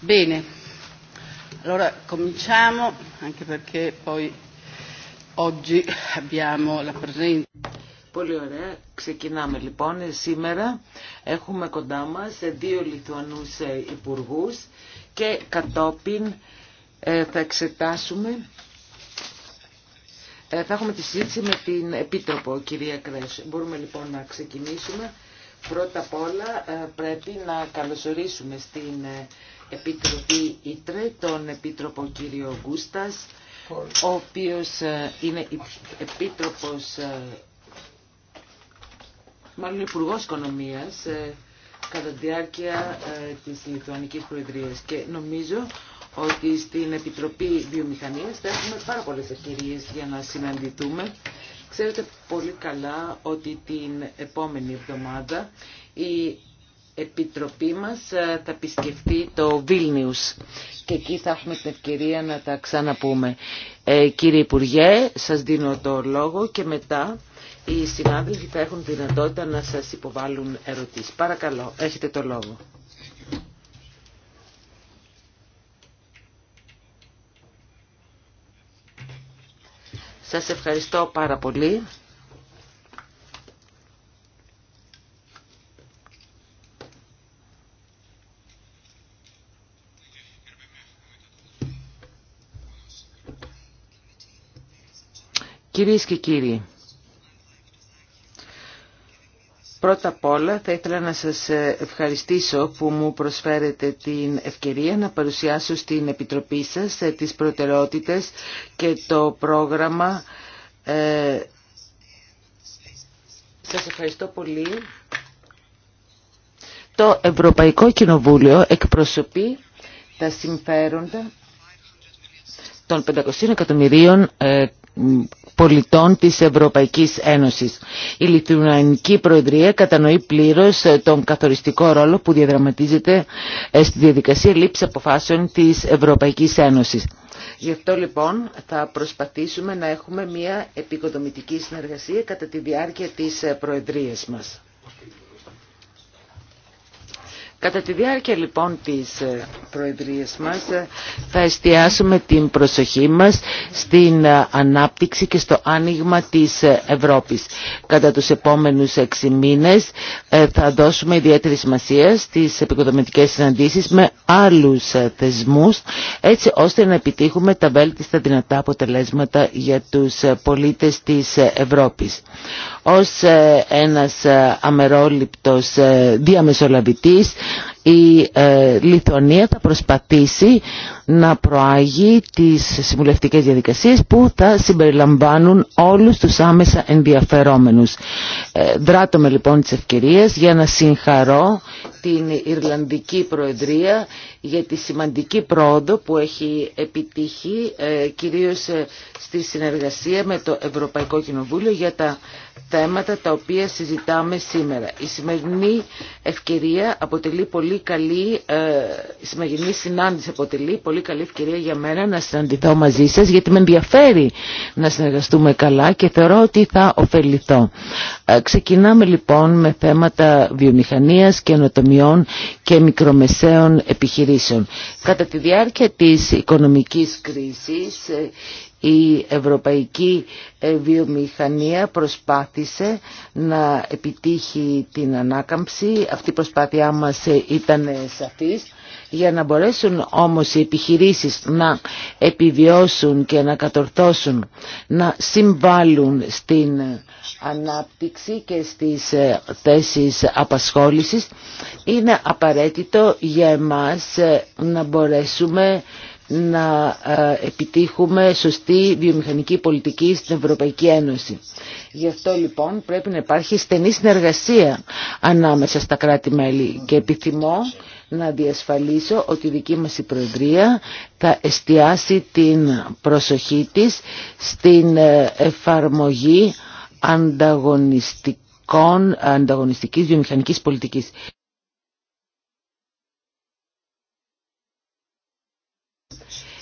Bene, allora cominciamo, anche perché poi oggi abbiamo la presenza. Πολύ ωραία. Ξεκινάμε λοιπόν. Σήμερα έχουμε κοντά μας δύο Λιθουανούς ε, υπουργούς και κατόπιν ε, θα εξετάσουμε ε, θα έχουμε τη συζήτηση με την Επίτροπο, κυρία Κρέσ. Μπορούμε λοιπόν να ξεκινήσουμε. Πρώτα απ' όλα πρέπει να καλωσορίσουμε στην Επιτροπή Ήτρε, τον Επίτροπο κύριο Γκούστας, ο οποίος ε, είναι Επίτροπος, ε, μάλλον υπουργό Οικονομίας, ε, κατά τη διάρκεια της Λιθουανικής Προεδρίας. Και νομίζω ότι στην Επιτροπή Βιομηχανίας θα έχουμε πάρα πολλές ευκαιρίες για να συναντηθούμε. Ξέρετε πολύ καλά ότι την επόμενη εβδομάδα η Επιτροπή μας ε, θα επισκεφτεί το Βίλνιους και εκεί θα έχουμε την ευκαιρία να τα ξαναπούμε. Ε, κύριε Υπουργέ, σας δίνω το λόγο και μετά οι συνάδελφοι θα έχουν δυνατότητα να σας υποβάλουν ερωτήσεις. Παρακαλώ, έχετε το λόγο. Σας ευχαριστώ πάρα πολύ. Κυρίες και κύριοι, πρώτα απ' όλα θα ήθελα να σας ευχαριστήσω που μου προσφέρετε την ευκαιρία να παρουσιάσω στην Επιτροπή σας ε, τις προτεραιότητες και το πρόγραμμα. Ε, σας ευχαριστώ πολύ. Το Ευρωπαϊκό Κοινοβούλιο εκπροσωπεί τα συμφέροντα των 500 εκατομμυρίων ε, πολιτών της Ευρωπαϊκής Ένωσης. Η Λιθουανική Προεδρία κατανοεί πλήρως ε, τον καθοριστικό ρόλο που διαδραματίζεται ε, στη διαδικασία λήψη αποφάσεων της Ευρωπαϊκής Ένωσης. Γι' αυτό λοιπόν θα προσπαθήσουμε να έχουμε μια επικοδομητική συνεργασία κατά τη διάρκεια της ε, Προεδρίας μας. Κατά τη διάρκεια λοιπόν της ε, Προεδρίας μας ε, θα εστιάσουμε την προσοχή μας στην ε, ανάπτυξη και στο άνοιγμα της Ευρώπης. Κατά τους επόμενους έξι μήνες θα δώσουμε ιδιαίτερη σημασία στις επικοδομητικές συναντήσεις με άλλους θεσμούς έτσι ώστε να επιτύχουμε τα βέλτιστα δυνατά αποτελέσματα για τους πολίτες της Ευρώπης ως ε, ένας ε, αμερόληπτος ε, διαμεσολαβητής η Λιθουανία θα προσπαθήσει να προάγει τις συμβουλευτικές διαδικασίες που θα συμπεριλαμβάνουν όλους τους άμεσα ενδιαφερόμενους. Δράτομαι λοιπόν τις ευκαιρίες για να συγχαρώ την Ιρλανδική Προεδρία για τη σημαντική πρόοδο που έχει επιτύχει κυρίως στη συνεργασία με το Ευρωπαϊκό Κοινοβούλιο για τα θέματα τα οποία συζητάμε σήμερα. Η σημερινή ευκαιρία αποτελεί πολύ καλή, ε, η σημερινή συνάντηση αποτελεί πολύ καλή ευκαιρία για μένα να συναντηθώ μαζί σας γιατί με ενδιαφέρει να συνεργαστούμε καλά και θεωρώ ότι θα ωφεληθώ. Ε, ξεκινάμε λοιπόν με θέματα βιομηχανίας, καινοτομιών και μικρομεσαίων επιχειρήσεων. Κατά τη διάρκεια της οικονομικής κρίσης ε, η ευρωπαϊκή ε, βιομηχανία προσπάθησε να επιτύχει την ανάκαμψη. Αυτή η προσπάθειά μας ε, ήταν ε, σαφής. Για να μπορέσουν όμως οι επιχειρήσεις να επιβιώσουν και να κατορθώσουν, να συμβάλλουν στην ανάπτυξη και στις θέσεις απασχόλησης, είναι απαραίτητο για εμάς να μπορέσουμε να ε, επιτύχουμε σωστή βιομηχανική πολιτική στην Ευρωπαϊκή Ένωση. Γι' αυτό λοιπόν πρέπει να υπάρχει στενή συνεργασία ανάμεσα στα κράτη-μέλη και επιθυμώ να διασφαλίσω ότι η δική μας η Προεδρία θα εστιάσει την προσοχή της στην ε, εφαρμογή ανταγωνιστικών, ανταγωνιστικής βιομηχανικής πολιτικής.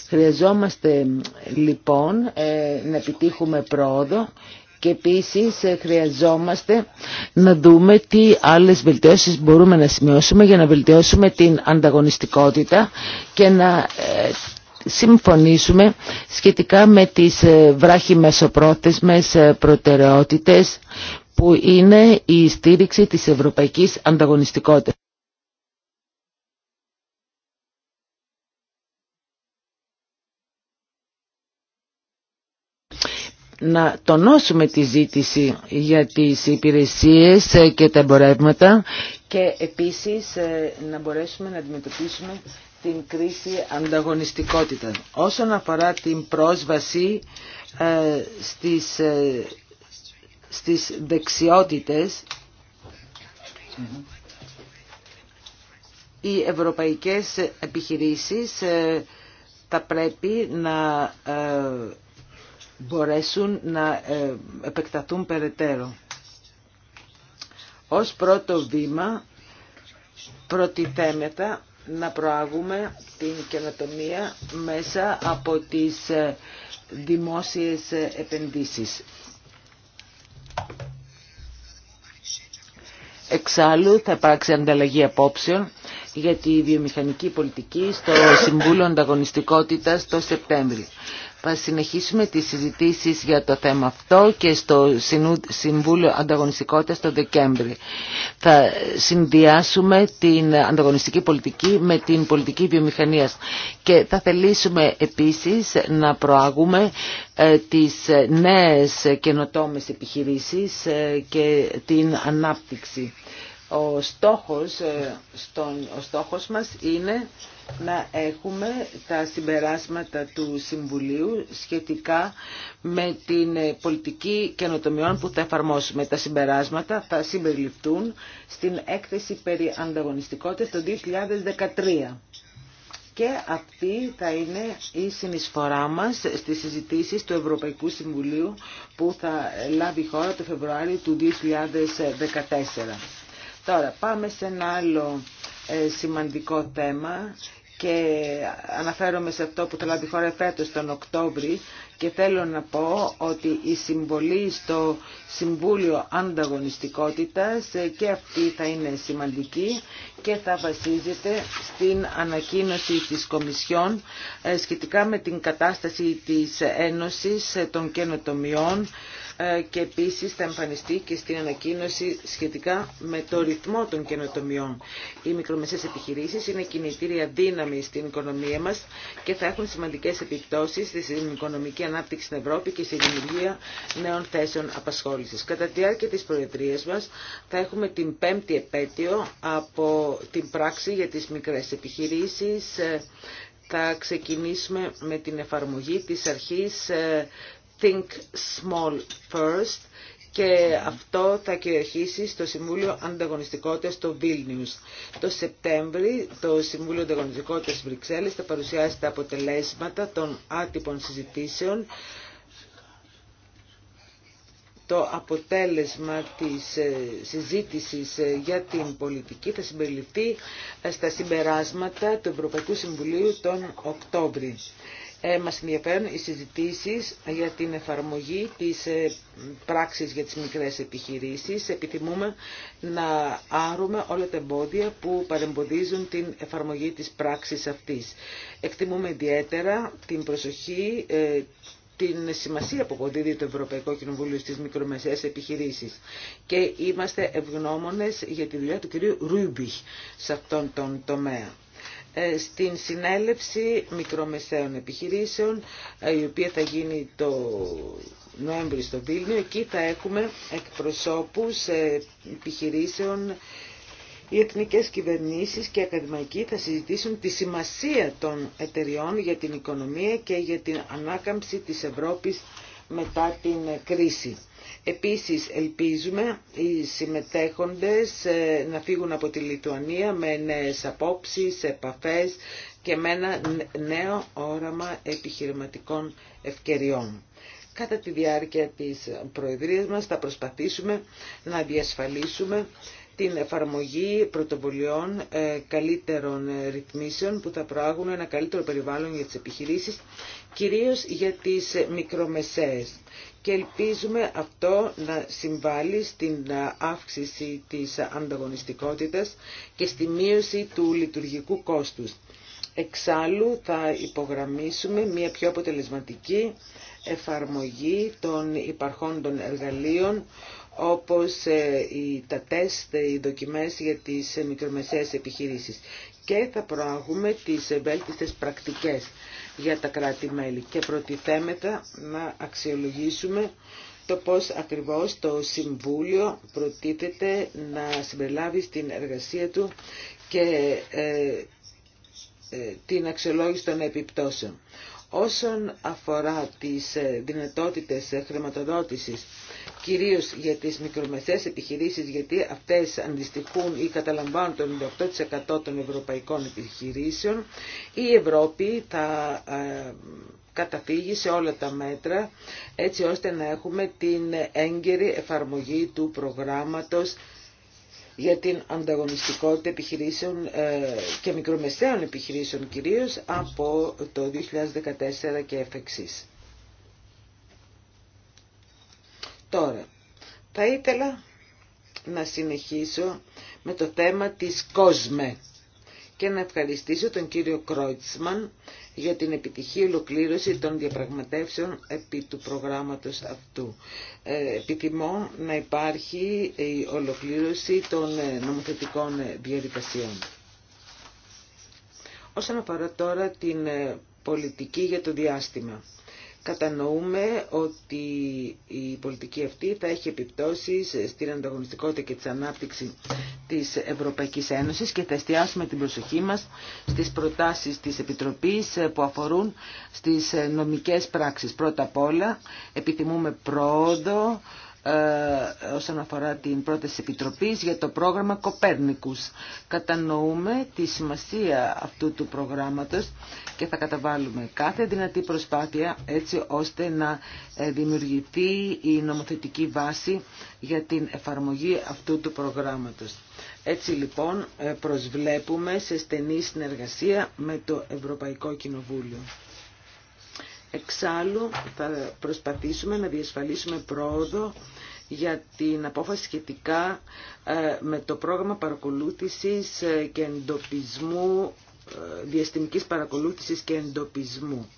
Χρειαζόμαστε λοιπόν ε, να επιτύχουμε πρόοδο και επίσης ε, χρειαζόμαστε να δούμε τι άλλες βελτιώσεις μπορούμε να σημειώσουμε για να βελτιώσουμε την ανταγωνιστικότητα και να ε, συμφωνήσουμε σχετικά με τις βράχοι μεσοπρόθεσμες προτεραιότητες που είναι η στήριξη της ευρωπαϊκής ανταγωνιστικότητας. να τονώσουμε τη ζήτηση για τις υπηρεσίες ε, και τα εμπορεύματα και επίσης ε, να μπορέσουμε να αντιμετωπίσουμε την κρίση ανταγωνιστικότητας. Όσον αφορά την πρόσβαση ε, στις, στις δεξιότητες, οι ευρωπαϊκές επιχειρήσεις θα πρέπει να μπορέσουν να ε, επεκταθούν περαιτέρω. Ως πρώτο βήμα προτιθέμεθα να προάγουμε την καινοτομία μέσα από τις ε, δημόσιες ε, επενδύσεις. Εξάλλου θα υπάρξει ανταλλαγή απόψεων για τη βιομηχανική πολιτική στο Συμβούλιο Ανταγωνιστικότητας το Σεπτέμβριο. Θα συνεχίσουμε τις συζητήσεις για το θέμα αυτό και στο Συμβούλιο Ανταγωνιστικότητας το Δεκέμβρη. Θα συνδυάσουμε την ανταγωνιστική πολιτική με την πολιτική βιομηχανίας και θα θελήσουμε επίσης να προάγουμε ε, τις ε, νέες καινοτόμες επιχειρήσεις ε, και την ανάπτυξη. Ο στόχος, ε, στον, ο μας είναι να έχουμε τα συμπεράσματα του Συμβουλίου σχετικά με την ε, πολιτική καινοτομιών που θα εφαρμόσουμε. Τα συμπεράσματα θα συμπεριληφθούν στην έκθεση περί ανταγωνιστικότητας το 2013. Και αυτή θα είναι η συνεισφορά μας στις συζητήσεις του Ευρωπαϊκού Συμβουλίου που θα λάβει χώρα το Φεβρουάριο του 2014. Τώρα πάμε σε ένα άλλο ε, σημαντικό θέμα και αναφέρομαι σε αυτό που θα λάβει χώρα φέτος τον Οκτώβρη και θέλω να πω ότι η συμβολή στο Συμβούλιο Ανταγωνιστικότητας ε, και αυτή θα είναι σημαντική και θα βασίζεται στην ανακοίνωση της Κομισιόν ε, σχετικά με την κατάσταση της Ένωσης των Καινοτομιών ε, και επίσης θα εμφανιστεί και στην ανακοίνωση σχετικά με το ρυθμό των καινοτομιών. Οι μικρομεσαίες επιχειρήσεις είναι κινητήρια δύναμη στην οικονομία μας και θα έχουν σημαντικές επιπτώσεις στην οικονομική ανάπτυξη στην Ευρώπη και στη δημιουργία νέων θέσεων απασχόλησης. Κατά τη διάρκεια της προεδρίας μας θα έχουμε την πέμπτη επέτειο από την πράξη για τις μικρές επιχειρήσεις ε, θα ξεκινήσουμε με την εφαρμογή της αρχής ε, Think Small First και αυτό θα κυριαρχήσει στο Συμβούλιο Ανταγωνιστικότητας στο Βίλνιους. Το Σεπτέμβρη το Συμβούλιο Ανταγωνιστικότητας Βρυξέλλες θα παρουσιάσει τα αποτελέσματα των άτυπων συζητήσεων το αποτέλεσμα της ε, συζήτησης ε, για την πολιτική θα συμπεριληφθεί ε, στα συμπεράσματα του Ευρωπαϊκού Συμβουλίου τον Οκτώβρη. Ε, μας ενδιαφέρουν οι συζητήσεις για την εφαρμογή της ε, πράξης για τις μικρές επιχειρήσεις. Επιθυμούμε να άρουμε όλα τα εμπόδια που παρεμποδίζουν την εφαρμογή της πράξης αυτής. Εκτιμούμε ιδιαίτερα την προσοχή ε, την σημασία που αποδίδει το Ευρωπαϊκό Κοινοβούλιο στις μικρομεσαίες επιχειρήσεις. Και είμαστε ευγνώμονες για τη δουλειά του κυρίου Ρούμπιχ σε αυτόν τον τομέα. Ε, στην συνέλευση μικρομεσαίων επιχειρήσεων ε, η οποία θα γίνει το Νοέμβριο στο Βίλνιο. Εκεί θα έχουμε εκπροσώπους ε, επιχειρήσεων οι εθνικές κυβερνήσεις και οι ακαδημαϊκοί θα συζητήσουν τη σημασία των εταιριών για την οικονομία και για την ανάκαμψη της Ευρώπης μετά την κρίση. Επίσης ελπίζουμε οι συμμετέχοντες ε, να φύγουν από τη Λιτουανία με νέες απόψεις, επαφές και με ένα νέο όραμα επιχειρηματικών ευκαιριών. Κατά τη διάρκεια της Προεδρίας μας θα προσπαθήσουμε να διασφαλίσουμε την εφαρμογή πρωτοβουλειών ε, καλύτερων ε, ρυθμίσεων που θα προάγουν ένα καλύτερο περιβάλλον για τις επιχειρήσεις, κυρίως για τις μικρομεσαίες και ελπίζουμε αυτό να συμβάλλει στην ε, αύξηση της ανταγωνιστικότητας και στη μείωση του λειτουργικού κόστους. Εξάλλου θα υπογραμμίσουμε μια πιο αποτελεσματική εφαρμογή των υπαρχόντων εργαλείων όπως ε, τα τεστ, ε, οι δοκιμές για τις μικρομεσαίες επιχειρήσεις και θα προάγουμε τις βέλτιστες πρακτικές για τα κράτη-μέλη και προτιθέμετα να αξιολογήσουμε το πώς ακριβώς το Συμβούλιο προτίθεται να συμπεριλάβει στην εργασία του και ε, ε, την αξιολόγηση των επιπτώσεων. Όσον αφορά τις ε, δυνατότητες χρηματοδότησης κυρίως για τις μικρομεσαίες επιχειρήσεις, γιατί αυτές αντιστοιχούν ή καταλαμβάνουν το 98% των ευρωπαϊκών επιχειρήσεων, η Ευρώπη θα ε, καταφύγει σε όλα τα μέτρα, έτσι ώστε να έχουμε την έγκαιρη εφαρμογή του προγράμματος για την ανταγωνιστικότητα επιχειρήσεων ε, και μικρομεσαίων επιχειρήσεων κυρίως από το 2014 και εφ' εξής. Τώρα, θα ήθελα να συνεχίσω με το θέμα της κόσμε και να ευχαριστήσω τον κύριο Κρόιτσμαν για την επιτυχή ολοκλήρωση των διαπραγματεύσεων επί του προγράμματος αυτού. Ε, επιθυμώ να υπάρχει η ολοκλήρωση των ε, νομοθετικών ε, διαδικασιών. Όσον αφορά τώρα την πολιτική για το διάστημα. Κατανοούμε ότι η πολιτική αυτή θα έχει επιπτώσεις στην ανταγωνιστικότητα και της ανάπτυξη της Ευρωπαϊκής Ένωσης και θα εστιάσουμε την προσοχή μας στις προτάσεις της Επιτροπής που αφορούν στις νομικές πράξεις. Πρώτα απ' όλα επιθυμούμε πρόοδο ε, όσον αφορά την πρόταση Επιτροπής για το πρόγραμμα Κοπέρνικους. Κατανοούμε τη σημασία αυτού του προγράμματος και θα καταβάλουμε κάθε δυνατή προσπάθεια έτσι ώστε να ε, δημιουργηθεί η νομοθετική βάση για την εφαρμογή αυτού του προγράμματος. Έτσι λοιπόν ε, προσβλέπουμε σε στενή συνεργασία με το Ευρωπαϊκό Κοινοβούλιο. Εξάλλου θα προσπαθήσουμε να διασφαλίσουμε πρόοδο για την απόφαση σχετικά ε, με το πρόγραμμα παρακολούθησης ε, και εντοπισμού, ε, διαστημικής παρακολούθησης και εντοπισμού.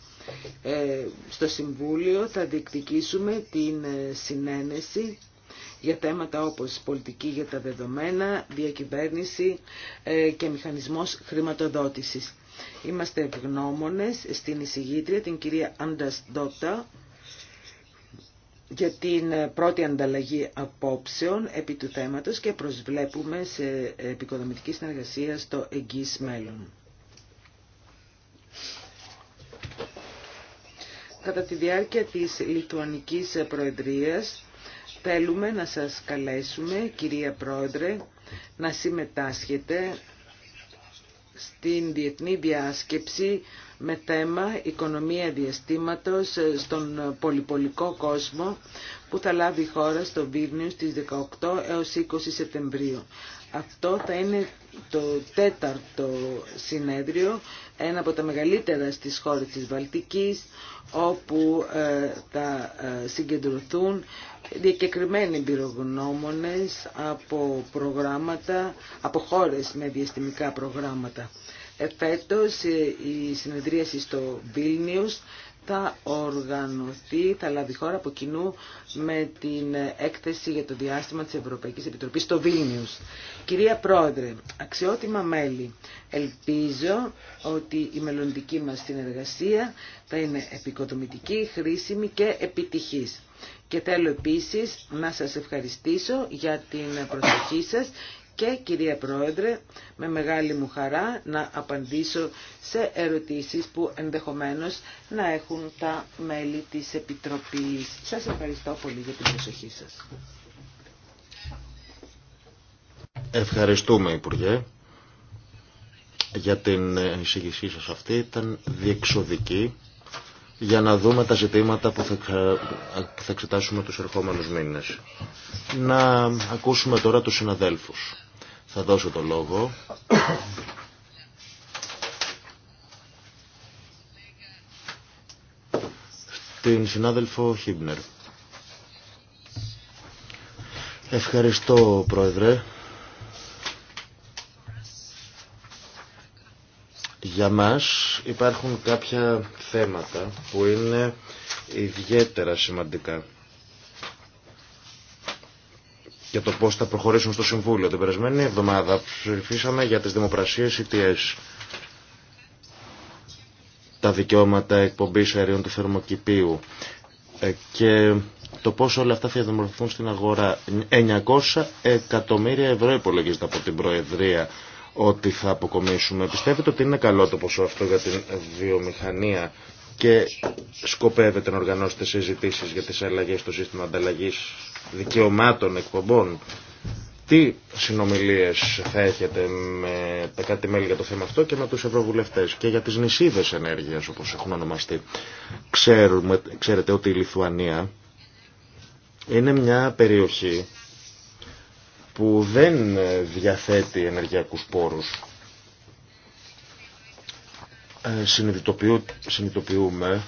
Στο Συμβούλιο θα διεκδικήσουμε την συνένεση για θέματα όπως πολιτική για τα δεδομένα, διακυβέρνηση και μηχανισμός χρηματοδότησης. Είμαστε ευγνώμονες στην εισηγήτρια, την κυρία Άντας Ντότα, για την πρώτη ανταλλαγή απόψεων επί του θέματος και προσβλέπουμε σε επικοδομητική συνεργασία στο εγγύς μέλλον. Κατά τη διάρκεια της Λιτουανικής Προεδρίας θέλουμε να σας καλέσουμε, κυρία Πρόεδρε, να συμμετάσχετε στην διεθνή διάσκεψη με θέμα οικονομία διαστήματος στον πολυπολικό κόσμο που θα λάβει η χώρα στο Βίρνιο στις 18 έως 20 Σεπτεμβρίου. Αυτό θα είναι το τέταρτο συνέδριο, ένα από τα μεγαλύτερα στις χώρες της Βαλτικής, όπου ε, θα ε, συγκεντρωθούν διακεκριμένοι πυρογνώμονες από προγράμματα, από χώρες με διαστημικά προγράμματα. Εφέτος ε, η συνεδρίαση στο Βίλνιους θα οργανωθεί, θα λάβει χώρα από κοινού με την έκθεση για το διάστημα της Ευρωπαϊκής Επιτροπής στο Βίλνιους. Κυρία Πρόεδρε, αξιότιμα μέλη, ελπίζω ότι η μελλοντική μας συνεργασία θα είναι επικοδομητική, χρήσιμη και επιτυχής. Και θέλω επίσης να σας ευχαριστήσω για την προσοχή σας και κυρία Πρόεδρε με μεγάλη μου χαρά να απαντήσω σε ερωτήσεις που ενδεχομένως να έχουν τα μέλη της Επιτροπής. Σας ευχαριστώ πολύ για την προσοχή σας. Ευχαριστούμε Υπουργέ για την εισηγησή σας αυτή. Ήταν διεξοδική για να δούμε τα ζητήματα που θα εξετάσουμε τους ερχόμενους μήνες. Να ακούσουμε τώρα τους συναδέλφους θα δώσω το λόγο στην συνάδελφο Χίμπνερ. Ευχαριστώ Πρόεδρε. Για μας υπάρχουν κάποια θέματα που είναι ιδιαίτερα σημαντικά για το πώς θα προχωρήσουν στο Συμβούλιο. Την περασμένη εβδομάδα ψηφίσαμε για τις δημοπρασίες ETS. Τα δικαιώματα εκπομπής αερίων του θερμοκηπίου ε, και το πώς όλα αυτά θα δημορφωθούν στην αγορά. 900 εκατομμύρια ευρώ υπολογίζεται από την Προεδρία ότι θα αποκομίσουμε. Πιστεύετε ότι είναι καλό το ποσό αυτό για την βιομηχανία και σκοπεύετε να οργανώσετε συζητήσεις για τις αλλαγές στο σύστημα ανταλλαγής δικαιωμάτων εκπομπών. Τι συνομιλίες θα έχετε με τα κάτι μέλη για το θέμα αυτό και με τους ευρωβουλευτές και για τις νησίδες ενέργειας όπως έχουν ονομαστεί. Ξέρουμε, ξέρετε ότι η Λιθουανία είναι μια περιοχή που δεν διαθέτει ενεργειακούς πόρους ε, συνειδητοποιούμε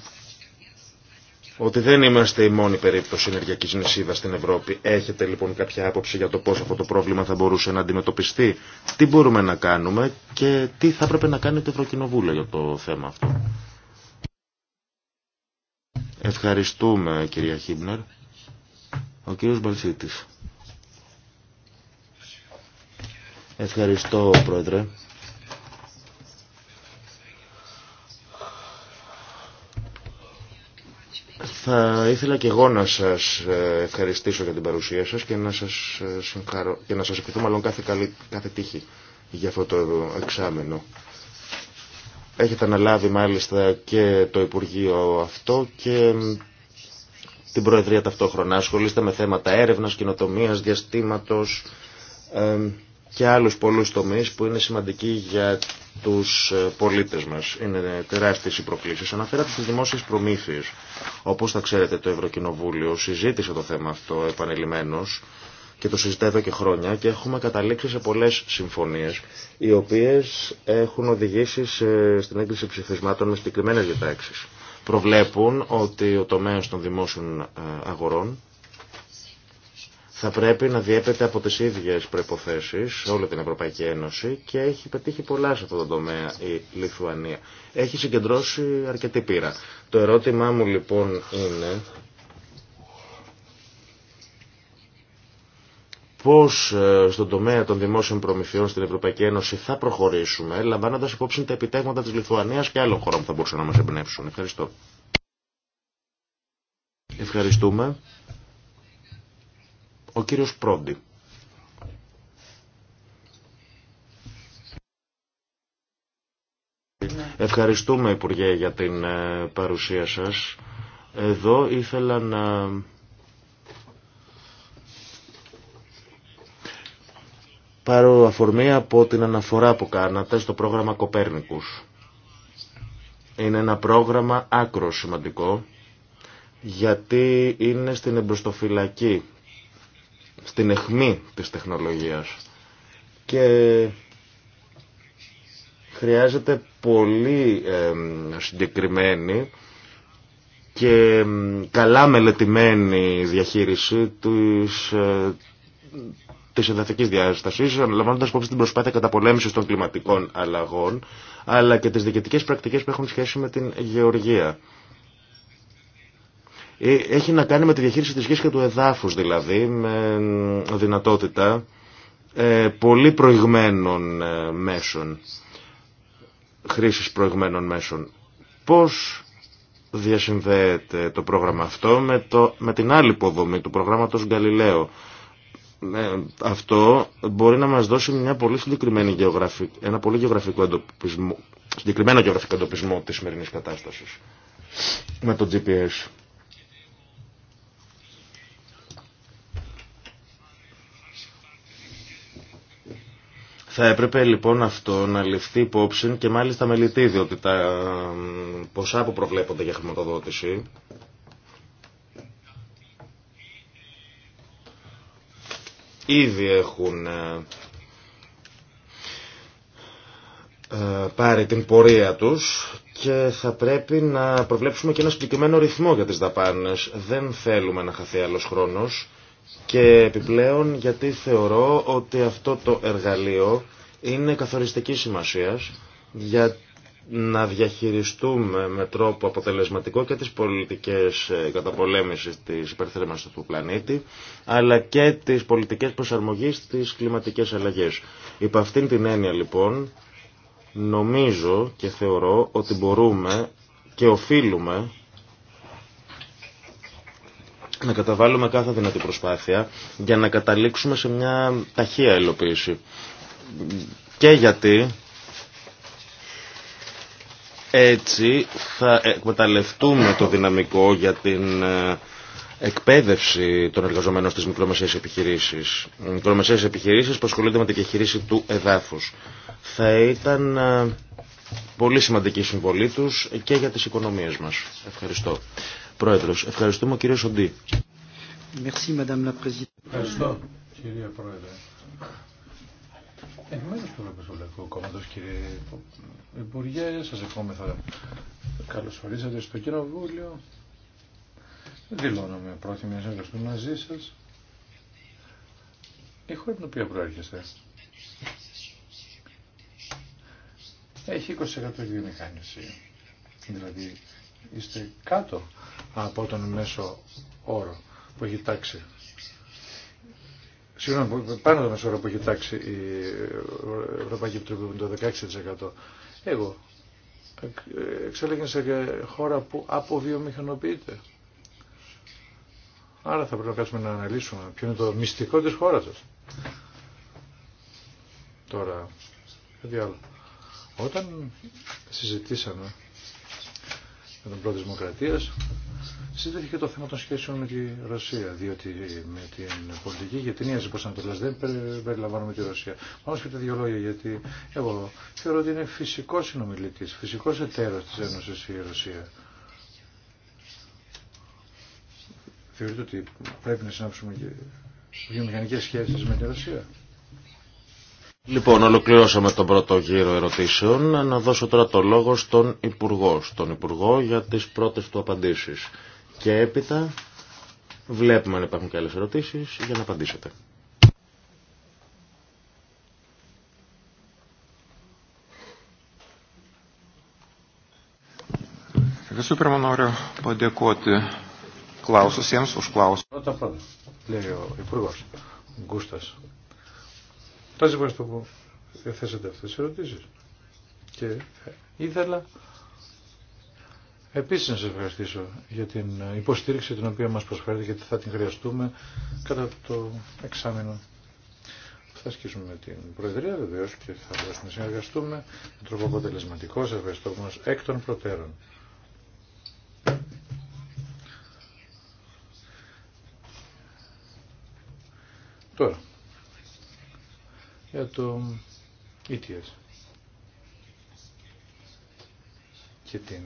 ότι δεν είμαστε η μόνη περίπτωση ενεργειακή νησίδα στην Ευρώπη. Έχετε λοιπόν κάποια άποψη για το πώ αυτό το πρόβλημα θα μπορούσε να αντιμετωπιστεί, τι μπορούμε να κάνουμε και τι θα έπρεπε να κάνει το Ευρωκοινοβούλιο για το θέμα αυτό. Ευχαριστούμε κυρία Χίμπνερ. Ο κύριος Μπαλσίτης. Ευχαριστώ πρόεδρε. Θα ήθελα και εγώ να σας ε, ευχαριστήσω για την παρουσία σας και να σας, ε, συγχαρώ, και να σας ευχηθώ μάλλον κάθε, καλή, κάθε τύχη για αυτό το εξάμενο. Έχετε αναλάβει μάλιστα και το Υπουργείο αυτό και την Προεδρία ταυτόχρονα. Ασχολείστε με θέματα έρευνας, κοινοτομίας, διαστήματος, ε, και άλλους πολλούς τομείς που είναι σημαντικοί για τους ε, πολίτες μας. Είναι τεράστιες οι προκλήσεις. Αναφέρατε στις δημόσιες προμήθειες. Όπως θα ξέρετε το Ευρωκοινοβούλιο συζήτησε το θέμα αυτό επανελειμμένος και το συζητάει εδώ και χρόνια και έχουμε καταλήξει σε πολλές συμφωνίες οι οποίες έχουν οδηγήσει στην έγκριση ψηφισμάτων με συγκεκριμένε διατάξεις. Προβλέπουν ότι ο τομέας των δημόσιων ε, αγορών θα πρέπει να διέπεται από τις ίδιες προϋποθέσεις σε όλη την Ευρωπαϊκή Ένωση και έχει πετύχει πολλά σε αυτό το τομέα η Λιθουανία. Έχει συγκεντρώσει αρκετή πείρα. Το ερώτημά μου λοιπόν είναι πώς ε, στον τομέα των δημόσιων προμηθειών στην Ευρωπαϊκή Ένωση θα προχωρήσουμε λαμβάνοντας υπόψη τα επιτέγματα της Λιθουανίας και άλλων χωρών που θα μπορούσαν να μας εμπνεύσουν. Ευχαριστώ. Ευχαριστούμε. Ο κύριος Πρόντι. Ευχαριστούμε Υπουργέ για την ε, παρουσία σας. Εδώ ήθελα να... Πάρω αφορμή από την αναφορά που κάνατε στο πρόγραμμα Κοπέρνικους. Είναι ένα πρόγραμμα άκρο σημαντικό γιατί είναι στην εμπροστοφυλακή στην αιχμή της τεχνολογίας και χρειάζεται πολύ συγκεκριμένη και καλά μελετημένη διαχείριση της, ε, της εδαφικής διάστασης, αναλαμβάνοντας υπόψη την προσπάθεια καταπολέμησης των κλιματικών αλλαγών, αλλά και τις διοικητικές πρακτικές που έχουν σχέση με την γεωργία. Ε, έχει να κάνει με τη διαχείριση της γης και του εδάφους δηλαδή, με δυνατότητα ε, πολύ προηγμένων ε, μέσων, χρήσης προηγμένων μέσων. Πώς διασυνδέεται το πρόγραμμα αυτό με, το, με την άλλη υποδομή του προγράμματος Γκαλιλαίο. αυτό μπορεί να μας δώσει μια πολύ συγκεκριμένη γεωγραφική, ένα πολύ γεωγραφικό εντοπισμό, συγκεκριμένο γεωγραφικό εντοπισμό της σημερινή κατάστασης με το GPS. Θα έπρεπε λοιπόν αυτό να ληφθεί υπόψη και μάλιστα μελητή, ότι τα ποσά που προβλέπονται για χρηματοδότηση ήδη έχουν ε, ε, πάρει την πορεία τους και θα πρέπει να προβλέψουμε και ένα συγκεκριμένο ρυθμό για τις δαπάνες. Δεν θέλουμε να χαθεί άλλος χρόνος. Και επιπλέον γιατί θεωρώ ότι αυτό το εργαλείο είναι καθοριστική σημασίας για να διαχειριστούμε με τρόπο αποτελεσματικό και τις πολιτικές ε, καταπολέμησης της υπερθέρμανσης του πλανήτη, αλλά και τις πολιτικές προσαρμογής στις κλιματικές αλλαγές. Υπ' αυτήν την έννοια λοιπόν, νομίζω και θεωρώ ότι μπορούμε και οφείλουμε να καταβάλουμε κάθε δυνατή προσπάθεια για να καταλήξουμε σε μια ταχεία υλοποίηση. Και γιατί έτσι θα εκμεταλλευτούμε το δυναμικό για την ε, εκπαίδευση των εργαζομένων στις μικρομεσαίες επιχειρήσεις. Μικρομεσαίες επιχειρήσεις που ασχολούνται με την διαχείριση του εδάφους. Θα ήταν ε, πολύ σημαντική συμβολή τους και για τις οικονομίες μας. Ευχαριστώ. Πρόεδρος, ευχαριστούμε κύριε Σοντή. Ευχαριστώ κύριε Πρόεδρε. Εν μέρου του Ευρωπαϊκού Κόμματο, κύριε Υπουργέ, σα ευχόμεθα. Καλώ ορίσατε στο Κοινοβούλιο. Δηλώνω με πρόθυμη να συνεργαστούμε μαζί σα. Η χώρα την οποία προέρχεστε έχει 20% βιομηχάνηση. Δηλαδή είστε κάτω από τον μέσο όρο που έχει τάξει. Συγγνώμη, πάνω το μέσο όρο που έχει τάξει η Ευρωπαϊκή Επιτροπή το 16%. Εγώ εξέλεγε σε χώρα που αποβιομηχανοποιείται. Άρα θα πρέπει να κάτσουμε να αναλύσουμε ποιο είναι το μυστικό της χώρας σας. Τώρα, κάτι άλλο. Όταν συζητήσαμε με τον πρώτο της Δημοκρατίας, συζητήθηκε το θέμα των σχέσεων με τη Ρωσία, διότι με την πολιτική γειτονία τη δεν περιλαμβάνουμε τη Ρωσία. Μόνο πείτε δύο λόγια, γιατί εγώ θεωρώ ότι είναι φυσικό συνομιλητή, φυσικό εταίρο τη Ένωση η Ρωσία. Θεωρείτε ότι πρέπει να συνάψουμε και βιομηχανικέ σχέσει με τη Ρωσία. Λοιπόν, ολοκληρώσαμε τον πρώτο γύρο ερωτήσεων. Να δώσω τώρα το λόγο στον Υπουργό. Στον Υπουργό για τις πρώτες του απαντήσεις. Και έπειτα βλέπουμε αν υπάρχουν και άλλες ερωτήσεις για να απαντήσετε. Visų pirma, noriu λέει ο Υπουργός Γκούστας Σα ευχαριστώ που θέσατε αυτές τις ερωτήσεις. Και ήθελα επίσης να σε ευχαριστήσω για την υποστήριξη την οποία μας προσφέρετε γιατί θα την χρειαστούμε κατά το εξάμεινο θα ασκήσουμε την Προεδρία βεβαίω και θα μπορέσουμε να συνεργαστούμε με τρόπο αποτελεσματικό. Σα ευχαριστώ όμω εκ των προτέρων. Τώρα, για το ETS και την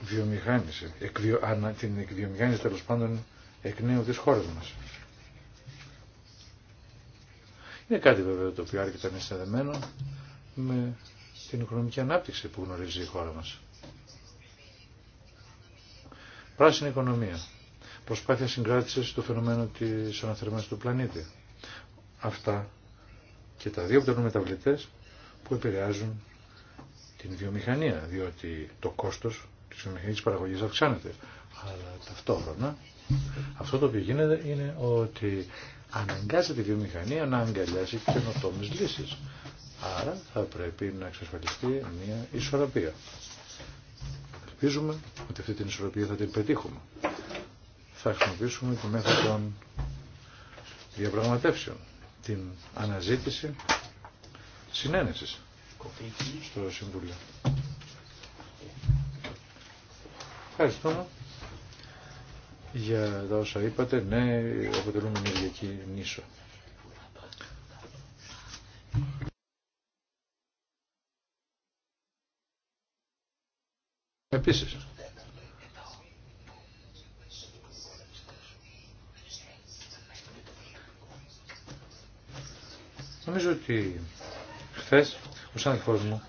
αναβιομηχάνηση, ανα, την εκβιομηχάνηση τέλος πάντων εκ νέου της χώρας μας. Είναι κάτι βέβαια το οποίο άρκετα είναι με την οικονομική ανάπτυξη που γνωρίζει η χώρα μας. Πράσινη οικονομία προσπάθεια συγκράτησης του φαινομένου της αναθερμανίας του πλανήτη. Αυτά και τα δύο αποτελούν μεταβλητές που επηρεάζουν την βιομηχανία, διότι το κόστος της βιομηχανικής παραγωγής αυξάνεται. Αλλά ταυτόχρονα αυτό το οποίο γίνεται είναι ότι αναγκάζεται η βιομηχανία να αγκαλιάσει καινοτόμε λύσεις. Άρα θα πρέπει να εξασφαλιστεί μια ισορροπία. Ελπίζουμε ότι αυτή την ισορροπία θα την πετύχουμε θα χρησιμοποιήσουμε τη μέθοδο των διαπραγματεύσεων, την αναζήτηση συνένεσης στο Συμβούλιο. Ευχαριστούμε για τα όσα είπατε. Ναι, αποτελούμε ενεργειακή νήσο. Επίσης, Νομίζω ότι χθε ο σάνθος μου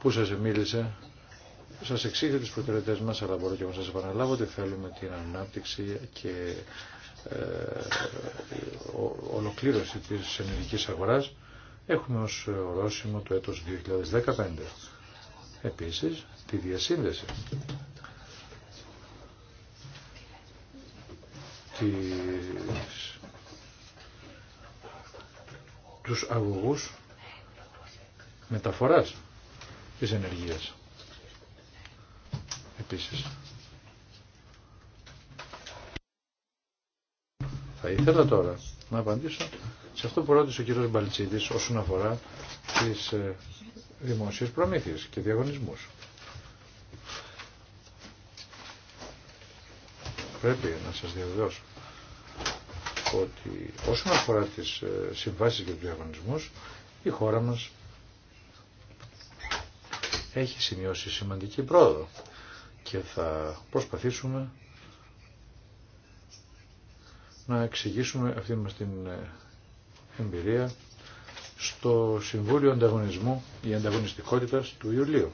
που σας μίλησε σας εξήγησε τις προτεραιότητες μας, αλλά μπορώ και να σα επαναλάβω ότι θέλουμε την ανάπτυξη και ε, ολοκλήρωση τη ενεργικής αγοράς. Έχουμε ως ορόσημο το έτος 2015. Επίσης, τη διασύνδεση της τους αγωγούς μεταφοράς της ενεργείας. Επίσης. Θα ήθελα τώρα να απαντήσω σε αυτό που ρώτησε ο κ. Μπαλτσίδης όσον αφορά τις ε, δημόσιες προμήθειες και διαγωνισμούς. Πρέπει να σας διαβεβαιώσω ότι όσον αφορά τις ε, συμβάσεις και τους διαγωνισμούς, η χώρα μας έχει σημειώσει σημαντική πρόοδο και θα προσπαθήσουμε να εξηγήσουμε αυτή μας την ε, εμπειρία στο Συμβούλιο Ανταγωνισμού ή ανταγωνιστικότητα του Ιουλίου.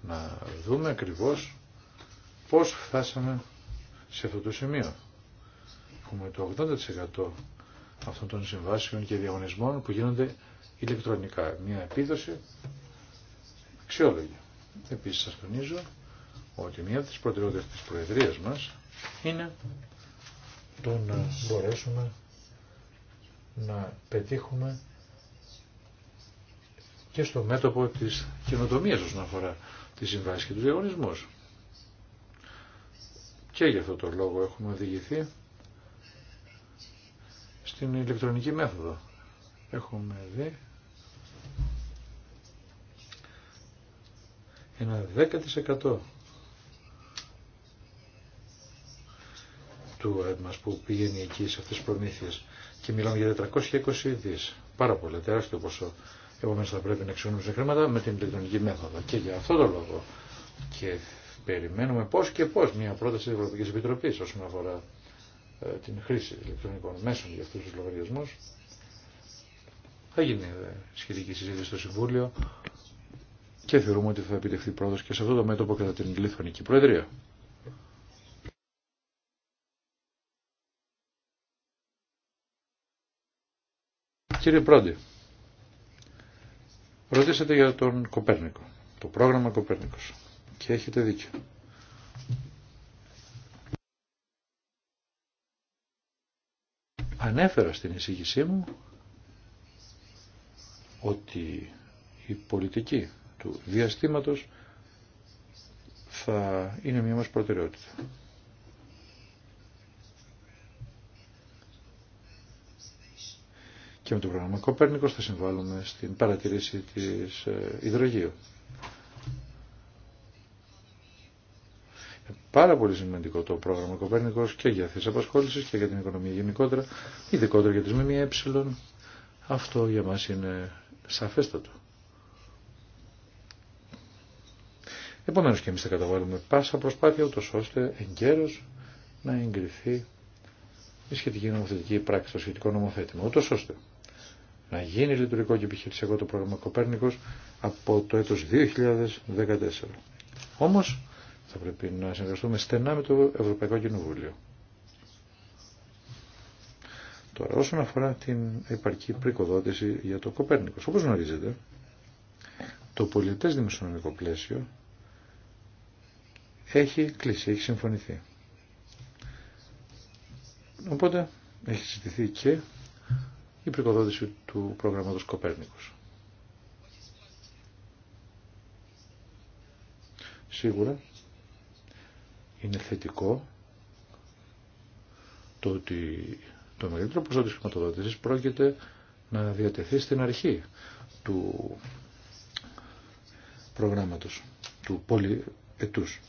Να δούμε ακριβώς πώς φτάσαμε σε αυτό το σημείο έχουμε το 80% αυτών των συμβάσεων και διαγωνισμών που γίνονται ηλεκτρονικά. Μια επίδοση αξιόλογη. Επίσης σας τονίζω ότι μία από τις προτεραιότητες της Προεδρίας μας είναι το να μπορέσουμε να πετύχουμε και στο μέτωπο της καινοτομίας όσον αφορά τη συμβάση και του διαγωνισμού. Και γι' αυτό το λόγο έχουμε οδηγηθεί στην ηλεκτρονική μέθοδο. Έχουμε δει ένα 10% του ΑΕΠ που πηγαίνει εκεί σε αυτές τις προμήθειες και μιλάμε για 420 δις. Πάρα πολύ, τεράστιο ποσό. Επομένως θα πρέπει να εξοικονομήσουμε χρήματα με την ηλεκτρονική μέθοδο. Και για αυτό το λόγο και περιμένουμε πώς και πώς μια πρόταση της Ευρωπαϊκής Επιτροπής όσον αφορά ε, την χρήση ηλεκτρονικών μέσων για αυτού τους λογαριασμούς. Θα γίνει ε, σχετική συζήτηση στο Συμβούλιο και θεωρούμε ότι θα επιτευχθεί πρόοδος και σε αυτό το μέτωπο κατά την Λιθουανική Προεδρία. Κύριε Πρόντι, ρωτήσατε για τον Κοπέρνικο, το πρόγραμμα Κοπέρνικος και έχετε δίκιο. Ανέφερα στην εισήγησή μου ότι η πολιτική του διαστήματος θα είναι μια μας προτεραιότητα. Και με το πρόγραμμα Κοπέρνικος θα συμβάλλουμε στην παρατηρήση της ε, υδρογείου. πάρα πολύ σημαντικό το πρόγραμμα Κοπέρνικο και για θέσει απασχόληση και για την οικονομία γενικότερα, ειδικότερα για τις ΜΜΕ. Αυτό για μα είναι σαφέστατο. Επομένω και εμεί θα καταβάλουμε πάσα προσπάθεια ούτω ώστε εγκαίρω να εγκριθεί η σχετική νομοθετική πράξη, το σχετικό νομοθέτημα, ούτω ώστε να γίνει λειτουργικό και επιχειρησιακό το πρόγραμμα κοπέρνικο από το έτος 2014. Όμως θα πρέπει να συνεργαστούμε στενά με το Ευρωπαϊκό Κοινοβούλιο. Τώρα, όσον αφορά την υπαρκή πρικοδότηση για το Κοπέρνικος, όπως γνωρίζετε, το πολιτές δημοσιονομικό πλαίσιο έχει κλείσει, έχει συμφωνηθεί. Οπότε έχει συζητηθεί και η πρικοδότηση του προγράμματος Κοπέρνικος. Σίγουρα είναι θετικό το ότι το μεγαλύτερο ποσό της χρηματοδότησης πρόκειται να διατεθεί στην αρχή του προγράμματος, του πολυετούς.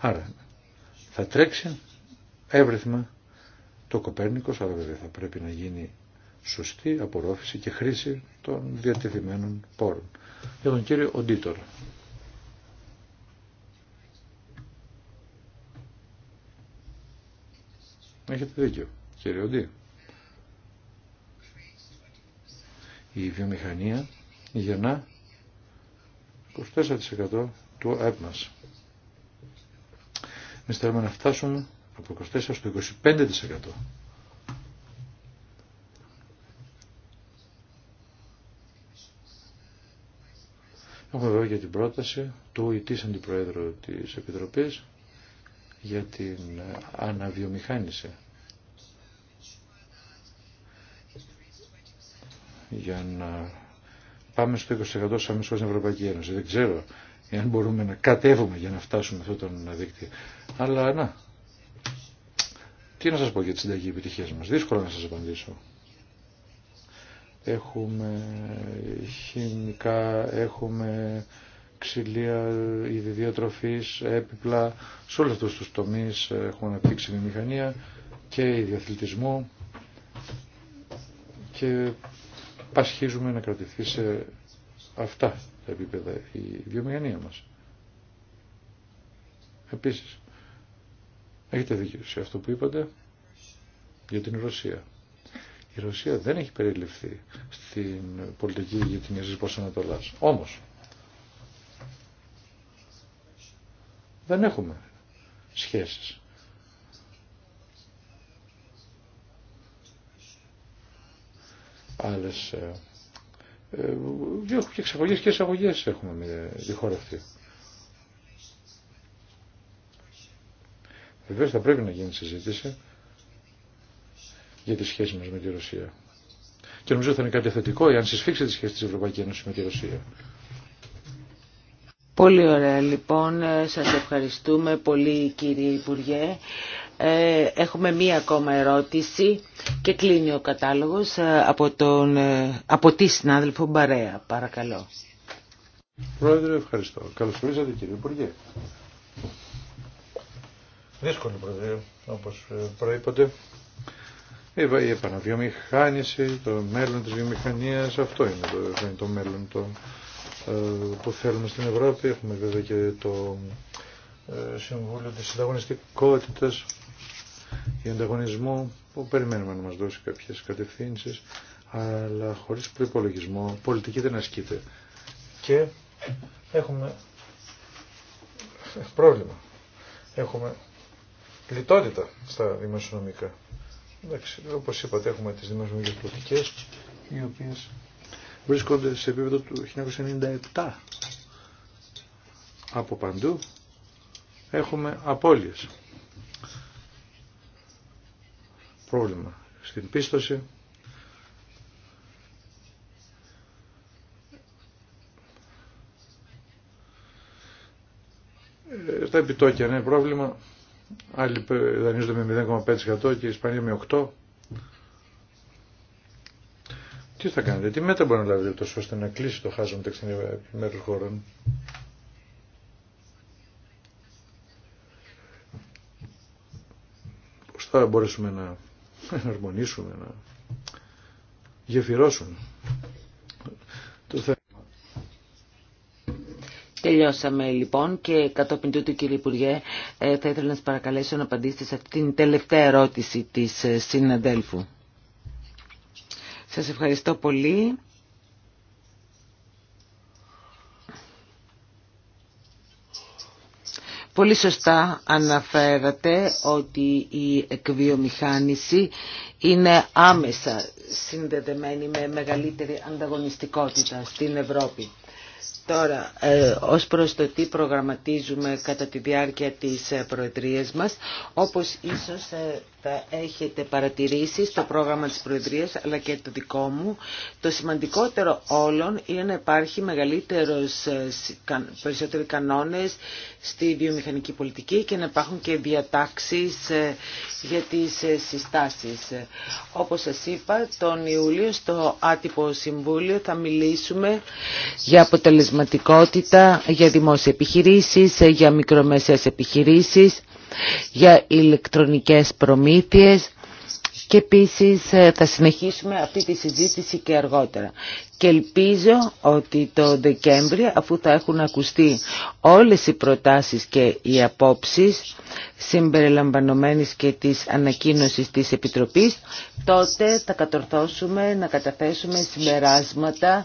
Άρα θα τρέξει εύρυθμα το Κοπέρνικος, αλλά βέβαια θα πρέπει να γίνει σωστή απορρόφηση και χρήση των διατεθειμένων πόρων. Για τον κύριο Οντίτορ. Έχετε δίκιο, κύριε Οντή. Η βιομηχανία γεννά 24% του ΑΕΠ μας. Εμείς θέλουμε να φτάσουμε από 24% στο 25%. Έχουμε βέβαια και την πρόταση του ή Αντιπροέδρου της Επιτροπής για την αναβιομηχάνηση. Για να πάμε στο 20% σαν μισό στην Ευρωπαϊκή Ένωση. Δεν ξέρω εάν μπορούμε να κατέβουμε για να φτάσουμε αυτό τον δίκτυο. Αλλά να. Τι να σας πω για τη συνταγή επιτυχία μας. Δύσκολο να σας απαντήσω. Έχουμε χημικά, έχουμε ξυλία, είδη διατροφής, έπιπλα, σε όλους αυτούς τους τομείς έχουμε αναπτύξει μηχανία και διαθλητισμό και πασχίζουμε να κρατηθεί σε αυτά τα επίπεδα η βιομηχανία μας. Επίσης, έχετε δίκιο σε αυτό που είπατε για την Ρωσία. Η Ρωσία δεν έχει περιληφθεί στην πολιτική την της Ανατολάς. Όμως, δεν έχουμε σχέσεις. Άλλες ε, ε, και εξαγωγές και εισαγωγές έχουμε με τη χώρα αυτή. Βεβαίω θα πρέπει να γίνει συζήτηση για τη σχέση μας με τη Ρωσία. Και νομίζω θα είναι κάτι θετικό εάν συσφίξει τη σχέση της Ευρωπαϊκής Ένωσης με τη Ρωσία. Πολύ ωραία λοιπόν, ε, σας ευχαριστούμε πολύ κύριε Υπουργέ. Ε, έχουμε μία ακόμα ερώτηση και κλείνει ο κατάλογος ε, από, τον, από τη συνάδελφο Μπαρέα, παρακαλώ. Πρόεδρε, ευχαριστώ. Καλώς ορίσατε κύριε Υπουργέ. Δύσκολο, πρόεδρε, όπως προείπατε. Η επαναβιομηχάνηση, το μέλλον της βιομηχανίας, αυτό είναι το, είναι το μέλλον των ε, που θέλουμε στην Ευρώπη. Έχουμε βέβαια και το ε, Συμβούλιο της Συνταγωνιστικότητας για ανταγωνισμό που περιμένουμε να μας δώσει κάποιες κατευθύνσεις αλλά χωρίς προϋπολογισμό πολιτική δεν ασκείται και έχουμε πρόβλημα έχουμε λιτότητα στα δημοσιονομικά Εντάξει, όπως είπατε έχουμε τις δημοσιονομικές πολιτικές οι οποίες βρίσκονται σε επίπεδο του 1997. Από παντού έχουμε απώλειες. Πρόβλημα στην πίστοση. Ε, τα επιτόκια είναι πρόβλημα. Άλλοι ε, δανείζονται με 0,5% και η Ισπανία με 8%. Τι θα κάνετε, τι μέτρα μπορεί να λάβετε τόσο ώστε να κλείσει το χάσμα μεταξύ μέρους χωρών. Πώς θα μπορέσουμε να εναρμονίσουμε, να γεφυρώσουμε. Το θέμα. Τελειώσαμε λοιπόν και κατόπιν τούτου κύριε Υπουργέ ε, θα ήθελα να σας παρακαλέσω να απαντήσετε σε αυτήν την τελευταία ερώτηση της ε, συναδέλφου. Σας ευχαριστώ πολύ. Πολύ σωστά αναφέρατε ότι η εκβιομηχάνηση είναι άμεσα συνδεδεμένη με μεγαλύτερη ανταγωνιστικότητα στην Ευρώπη. Τώρα, ε, ως προς το τι προγραμματίζουμε κατά τη διάρκεια της ε, προεδρίας μας, όπως ίσως ε, θα έχετε παρατηρήσει στο πρόγραμμα της Προεδρίας αλλά και το δικό μου το σημαντικότερο όλων είναι να υπάρχει μεγαλύτερος, ε, περισσότεροι κανόνες στη βιομηχανική πολιτική και να υπάρχουν και διατάξεις ε, για τις ε, συστάσεις. Όπως σας είπα, τον Ιούλιο στο άτυπο συμβούλιο θα μιλήσουμε για αποτελεσματικότητα, για δημόσια επιχειρήσεις, για μικρομεσαίες επιχειρήσεις για ηλεκτρονικές προμήθειες και επίσης ε, θα συνεχίσουμε αυτή τη συζήτηση και αργότερα. Και ελπίζω ότι το Δεκέμβρη, αφού θα έχουν ακουστεί όλες οι προτάσεις και οι απόψεις, συμπεριλαμβανομένης και της ανακοίνωσης της Επιτροπής, τότε θα κατορθώσουμε να καταθέσουμε συμπεράσματα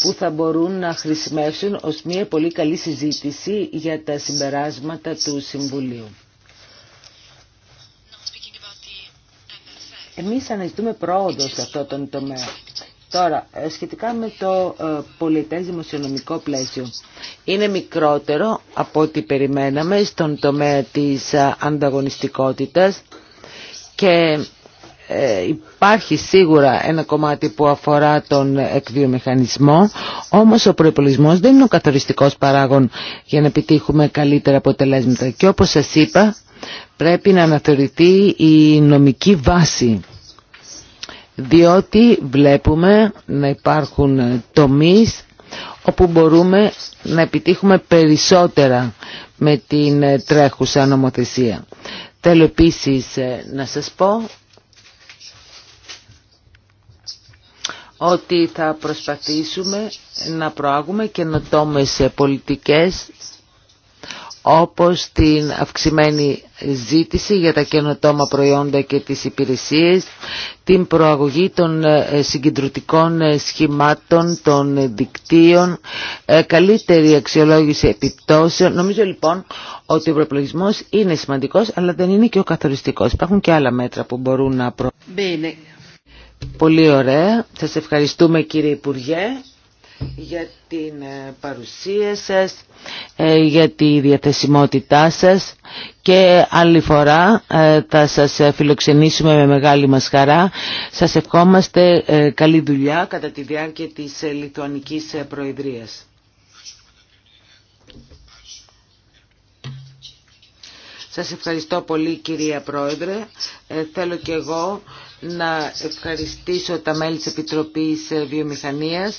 που θα μπορούν να χρησιμεύσουν ως μια πολύ καλή συζήτηση για τα συμπεράσματα του Συμβουλίου. Εμείς αναζητούμε πρόοδο σε αυτό τον τομέα. Τώρα, ε, σχετικά με το ε, πολιτές δημοσιονομικό πλαίσιο. Είναι μικρότερο από ό,τι περιμέναμε στον τομέα της ε, ανταγωνιστικότητας και ε, υπάρχει σίγουρα ένα κομμάτι που αφορά τον εκβιομηχανισμό, όμως ο προπολογισμό δεν είναι ο καθοριστικός παράγων για να επιτύχουμε καλύτερα αποτελέσματα. Και όπως σας είπα, πρέπει να αναθεωρηθεί η νομική βάση, διότι βλέπουμε να υπάρχουν τομείς όπου μπορούμε να επιτύχουμε περισσότερα με την τρέχουσα νομοθεσία. Θέλω επίσης ε, να σας πω ότι θα προσπαθήσουμε να προάγουμε καινοτόμε πολιτικές όπως την αυξημένη ζήτηση για τα καινοτόμα προϊόντα και τις υπηρεσίες, την προαγωγή των ε, συγκεντρωτικών ε, σχημάτων, των δικτύων, ε, καλύτερη αξιολόγηση επιπτώσεων. Νομίζω λοιπόν ότι ο προπολογισμός είναι σημαντικός, αλλά δεν είναι και ο καθοριστικός. Υπάρχουν και άλλα μέτρα που μπορούν να προ... Πολύ ωραία. Σα ευχαριστούμε κύριε Υπουργέ για την ε, παρουσία σας, ε, για τη διαθεσιμότητά σας και άλλη φορά ε, θα σας φιλοξενήσουμε με μεγάλη μας χαρά. Σας ευχόμαστε καλή δουλειά κατά τη διάρκεια της Λιθουανικής Προεδρίας. Σας ευχαριστώ πολύ κυρία Πρόεδρε. θέλω και εγώ να ευχαριστήσω τα μέλη της Επιτροπής Βιομηχανίας.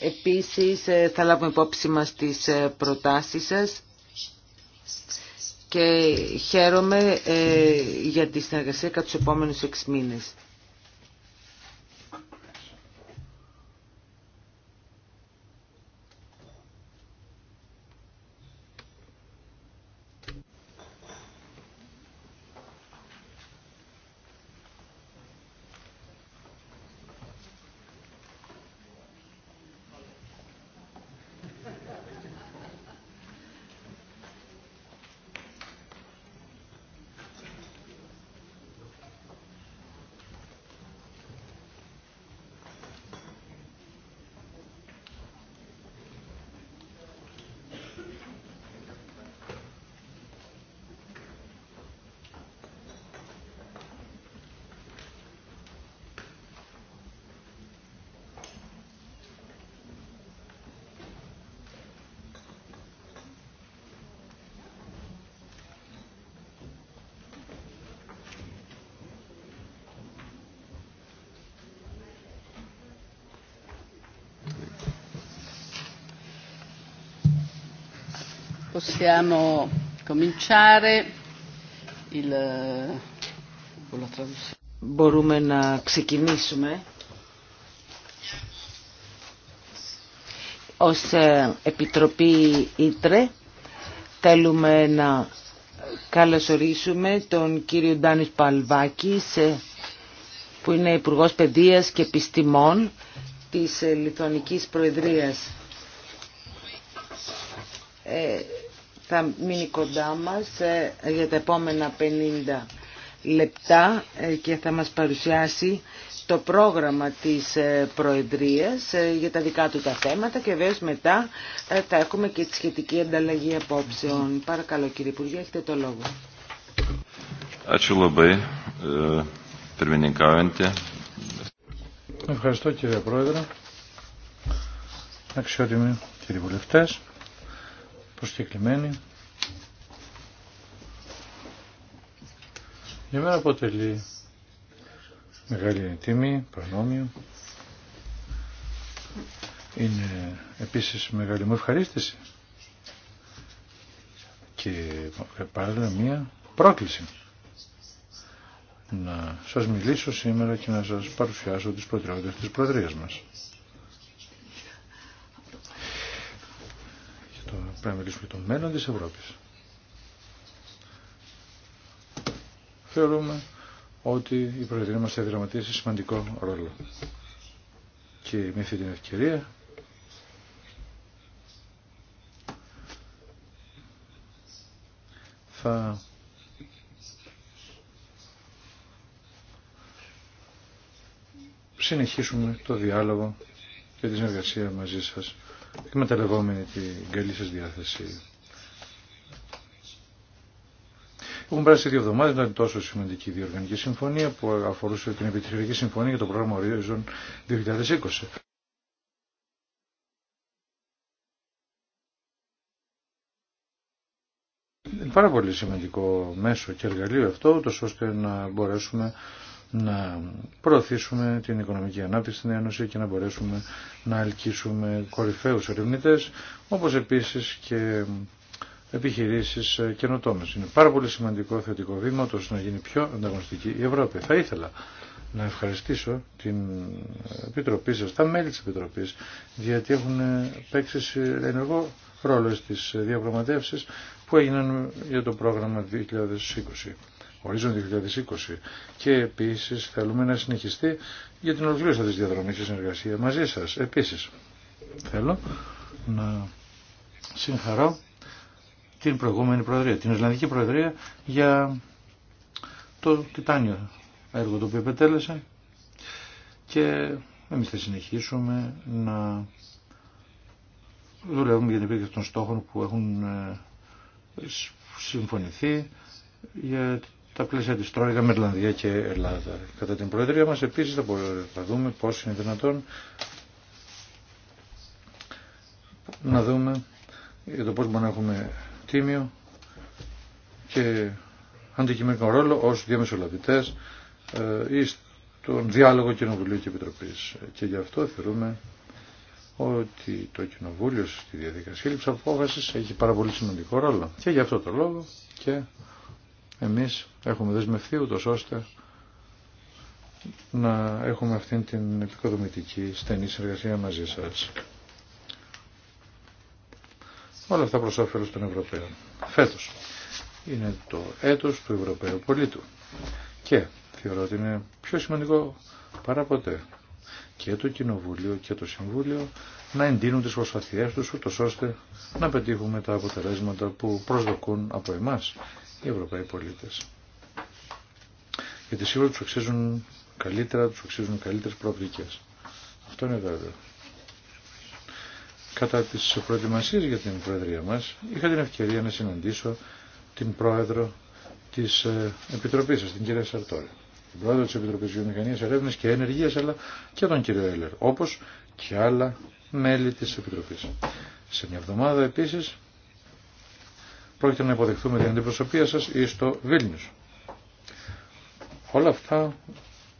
Επίσης ε, θα λάβουμε υπόψη μας τις ε, προτάσεις σας και χαίρομαι ε, για τη συνεργασία κατά τους επόμενους 6 μήνες. Possiamo cominciare il... Μπορούμε να ξεκινήσουμε. Ως ε, Επιτροπή Ήτρε θέλουμε να καλωσορίσουμε τον κύριο Ντάνης Παλβάκη ε, που είναι υπουργό Παιδείας και Επιστημών της ε, Λιθωνικής Προεδρίας θα μείνει κοντά μας ε, για τα επόμενα 50 λεπτά ε, και θα μας παρουσιάσει το πρόγραμμα της ε, Προεδρίας για τα δικά του τα θέματα και βέβαια μετά θα έχουμε και τη σχετική ανταλλαγή απόψεων. Παρακαλώ κύριε Υπουργέ, έχετε το λόγο. Ευχαριστώ κύριε Πρόεδρε, αξιότιμοι κύριοι βουλευτές προσκεκλημένη. Για μένα αποτελεί μεγάλη τιμή, προνόμιο. Είναι επίσης μεγάλη μου ευχαρίστηση και παράλληλα μία πρόκληση να σας μιλήσω σήμερα και να σας παρουσιάσω τις προτεραιότητες της Προεδρίας μας. Πρέπει να μιλήσουμε για το μέλλον της Ευρώπης. Θεωρούμε ότι η Προεδρία μας θα δραματίσει σημαντικό ρόλο. Και με αυτή την ευκαιρία θα συνεχίσουμε το διάλογο και τη συνεργασία μαζί σας εκμεταλλευόμενοι την καλή σας διάθεση. Έχουν περάσει δύο εβδομάδε, ήταν τόσο σημαντική η διοργανική συμφωνία που αφορούσε την επιτυχιακή συμφωνία για το πρόγραμμα Horizon 2020. Είναι πάρα πολύ σημαντικό μέσο και εργαλείο αυτό, ώστε να μπορέσουμε να προωθήσουμε την οικονομική ανάπτυξη στην Ένωση και να μπορέσουμε να αλκίσουμε κορυφαίους ερευνητές, όπως επίσης και επιχειρήσεις καινοτόμες. Είναι πάρα πολύ σημαντικό θετικό βήμα, ώστε να γίνει πιο ανταγωνιστική η Ευρώπη. Θα ήθελα να ευχαριστήσω την Επιτροπή σας, τα μέλη της Επιτροπής, γιατί έχουν παίξει ενεργό ρόλο στις διαπραγματεύσεις που έγιναν για το πρόγραμμα 2020 ορίζον 2020 και επίσης θέλουμε να συνεχιστεί για την ολοκλήρωση της διαδρομής και συνεργασία μαζί σας. Επίσης θέλω να συγχαρώ την προηγούμενη Προεδρία, την Ισλανδική Προεδρία για το τιτάνιο έργο το οποίο επετέλεσε και εμείς θα συνεχίσουμε να δουλεύουμε για την επίκριση των στόχων που έχουν ε, συμφωνηθεί για τα πλαίσια της Τρόικα με και Ελλάδα. Κατά την Προεδρία μας επίσης θα, μπορούμε, δούμε πώς είναι δυνατόν να δούμε για το πώς μπορούμε να έχουμε τίμιο και αντικειμενικό ρόλο ως διαμεσολαβητές ε, ή στον διάλογο Κοινοβουλίου και Επιτροπής. Και γι' αυτό θεωρούμε ότι το Κοινοβούλιο στη διαδικασία λήψη απόφασης έχει πάρα πολύ σημαντικό ρόλο. Και γι' αυτό το λόγο και εμείς έχουμε δεσμευθεί ούτως ώστε να έχουμε αυτήν την επικοδομητική στενή συνεργασία μαζί σας. Όλα αυτά προς όφελος των Ευρωπαίων. Φέτος είναι το έτος του Ευρωπαίου πολίτου και θεωρώ ότι είναι πιο σημαντικό παρά ποτέ και το Κοινοβούλιο και το Συμβούλιο να εντείνουν τις προσπαθειές τους ούτως ώστε να πετύχουμε τα αποτελέσματα που προσδοκούν από εμάς οι Ευρωπαίοι πολίτες. Γιατί σίγουρα τους αξίζουν καλύτερα, τους αξίζουν καλύτερες προοπτικές. Αυτό είναι βέβαιο. Κατά τις προετοιμασίες για την Προεδρία μας, είχα την ευκαιρία να συναντήσω την Πρόεδρο της ε, Επιτροπής σας, την κυρία Σαρτόρη. Την Πρόεδρο της Επιτροπής Βιομηχανίας Ερεύνης και Ενεργείας, αλλά και τον κύριο Έλερ, όπως και άλλα μέλη της Επιτροπής. Σε μια εβδομάδα επίσης πρόκειται να υποδεχθούμε την αντιπροσωπεία σας ή στο Βίλνιους. Όλα αυτά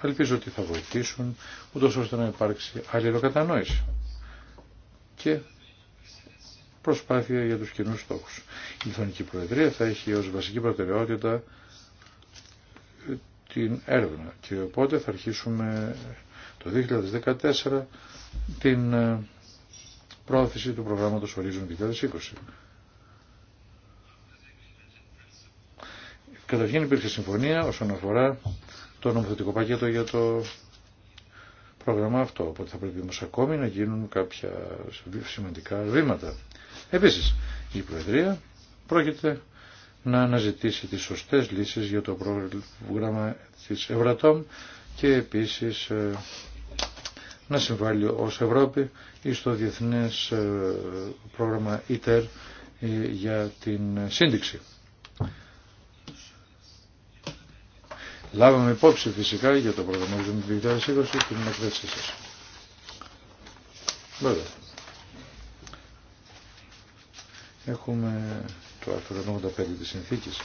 ελπίζω ότι θα βοηθήσουν ούτως ώστε να υπάρξει αλληλοκατανόηση και προσπάθεια για τους κοινούς στόχους. Η Λιθωνική Προεδρία θα έχει ως βασική προτεραιότητα την έρευνα και οπότε θα αρχίσουμε το 2014 την ε, πρόθεση του προγράμματος Ορίζον 2020. Καταρχήν υπήρχε συμφωνία όσον αφορά το νομοθετικό πακέτο για το πρόγραμμα αυτό. Οπότε θα πρέπει όμω ακόμη να γίνουν κάποια σημαντικά βήματα. Επίσης, η Προεδρία πρόκειται να αναζητήσει τις σωστές λύσεις για το πρόγραμμα της Ευρατόμ και επίσης ε, να συμβάλλει ως Ευρώπη ή στο διεθνές ε, πρόγραμμα ITER ε, για την σύνδεξη. λάβαμε υπόψη φυσικά για το πρόγραμμα του 2020 την εκδέσή σας. Βέβαια. Έχουμε το άρθρο 85 της συνθήκης,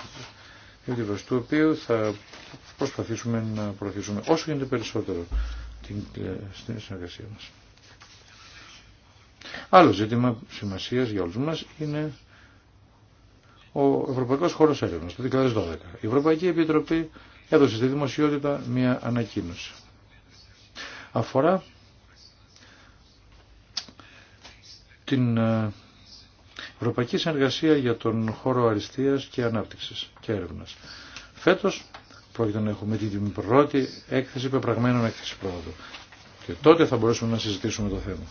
βάση του οποίου θα προσπαθήσουμε να προωθήσουμε όσο γίνεται περισσότερο την, ε, στην συνεργασία μας. Άλλο ζήτημα σημασίας για όλους μας είναι ο Ευρωπαϊκός Χώρος Έρευνας το 2012. Η Ευρωπαϊκή Επιτροπή έδωσε στη δημοσιότητα μια ανακοίνωση. Αφορά την ε, Ευρωπαϊκή Συνεργασία για τον χώρο αριστείας και ανάπτυξης και έρευνας. Φέτος πρόκειται να έχουμε την πρώτη έκθεση πεπραγμένων έκθεση πρόοδου. Και τότε θα μπορέσουμε να συζητήσουμε το θέμα.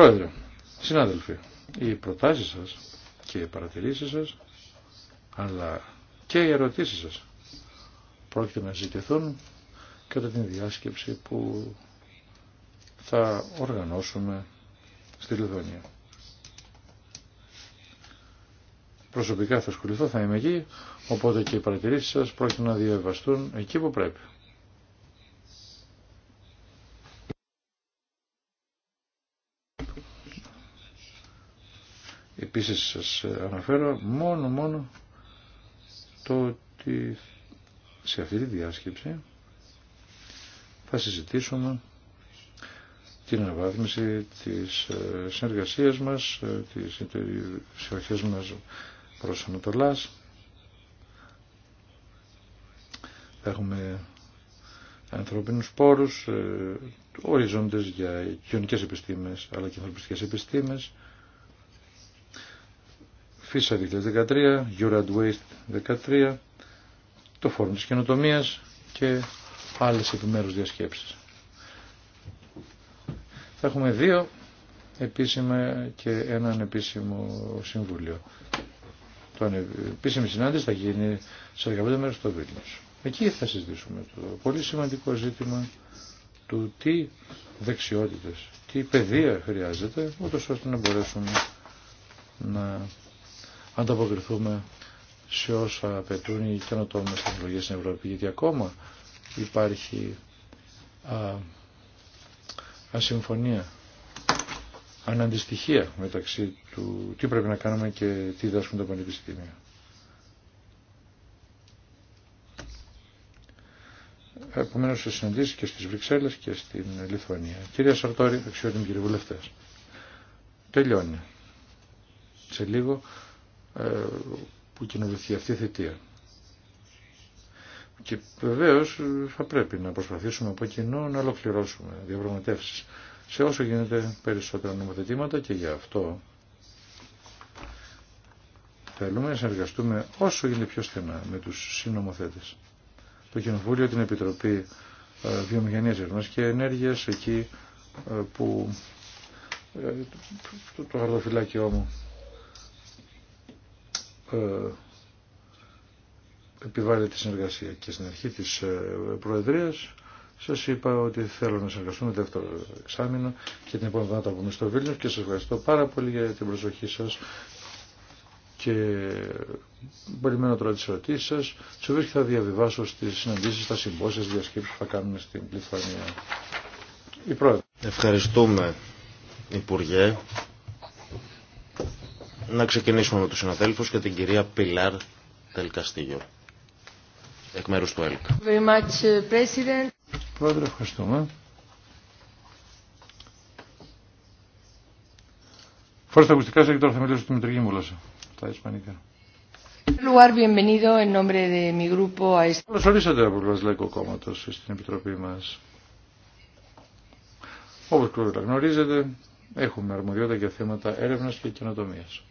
Πρόεδρε, συνάδελφοι, οι προτάσεις σας και οι παρατηρήσεις σας, αλλά και οι ερωτήσεις σας, πρόκειται να ζητηθούν κατά την διάσκεψη που θα οργανώσουμε στη Λιδονία. Προσωπικά θα ασχοληθώ, θα είμαι εκεί, οπότε και οι παρατηρήσεις σας πρόκειται να διαβαστούν εκεί που πρέπει. επίσης σας αναφέρω μόνο μόνο το ότι σε αυτή τη διάσκεψη θα συζητήσουμε την αναβάθμιση της ε, συνεργασίας μας, ε, της συνεργασίας μας προς Ανατολάς. Θα έχουμε ανθρώπινους πόρους, ε, οριζόντες για κοινωνικές επιστήμες αλλά και ανθρωπιστικές επιστήμες, FISA 13, Jurad Waste 13, το Φόρουμ της Καινοτομίας και άλλες επιμέρους διασκέψεις. Θα έχουμε δύο επίσημα και ένα ανεπίσημο συμβούλιο. Το επίσημη συνάντηση θα γίνει σε 15 μέρες στο Βίλνιος. Εκεί θα συζητήσουμε το πολύ σημαντικό ζήτημα του τι δεξιότητες, τι παιδεία χρειάζεται, ούτως ώστε να μπορέσουμε να ανταποκριθούμε σε όσα απαιτούν οι καινοτόμε τεχνολογίε στην Ευρώπη. Γιατί ακόμα υπάρχει α, ασυμφωνία, αναντιστοιχία μεταξύ του τι πρέπει να κάνουμε και τι δάσκουν τα πανεπιστήμια. Επομένω, σε συναντήσει και στι Βρυξέλλε και στην Λιθουανία. Κυρία Σαρτόρη, αξιότιμοι κύριοι βουλευτέ. Τελειώνει. Σε λίγο ε, που κοινοβηθεί αυτή η θητεία. Και βεβαίω ε, θα πρέπει να προσπαθήσουμε από κοινού να ολοκληρώσουμε διαπραγματεύσει σε όσο γίνεται περισσότερα νομοθετήματα και γι' αυτό θέλουμε να συνεργαστούμε όσο γίνεται πιο στενά με τους συνομοθέτες. Το Κοινοβούλιο, την Επιτροπή ε, Βιομηχανίας και ενέργεια εκεί που το χαρτοφυλάκι μου ε, επιβάλλει τη συνεργασία. Και στην αρχή της ε, Προεδρίας σας είπα ότι θέλω να συνεργαστούμε το δεύτερο εξάμεινο και την επόμενη να τα στο Βίλνιος και σας ευχαριστώ πάρα πολύ για την προσοχή σας και περιμένω τώρα τις ερωτήσεις σας, τις οποίες θα διαβιβάσω στις συναντήσεις, στα συμπόσια, στις διασκέψεις που θα κάνουμε στην Πληθωνία. Ευχαριστούμε, Υπουργέ να ξεκινήσουμε με του συναδέλφου και την κυρία Πιλάρ Τελκαστίγιο, εκ μέρου του ΕΛΚ. Uh, Πρόεδρε, ευχαριστούμε. Φορές τα ακουστικά σας και τώρα θα μιλήσω στη μητρική μου γλώσσα, τα ισπανικά. Καλώς ορίσατε από το Λαϊκό Κόμματο στην Επιτροπή μα. Όπω μας. Όπως γνωρίζετε, έχουμε αρμοδιότητα για θέματα έρευνα και καινοτομίας.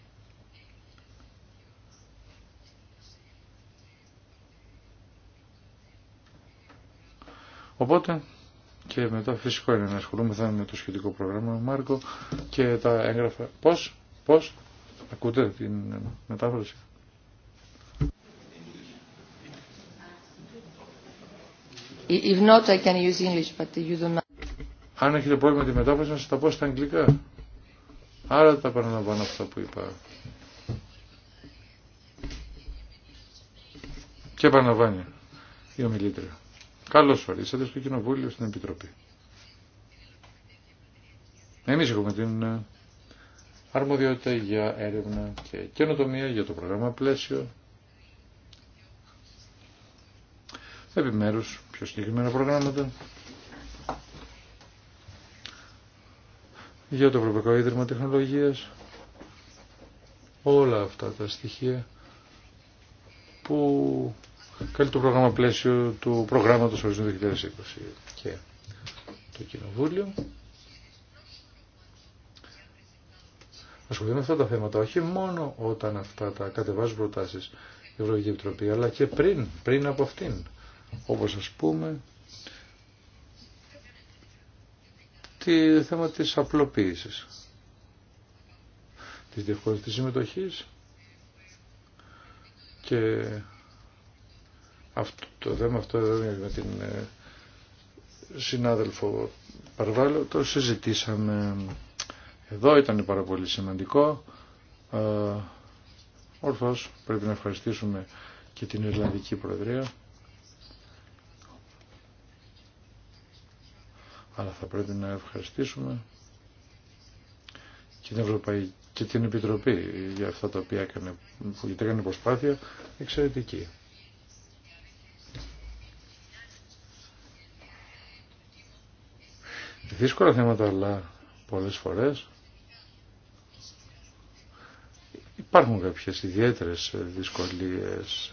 Οπότε και μετά φυσικό είναι να ασχολούμεθα με το σχετικό πρόγραμμα Μάρκο και τα έγγραφα. Πώς, πώς, ακούτε την μετάφραση. If not, I can use English, but you don't... Αν έχετε πρόβλημα με τη μετάφραση, να σας τα πω στα αγγλικά. Άρα τα παραλαμβάνω αυτά που είπα. Και παραλαμβάνει η ομιλήτρια. Καλώς ορίσατε στο Κοινοβούλιο, στην Επιτροπή. Εμείς έχουμε την ε, αρμοδιότητα για έρευνα και καινοτομία για το πρόγραμμα πλαίσιο. Επιμέρους, πιο συγκεκριμένα προγράμματα. Για το Ευρωπαϊκό Ίδρυμα Τεχνολογίας. Όλα αυτά τα στοιχεία που καλεί το πρόγραμμα πλαίσιο του προγράμματος ορισμού 2020. Και το Κοινοβούλιο ασχολείται με αυτά τα θέματα, όχι μόνο όταν αυτά τα κατεβάζουν προτάσεις η Ευρωπαϊκή Επιτροπή, αλλά και πριν, πριν από αυτήν. Όπως ας πούμε, τη θέμα της απλοποίησης, της διευκόλυνσης της συμμετοχής και αυτό, το θέμα αυτό εδώ με την ε, συνάδελφο Παρβάλλο το συζητήσαμε εδώ, ήταν πάρα πολύ σημαντικό. Ε, πρέπει να ευχαριστήσουμε και την Ιρλανδική Προεδρία. Αλλά θα πρέπει να ευχαριστήσουμε και την Ευρωπαϊκή και την Επιτροπή για αυτά τα οποία έκανε, που έκανε προσπάθεια εξαιρετική. δύσκολα θέματα, αλλά πολλές φορές υπάρχουν κάποιες ιδιαίτερες δυσκολίες.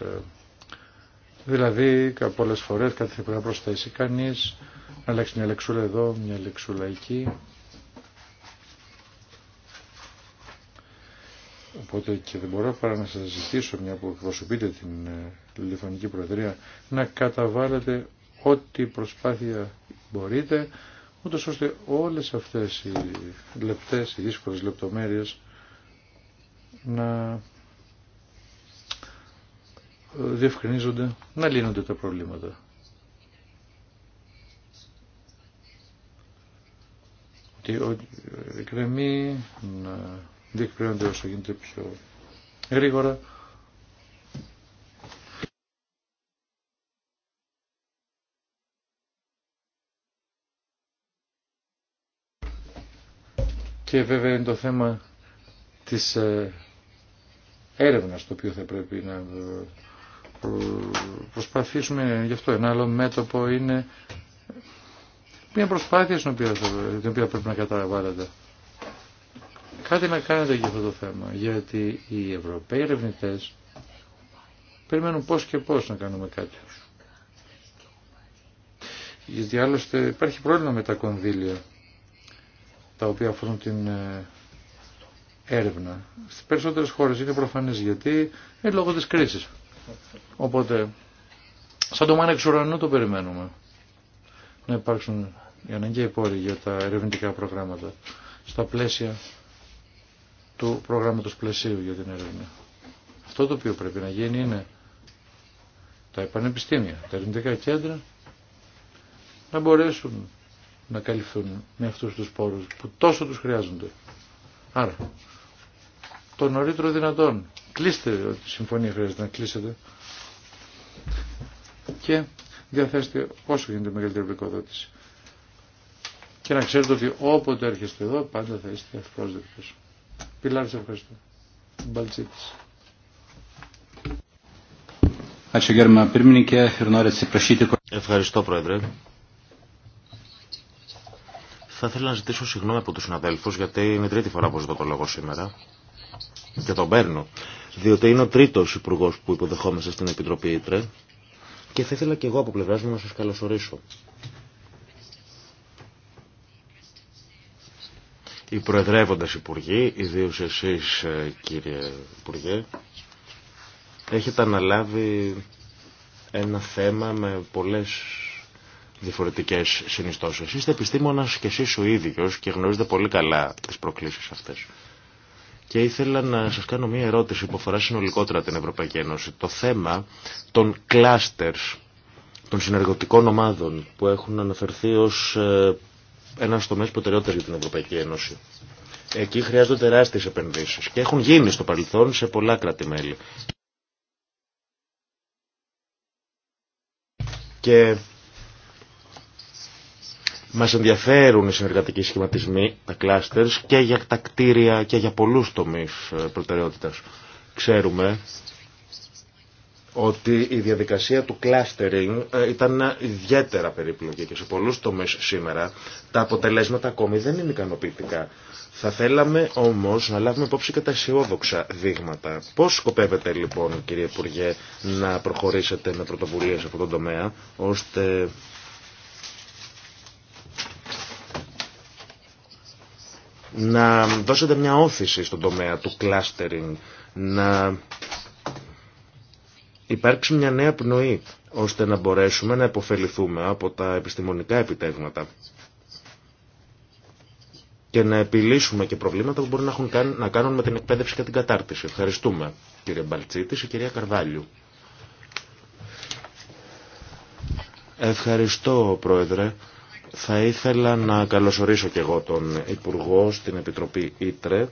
Δηλαδή, πολλές φορές κάτι θα πρέπει να προσθέσει κανείς, να αλλάξει μια λεξούλα εδώ, μια λεξούλα εκεί. Οπότε και δεν μπορώ παρά να σας ζητήσω, μια που εκπροσωπείτε την τηλεφωνική ε, Προεδρία, να καταβάλλετε ό,τι προσπάθεια μπορείτε ούτως ώστε όλες αυτές οι λεπτές, οι δύσκολες λεπτομέρειες να διευκρινίζονται, να λύνονται τα προβλήματα. Ότι κρεμοί να διεκπαιρεώνται όσο γίνεται πιο γρήγορα Και βέβαια είναι το θέμα της ε, έρευνας το οποίο θα πρέπει να ε, προσπαθήσουμε γι' αυτό. Ένα άλλο μέτωπο είναι μια προσπάθεια στην οποία, την οποία πρέπει να καταβάλλετε. Κάτι να κάνετε για αυτό το θέμα, γιατί οι Ευρωπαίοι ερευνητέ περιμένουν πώς και πώς να κάνουμε κάτι. Γιατί άλλωστε υπάρχει πρόβλημα με τα κονδύλια τα οποία αφορούν την ε, έρευνα. στι περισσότερες χώρες είναι προφανές γιατί είναι λόγω της κρίσης. Οπότε, σαν το μάνα εξ το περιμένουμε. Να υπάρξουν οι αναγκαίοι πόροι για τα ερευνητικά προγράμματα στα πλαίσια του προγράμματος πλαισίου για την έρευνα. Αυτό το οποίο πρέπει να γίνει είναι τα επανεπιστήμια, τα ερευνητικά κέντρα να μπορέσουν να καλυφθούν με αυτούς τους πόρους που τόσο τους χρειάζονται. Άρα, το νωρίτερο δυνατόν. Κλείστε ό,τι συμφωνία χρειάζεται να κλείσετε και διαθέστε όσο γίνεται μεγαλύτερη επικοδότηση. Και να ξέρετε ότι όποτε έρχεστε εδώ πάντα θα είστε ευπρόσδεκτος. Πιλάρης ευχαριστώ. Μπαλτσίτης. Ευχαριστώ Πρόεδρε. Θα ήθελα να ζητήσω συγγνώμη από τους συναδέλφους γιατί είναι η τρίτη φορά που ζητώ το λόγο σήμερα και τον παίρνω. Διότι είναι ο τρίτος υπουργό που υποδεχόμαστε στην Επιτροπή Ήτρε και θα ήθελα και εγώ από πλευρά μου να σας καλωσορίσω. Οι προεδρεύοντε υπουργοί, ιδίω εσεί, ε, κύριε Υπουργέ, έχετε αναλάβει ένα θέμα με πολλές Διαφορετικέ συνιστώσεις. Είστε επιστήμονα και εσεί ο ίδιο και γνωρίζετε πολύ καλά τι προκλήσει αυτέ. Και ήθελα να σα κάνω μία ερώτηση που αφορά συνολικότερα την Ευρωπαϊκή Ένωση. Το θέμα των κλάστερ, των συνεργοτικών ομάδων που έχουν αναφερθεί ως ε, ένα τομέα προτεραιότητα για την Ευρωπαϊκή Ένωση. Εκεί χρειάζονται τεράστιε επενδύσει και έχουν γίνει στο παρελθόν σε πολλά κράτη-μέλη. Και μας ενδιαφέρουν οι συνεργατικοί σχηματισμοί, τα κλάστερς και για τα κτίρια και για πολλούς τομείς ε, προτεραιότητας. Ξέρουμε ότι η διαδικασία του clustering ε, ήταν ιδιαίτερα περίπλοκη και σε πολλούς τομείς σήμερα τα αποτελέσματα ακόμη δεν είναι ικανοποιητικά. Θα θέλαμε όμως να λάβουμε υπόψη και τα αισιόδοξα δείγματα. Πώς σκοπεύετε λοιπόν κύριε Υπουργέ να προχωρήσετε με πρωτοβουλίε σε αυτόν τον τομέα ώστε να δώσετε μια όθηση στον τομέα του clustering, να υπάρξει μια νέα πνοή ώστε να μπορέσουμε να επωφεληθούμε από τα επιστημονικά επιτεύγματα και να επιλύσουμε και προβλήματα που μπορεί να, έχουν, να κάνουν με την εκπαίδευση και την κατάρτιση. Ευχαριστούμε κύριε Μπαλτσίτης και κυρία Καρβάλιου. Ευχαριστώ πρόεδρε. Θα ήθελα να καλωσορίσω και εγώ τον Υπουργό στην Επιτροπή Ήτρε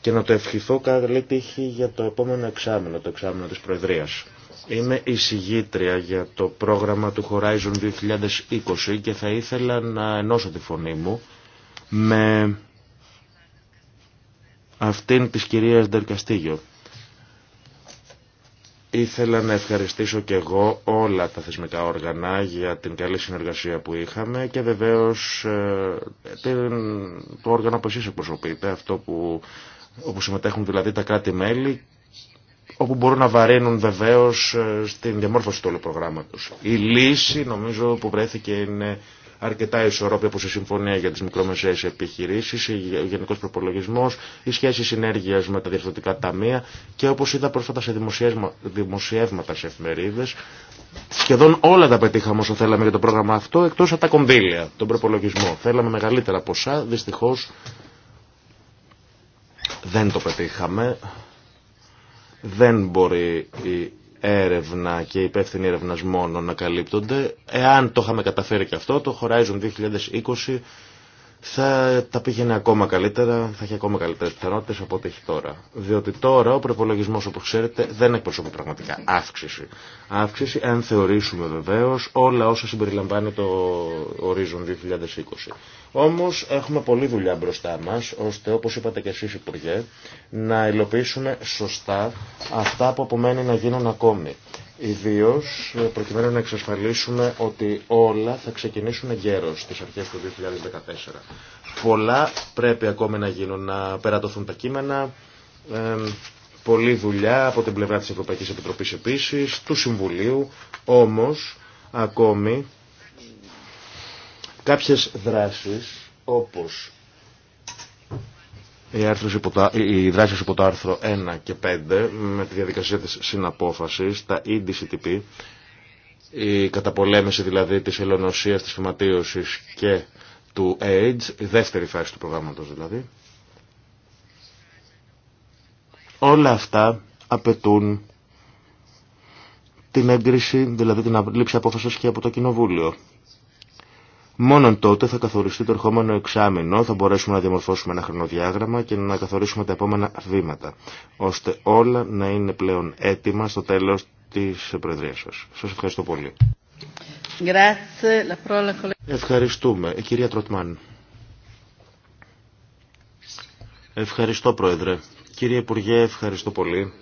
και να το ευχηθώ καλή τύχη για το επόμενο εξάμεινο, το εξάμεινο της Προεδρίας. Είμαι εισηγήτρια για το πρόγραμμα του Horizon 2020 και θα ήθελα να ενώσω τη φωνή μου με αυτήν της κυρίας Ντερκαστίγιο Ήθελα να ευχαριστήσω και εγώ όλα τα θεσμικά όργανα για την καλή συνεργασία που είχαμε και βεβαίως ε, το όργανο που εσείς εκπροσωπείτε, αυτό που, όπου συμμετέχουν δηλαδή τα κράτη-μέλη όπου μπορούν να βαρύνουν βεβαίως ε, στην διαμόρφωση του όλου προγράμματος. Η λύση νομίζω που βρέθηκε είναι αρκετά ισορρόπια, όπω η Συμφωνία για τις μικρομεσαίε επιχειρήσει, ο γενικό προπολογισμό, οι σχέση συνέργεια με τα διευθυντικά ταμεία και όπως είδα πρόσφατα σε δημοσιεύματα σε εφημερίδες, σχεδόν όλα τα πετύχαμε όσο θέλαμε για το πρόγραμμα αυτό, εκτός από τα κονδύλια, τον προπολογισμό. Θέλαμε μεγαλύτερα ποσά, Δυστυχώ δεν το πετύχαμε. Δεν μπορεί η έρευνα και υπεύθυνη έρευνα μόνο να καλύπτονται. Εάν το είχαμε καταφέρει και αυτό, το Horizon 2020 θα τα πήγαινε ακόμα καλύτερα, θα έχει ακόμα καλύτερε πιθανότητε από ό,τι έχει τώρα. Διότι τώρα ο προπολογισμό, όπω ξέρετε, δεν εκπροσωπεί πραγματικά αύξηση. Αύξηση, αν θεωρήσουμε βεβαίω όλα όσα συμπεριλαμβάνει το Horizon 2020. Όμως έχουμε πολλή δουλειά μπροστά μας, ώστε όπως είπατε και εσείς Υπουργέ, να υλοποιήσουμε σωστά αυτά που απομένει να γίνουν ακόμη. Ιδίω προκειμένου να εξασφαλίσουμε ότι όλα θα ξεκινήσουν γέρο στι αρχέ του 2014. Πολλά πρέπει ακόμη να γίνουν, να περατωθούν τα κείμενα, ε, πολλή δουλειά από την πλευρά της Ευρωπαϊκής Επιτροπής επίσης, του Συμβουλίου, όμως ακόμη Κάποιες δράσεις όπως οι δράσεις υπό το άρθρο 1 και 5 με τη διαδικασία της συναπόφασης, τα EDCTP, η καταπολέμηση δηλαδή της ελονοσίας, της φυματίωσης και του AIDS, η δεύτερη φάση του προγράμματος δηλαδή. Όλα αυτά απαιτούν την έγκριση, δηλαδή την λήψη απόφασης και από το Κοινοβούλιο. Μόνον τότε θα καθοριστεί το ερχόμενο εξάμεινο, θα μπορέσουμε να διαμορφώσουμε ένα χρονοδιάγραμμα και να καθορίσουμε τα επόμενα βήματα, ώστε όλα να είναι πλέον έτοιμα στο τέλος της Προεδρίας σας. Σας ευχαριστώ πολύ. Ευχαριστούμε. Ε, κυρία Τροτμάν. Ευχαριστώ Πρόεδρε. Κύριε Υπουργέ, ευχαριστώ πολύ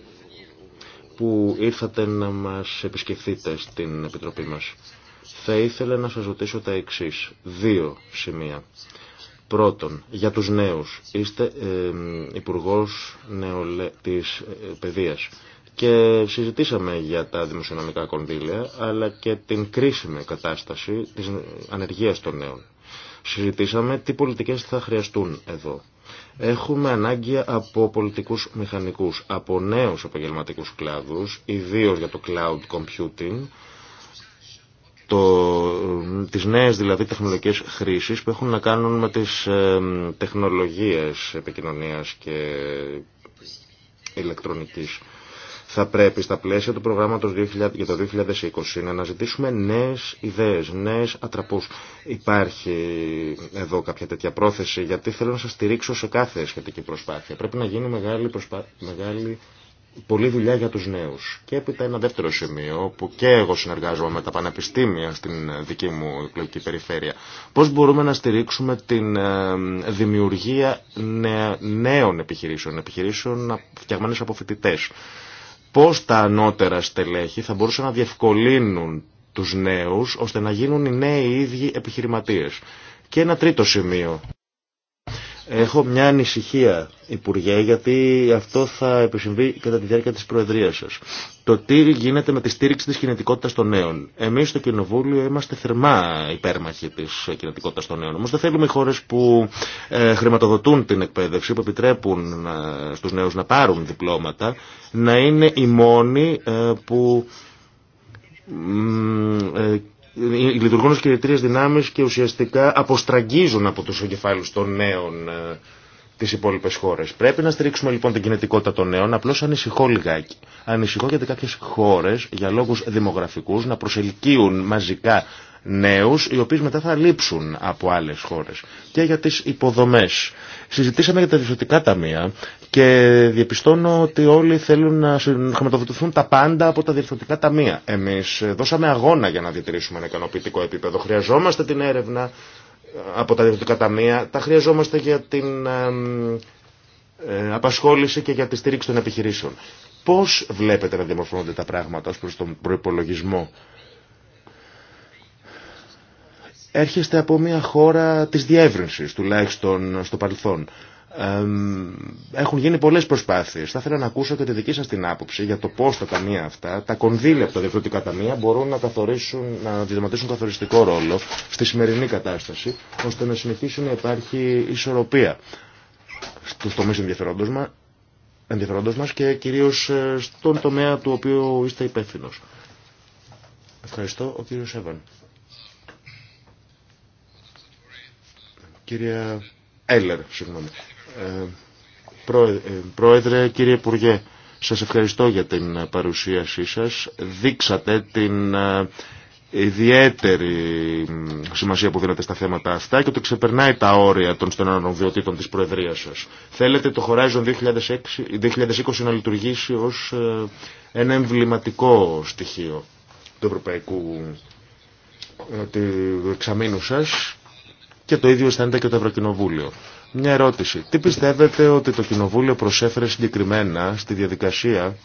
που ήρθατε να μας επισκεφθείτε στην Επιτροπή μας θα ήθελα να σας ρωτήσω τα εξής. Δύο σημεία. Πρώτον, για τους νέους. Είστε ε, υπουργός νεολε... της ε, παιδείας και συζητήσαμε για τα δημοσιονομικά κονδύλια αλλά και την κρίσιμη κατάσταση της ανεργίας των νέων. Συζητήσαμε τι πολιτικές θα χρειαστούν εδώ. Έχουμε ανάγκη από πολιτικούς μηχανικούς, από νέους επαγγελματικούς κλάδους, ιδίως για το cloud computing, το, τις νέες δηλαδή τεχνολογικές χρήσεις που έχουν να κάνουν με τις ε, τεχνολογίες επικοινωνίας και ηλεκτρονικής. Θα πρέπει στα πλαίσια του προγράμματος 2000, για το 2020 να αναζητήσουμε νέες ιδέες, νέες ατραπούς. Υπάρχει εδώ κάποια τέτοια πρόθεση, γιατί θέλω να σας στηρίξω σε κάθε σχετική προσπάθεια. Πρέπει να γίνει μεγάλη, προσπά... μεγάλη πολλή δουλειά για τους νέους. Και έπειτα ένα δεύτερο σημείο που και εγώ συνεργάζομαι με τα πανεπιστήμια στην δική μου εκλογική περιφέρεια. Πώς μπορούμε να στηρίξουμε την ε, δημιουργία νέων επιχειρήσεων, επιχειρήσεων φτιαγμένες από φοιτητέ. Πώς τα ανώτερα στελέχη θα μπορούσαν να διευκολύνουν τους νέους ώστε να γίνουν οι νέοι ίδιοι επιχειρηματίες. Και ένα τρίτο σημείο Έχω μια ανησυχία, Υπουργέ, γιατί αυτό θα επισυμβεί κατά τη διάρκεια της Προεδρίας σας. Το τι γίνεται με τη στήριξη της κινητικότητας των νέων. Εμείς στο Κοινοβούλιο είμαστε θερμά υπέρμαχοι της κινητικότητα των νέων. Όμως δεν θέλουμε οι χώρες που ε, χρηματοδοτούν την εκπαίδευση, που επιτρέπουν ε, στους νέους να πάρουν διπλώματα, να είναι οι μόνοι ε, που λειτουργούν ως κινητήριες δυνάμεις και ουσιαστικά αποστραγγίζουν από τους εγκεφάλους των νέων ε, τις υπόλοιπες χώρες. Πρέπει να στηρίξουμε λοιπόν την κινητικότητα των νέων, απλώς ανησυχώ λιγάκι. Ανησυχώ γιατί κάποιες χώρες για λόγους δημογραφικούς να προσελκύουν μαζικά νέους οι οποίοι μετά θα λείψουν από άλλες χώρες και για τις υποδομές. Συζητήσαμε για τα διευθυντικά ταμεία και διαπιστώνω ότι όλοι θέλουν να χρηματοδοτηθούν τα πάντα από τα διευθυντικά ταμεία. Εμεί δώσαμε αγώνα για να διατηρήσουμε ένα ικανοποιητικό επίπεδο. Χρειαζόμαστε την έρευνα ε, από τα διευθυντικά ταμεία, τα χρειαζόμαστε για την ε, απασχόληση και για τη στήριξη των επιχειρήσεων. Πώ βλέπετε να διαμορφώνονται τα πράγματα ω προ τον προπολογισμό, Έρχεστε από μια χώρα τη διεύρυνση, τουλάχιστον στο παρελθόν έχουν γίνει πολλές προσπάθειες. Θα ήθελα να ακούσω και τη δική σα την άποψη για το πώ τα ταμεία αυτά, τα κονδύλια από τα διευθυντικά ταμεία μπορούν να, καθορίσουν, να διδαματίσουν καθοριστικό ρόλο στη σημερινή κατάσταση, ώστε να συνεχίσει να υπάρχει ισορροπία στους τομείς ενδιαφέροντο μα και κυρίω ε, στον τομέα του οποίου είστε υπεύθυνο. Ευχαριστώ. Ο κύριο Εύαν. Κυρία Έλερ, συγγνώμη. Πρόεδρε, κύριε Υπουργέ, σας ευχαριστώ για την παρουσίασή σας. Δείξατε την ε, ιδιαίτερη σημασία που δίνετε στα θέματα αυτά και ότι ξεπερνάει τα όρια των στενών βιωτήτων της Προεδρίας σας. Θέλετε το Horizon 2020 να λειτουργήσει ως ε, ένα εμβληματικό στοιχείο του ευρωπαϊκού ε, του εξαμήνου σας και το ίδιο αισθάνεται και το Ευρωκοινοβούλιο. Μια ερώτηση. Τι πιστεύετε ότι το Κοινοβούλιο προσέφερε συγκεκριμένα στη διαδικασία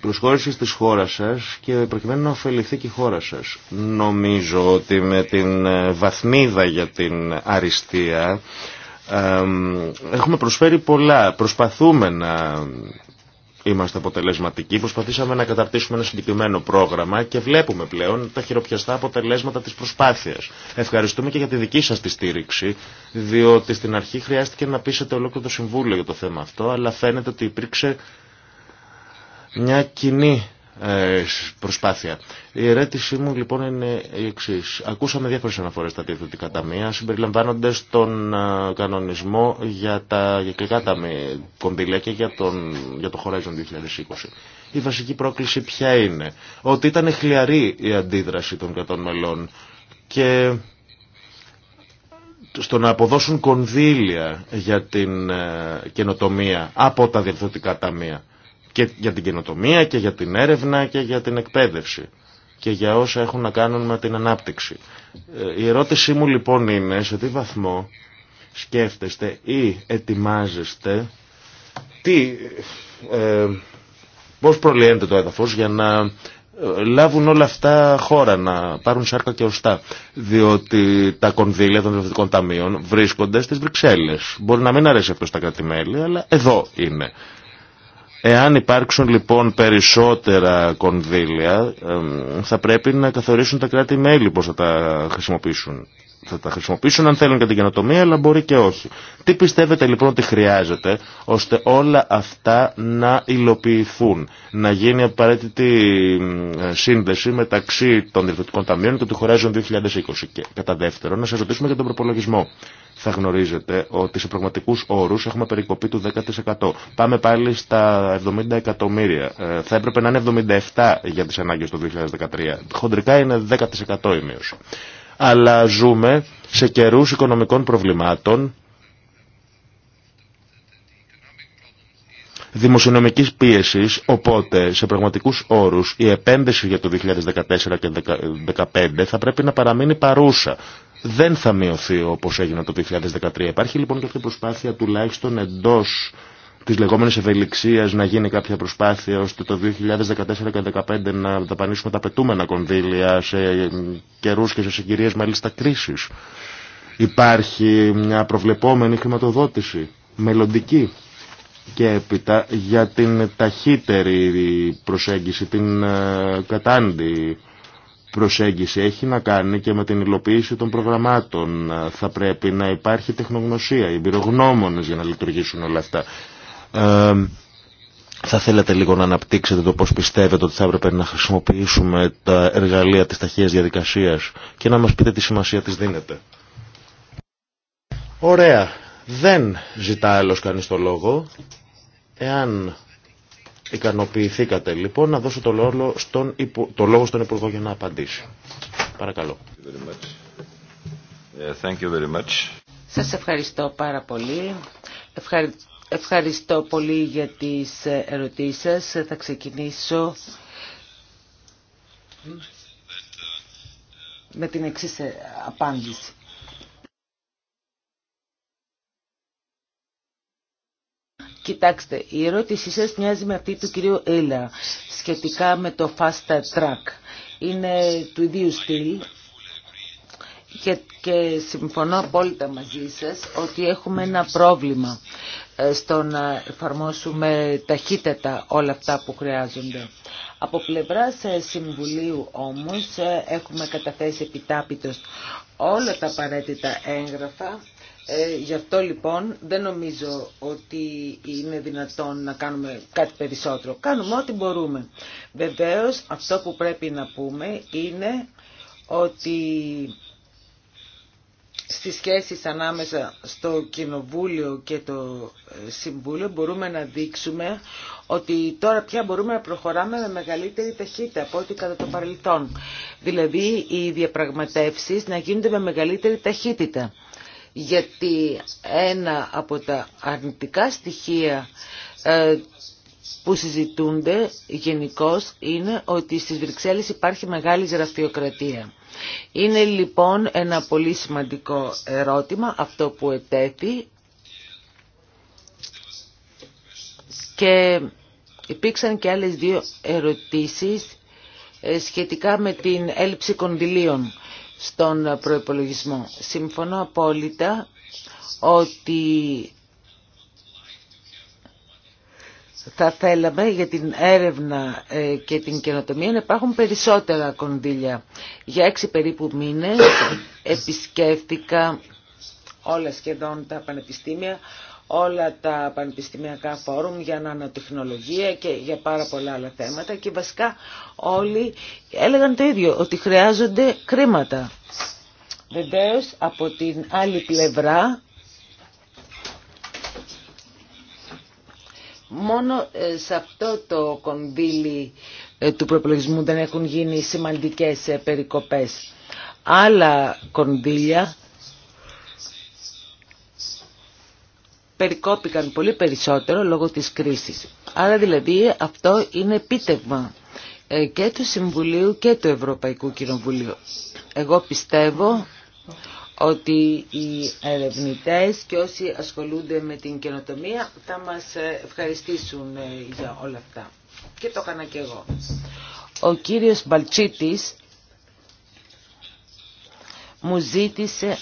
προσχώρηση της χώρας σας και προκειμένου να ωφεληθεί και η χώρα σας. Νομίζω ότι με την ε, βαθμίδα για την αριστεία έχουμε προσφέρει πολλά. Προσπαθούμε να είμαστε αποτελεσματικοί. Προσπαθήσαμε να καταρτήσουμε ένα συγκεκριμένο πρόγραμμα και βλέπουμε πλέον τα χειροπιαστά αποτελέσματα της προσπάθειας. Ευχαριστούμε και για τη δική σας τη στήριξη, διότι στην αρχή χρειάστηκε να πείσετε ολόκληρο το Συμβούλιο για το θέμα αυτό, αλλά φαίνεται ότι υπήρξε μια κοινή ε, προσπάθεια. Η ερώτησή μου λοιπόν είναι η εξή. Ακούσαμε διάφορε αναφορέ στα διευθυντικά ταμεία τον τον ε, κανονισμό για τα γεκλικά ταμεία κονδύλια και για, τον, για το Horizon 2020. Η βασική πρόκληση ποια είναι. Ότι ήταν χλιαρή η αντίδραση των κρατών μελών και στο να αποδώσουν κονδύλια για την ε, καινοτομία από τα διευθυντικά ταμεία και για την καινοτομία και για την έρευνα και για την εκπαίδευση και για όσα έχουν να κάνουν με την ανάπτυξη. Ε, η ερώτησή μου λοιπόν είναι σε τι βαθμό σκέφτεστε ή ετοιμάζεστε τι, ε, πώς το έδαφος για να ε, λάβουν όλα αυτά χώρα, να πάρουν σάρκα και οστά. Διότι τα κονδύλια των διευθυντικών ταμείων βρίσκονται στις Βρυξέλλες. Μπορεί να μην αρέσει αυτό στα κρατημέλη, αλλά εδώ είναι. Εάν υπάρξουν λοιπόν περισσότερα κονδύλια, θα πρέπει να καθορίσουν τα κράτη-μέλη πώς θα τα χρησιμοποιήσουν θα τα χρησιμοποιήσουν αν θέλουν και την καινοτομία, αλλά μπορεί και όχι. Τι πιστεύετε λοιπόν ότι χρειάζεται ώστε όλα αυτά να υλοποιηθούν, να γίνει απαραίτητη ε, σύνδεση μεταξύ των διευθυντικών ταμείων και του Horizon 2020. Και κατά δεύτερον, να σα ρωτήσουμε για τον προπολογισμό. Θα γνωρίζετε ότι σε πραγματικού όρου έχουμε περικοπή του 10%. Πάμε πάλι στα 70 εκατομμύρια. Ε, θα έπρεπε να είναι 77 για τι ανάγκε του 2013. Χοντρικά είναι 10% η μείωση αλλά ζούμε σε καιρούς οικονομικών προβλημάτων, δημοσιονομικής πίεσης, οπότε σε πραγματικούς όρους η επένδυση για το 2014 και 2015 θα πρέπει να παραμείνει παρούσα. Δεν θα μειωθεί όπως έγινε το 2013. Υπάρχει λοιπόν και αυτή η προσπάθεια τουλάχιστον εντός Τη λεγόμενης ευελιξία να γίνει κάποια προσπάθεια ώστε το 2014 και 2015 να δαπανίσουμε τα πετούμενα κονδύλια σε καιρού και σε συγκυρίες μάλιστα κρίση. Υπάρχει μια προβλεπόμενη χρηματοδότηση μελλοντική και έπειτα για την ταχύτερη προσέγγιση, την ε, κατάντη προσέγγιση έχει να κάνει και με την υλοποίηση των προγραμμάτων. Θα πρέπει να υπάρχει τεχνογνωσία, εμπειρογνώμονες για να λειτουργήσουν όλα αυτά θα θέλατε λίγο να αναπτύξετε το πώς πιστεύετε ότι θα έπρεπε να χρησιμοποιήσουμε τα εργαλεία της ταχείας διαδικασίας και να μας πείτε τι σημασία της δίνετε. Ωραία. Δεν ζητά άλλος κανείς το λόγο. Εάν ικανοποιηθήκατε λοιπόν να δώσω το λόγο στον, το λόγο στον Υπουργό για να απαντήσει. Παρακαλώ. Thank Σας ευχαριστώ πάρα πολύ. Ευχαριστώ Ευχαριστώ πολύ για τις ερωτήσεις σας. Θα ξεκινήσω με την εξής απάντηση. Κοιτάξτε, η ερώτησή σας μοιάζει με αυτή του κυρίου Έλα σχετικά με το fast track. Είναι του ιδίου στυλ και, και συμφωνώ απόλυτα μαζί σας ότι έχουμε ένα πρόβλημα. Ε, στο να εφαρμόσουμε ταχύτατα όλα αυτά που χρειάζονται. Από πλευράς ε, Συμβουλίου όμως ε, έχουμε καταθέσει επιτάπητος όλα τα απαραίτητα έγγραφα. Ε, γι' αυτό λοιπόν δεν νομίζω ότι είναι δυνατόν να κάνουμε κάτι περισσότερο. Κάνουμε ό,τι μπορούμε. Βεβαίως αυτό που πρέπει να πούμε είναι ότι στις σχέσεις ανάμεσα στο Κοινοβούλιο και το ε, Συμβούλιο μπορούμε να δείξουμε ότι τώρα πια μπορούμε να προχωράμε με μεγαλύτερη ταχύτητα από ό,τι κατά το παρελθόν. Δηλαδή οι διαπραγματεύσεις να γίνονται με μεγαλύτερη ταχύτητα. Γιατί ένα από τα αρνητικά στοιχεία ε, που συζητούνται γενικώ είναι ότι στις Βρυξέλλες υπάρχει μεγάλη γραφειοκρατία. Είναι λοιπόν ένα πολύ σημαντικό ερώτημα αυτό που ετέθη και υπήρξαν και άλλες δύο ερωτήσεις ε, σχετικά με την έλλειψη κονδυλίων στον προϋπολογισμό. Συμφωνώ απόλυτα ότι θα θέλαμε για την έρευνα ε, και την καινοτομία να υπάρχουν περισσότερα κονδύλια. Για έξι περίπου μήνες επισκέφτηκα όλα σχεδόν τα πανεπιστήμια, όλα τα πανεπιστημιακά φόρουμ για ανατεχνολογία και για πάρα πολλά άλλα θέματα και βασικά όλοι έλεγαν το ίδιο, ότι χρειάζονται κρίματα. Βεβαίω από την άλλη πλευρά Μόνο ε, σε αυτό το κονδύλι ε, του προπολογισμού δεν έχουν γίνει σημαντικές ε, περικοπές. Άλλα κονδύλια περικόπηκαν πολύ περισσότερο λόγω της κρίσης. Άρα δηλαδή αυτό είναι επίτευγμα και του Συμβουλίου και του Ευρωπαϊκού Κοινοβουλίου. Εγώ πιστεύω ότι οι ερευνητές και όσοι ασχολούνται με την καινοτομία θα μας ευχαριστήσουν ε, για όλα αυτά. Και το έκανα και εγώ. Ο κύριος Μπαλτσίτης μου ζήτησε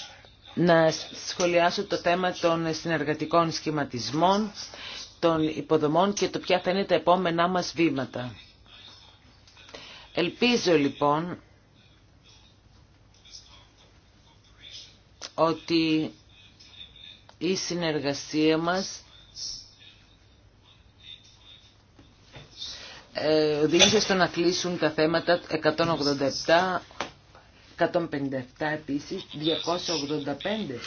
να σχολιάσω το θέμα των συνεργατικών σχηματισμών, των υποδομών και το ποια θα είναι τα επόμενά μας βήματα. Ελπίζω λοιπόν ότι η συνεργασία μας ε, οδήγησε στο να κλείσουν τα θέματα 187, 157 επίσης, 285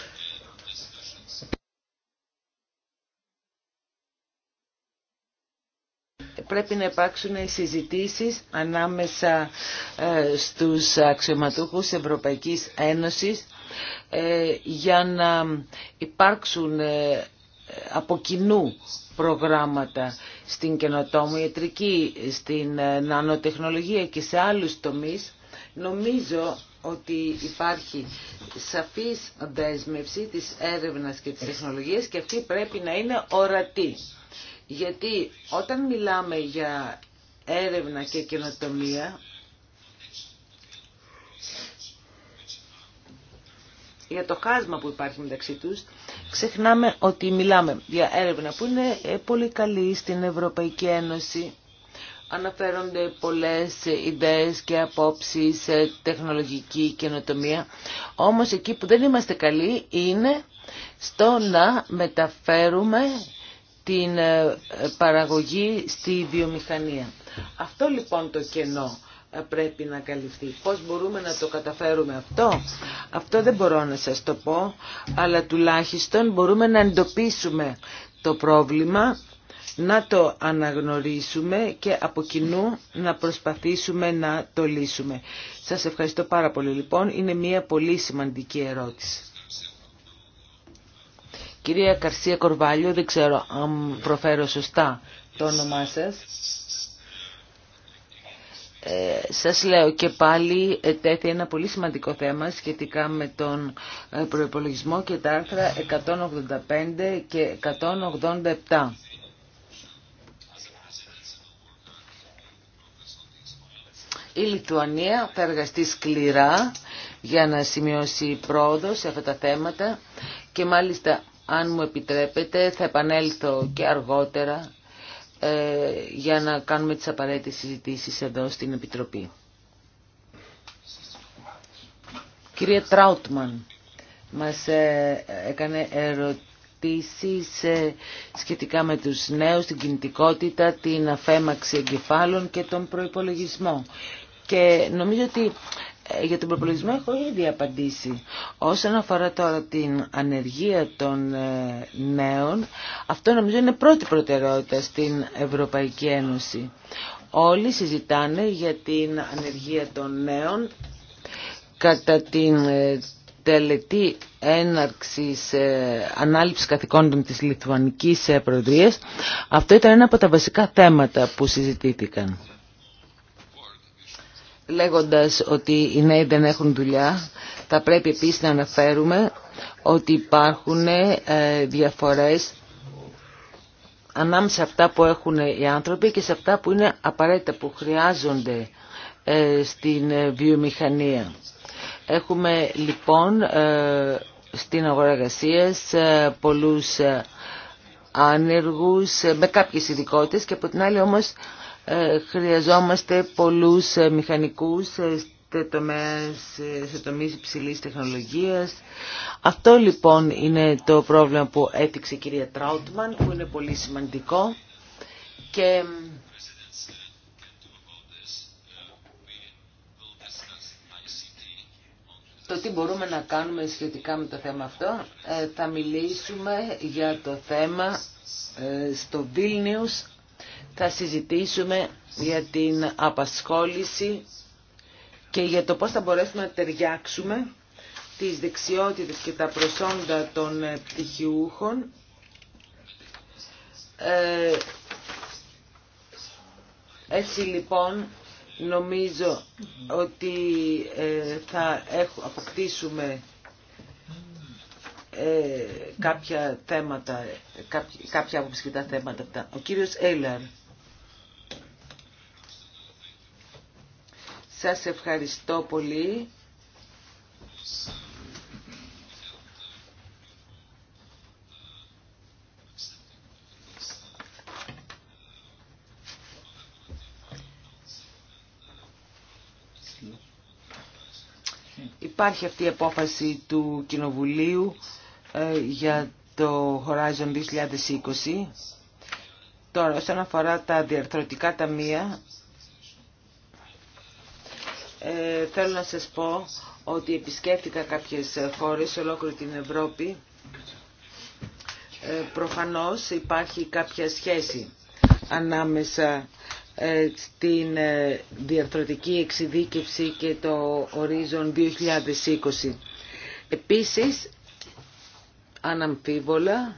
πρέπει να υπάρξουν συζητήσεις ανάμεσα ε, στους αξιωματούχους Ευρωπαϊκής Ένωσης ε, για να υπάρξουν ε, από κοινού προγράμματα στην καινοτόμο ιατρική, στην νανοτεχνολογία και σε άλλους τομείς, νομίζω ότι υπάρχει σαφής δέσμευση της έρευνας και της τεχνολογίας και αυτή πρέπει να είναι ορατή. Γιατί όταν μιλάμε για έρευνα και καινοτομία, για το χάσμα που υπάρχει μεταξύ τους, ξεχνάμε ότι μιλάμε για έρευνα που είναι ε, πολύ καλή στην Ευρωπαϊκή Ένωση. Αναφέρονται πολλές ιδέες και απόψεις σε τεχνολογική καινοτομία. Όμως εκεί που δεν είμαστε καλοί είναι στο να μεταφέρουμε την ε, παραγωγή στη βιομηχανία. Αυτό λοιπόν το κενό ε, πρέπει να καλυφθεί. Πώς μπορούμε να το καταφέρουμε αυτό. Αυτό δεν μπορώ να σας το πω, αλλά τουλάχιστον μπορούμε να εντοπίσουμε το πρόβλημα, να το αναγνωρίσουμε και από κοινού να προσπαθήσουμε να το λύσουμε. Σας ευχαριστώ πάρα πολύ λοιπόν. Είναι μια πολύ σημαντική ερώτηση. Κυρία Καρσία Κορβάλιο, δεν ξέρω αν προφέρω σωστά το όνομά σας. Ε, σας λέω και πάλι ε, τέθη ένα πολύ σημαντικό θέμα σχετικά με τον ε, προϋπολογισμό και τα άρθρα 185 και 187. Η Λιθουανία θα εργαστεί σκληρά για να σημειώσει πρόοδο σε αυτά τα θέματα και μάλιστα αν μου επιτρέπετε, θα επανέλθω και αργότερα ε, για να κάνουμε τις απαραίτητες συζητήσεις εδώ στην Επιτροπή. Κυρία Τράουτμαν, μας ε, έκανε ερωτήσεις ε, σχετικά με τους νέους, την κινητικότητα, την αφέμαξη εγκεφάλων και τον προϋπολογισμό. Και νομίζω ότι ε, για τον προπολογισμό έχω ήδη απαντήσει. Όσον αφορά τώρα την ανεργία των ε, νέων, αυτό νομίζω είναι πρώτη προτεραιότητα στην Ευρωπαϊκή Ένωση. Όλοι συζητάνε για την ανεργία των νέων κατά την ε, τελετή έναρξης, ε, ανάληψης καθηκόντων της Λιθουανικής Προεδρίας. Αυτό ήταν ένα από τα βασικά θέματα που συζητήθηκαν. Λέγοντας ότι οι νέοι δεν έχουν δουλειά, θα πρέπει επίσης να αναφέρουμε ότι υπάρχουν ε, διαφορές ανάμεσα σε αυτά που έχουν οι άνθρωποι και σε αυτά που είναι απαραίτητα, που χρειάζονται ε, στην ε, βιομηχανία. Έχουμε λοιπόν στην αγορά πολλού πολλούς άνεργους με κάποιες ειδικότητες και από την άλλη όμως ε, χρειαζόμαστε πολλούς ε, μηχανικούς ε, σε τομείς, σε τομείς υψηλής τεχνολογίας. Αυτό λοιπόν είναι το πρόβλημα που έδειξε η κυρία Τράουτμαν, που είναι πολύ σημαντικό. Και το τι μπορούμε να κάνουμε σχετικά με το θέμα αυτό, θα μιλήσουμε για το θέμα στο Vilnius θα συζητήσουμε για την απασχόληση και για το πώς θα μπορέσουμε να ταιριάξουμε τις δεξιότητες και τα προσόντα των πτυχιούχων ε, έτσι λοιπόν νομίζω ότι ε, θα αποκτήσουμε ε, κάποια θέματα, κάποια, κάποια θέματα Ο κύριος Έλλαρ. Σας ευχαριστώ πολύ. Υπάρχει αυτή η απόφαση του Κοινοβουλίου ε, για το Horizon 2020. Τώρα, όσον αφορά τα διαρθρωτικά ταμεία, ε, θέλω να σας πω ότι επισκέφτηκα κάποιες χώρες σε ολόκληρη την Ευρώπη. Ε, προφανώς υπάρχει κάποια σχέση ανάμεσα ε, στην ε, διαρθρωτική εξειδίκευση και το ορίζον 2020. Επίσης, αναμφίβολα,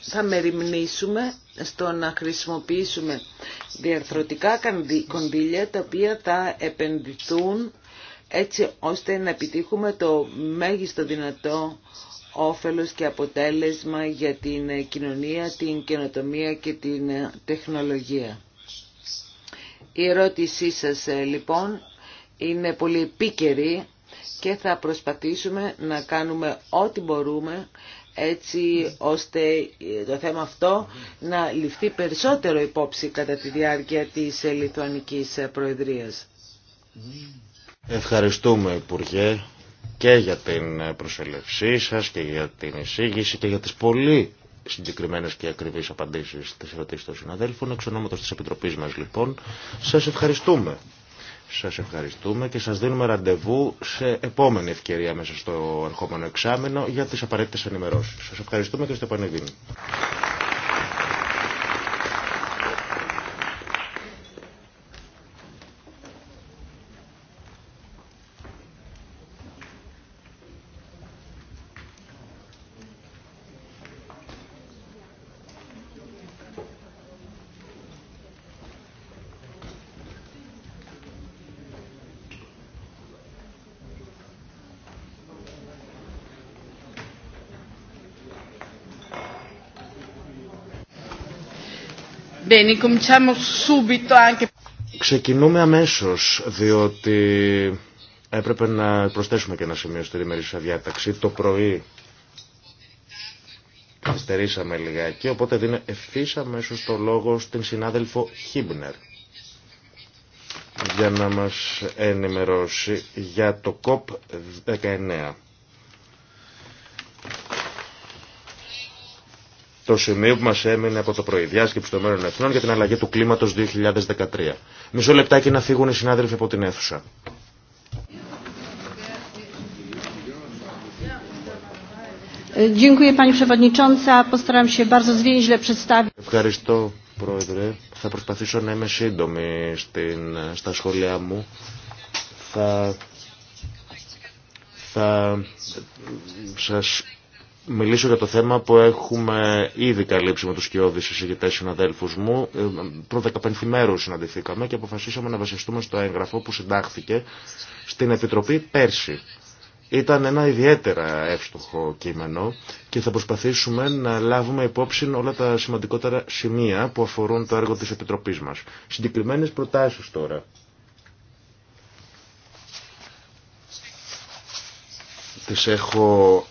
θα μεριμνήσουμε στο να χρησιμοποιήσουμε διαρθρωτικά κονδύλια τα οποία θα επενδυθούν έτσι ώστε να επιτύχουμε το μέγιστο δυνατό όφελος και αποτέλεσμα για την κοινωνία, την καινοτομία και την ε, τεχνολογία. Η ερώτησή σας ε, λοιπόν είναι πολύ επίκαιρη και θα προσπαθήσουμε να κάνουμε ό,τι μπορούμε έτσι ώστε το θέμα αυτό να ληφθεί περισσότερο υπόψη κατά τη διάρκεια της Λιθουανικής Προεδρίας. Ευχαριστούμε Υπουργέ και για την προσελευσή σας και για την εισήγηση και για τις πολύ συγκεκριμένες και ακριβείς απαντήσεις στις ερωτήσεις των συναδέλφων. Εξ ονόματος της Επιτροπής μας λοιπόν σας ευχαριστούμε. Σας ευχαριστούμε και σας δίνουμε ραντεβού σε επόμενη ευκαιρία μέσα στο ερχόμενο εξάμενο για τις απαραίτητες ενημερώσεις. Σας ευχαριστούμε και στο επανεδίνη. Ξεκινούμε αμέσως, διότι έπρεπε να προσθέσουμε και ένα σημείο στη ημερήσια διάταξη. Το πρωί καθυστερήσαμε λιγάκι, οπότε δίνω ευθύ αμέσω το λόγο στην συνάδελφο Χίμπνερ για να μας ενημερώσει για το COP19. το σημείο που μα έμεινε από το πρωί, των μέρων εθνών για την αλλαγή του κλίματο 2013. Μισό λεπτάκι να φύγουν οι συνάδελφοι από την αίθουσα. Ευχαριστώ, Πρόεδρε. Θα προσπαθήσω να είμαι σύντομη στα σχόλιά μου. Θα, θα σας μιλήσω για το θέμα που έχουμε ήδη καλύψει με τους κοιόδης συζητητές συναδέλφους μου. Ε, προ 15 συναντηθήκαμε και αποφασίσαμε να βασιστούμε στο έγγραφο που συντάχθηκε στην Επιτροπή πέρσι. Ήταν ένα ιδιαίτερα εύστοχο κείμενο και θα προσπαθήσουμε να λάβουμε υπόψη όλα τα σημαντικότερα σημεία που αφορούν το έργο της Επιτροπής μας. Συγκεκριμένες προτάσεις τώρα τις έχω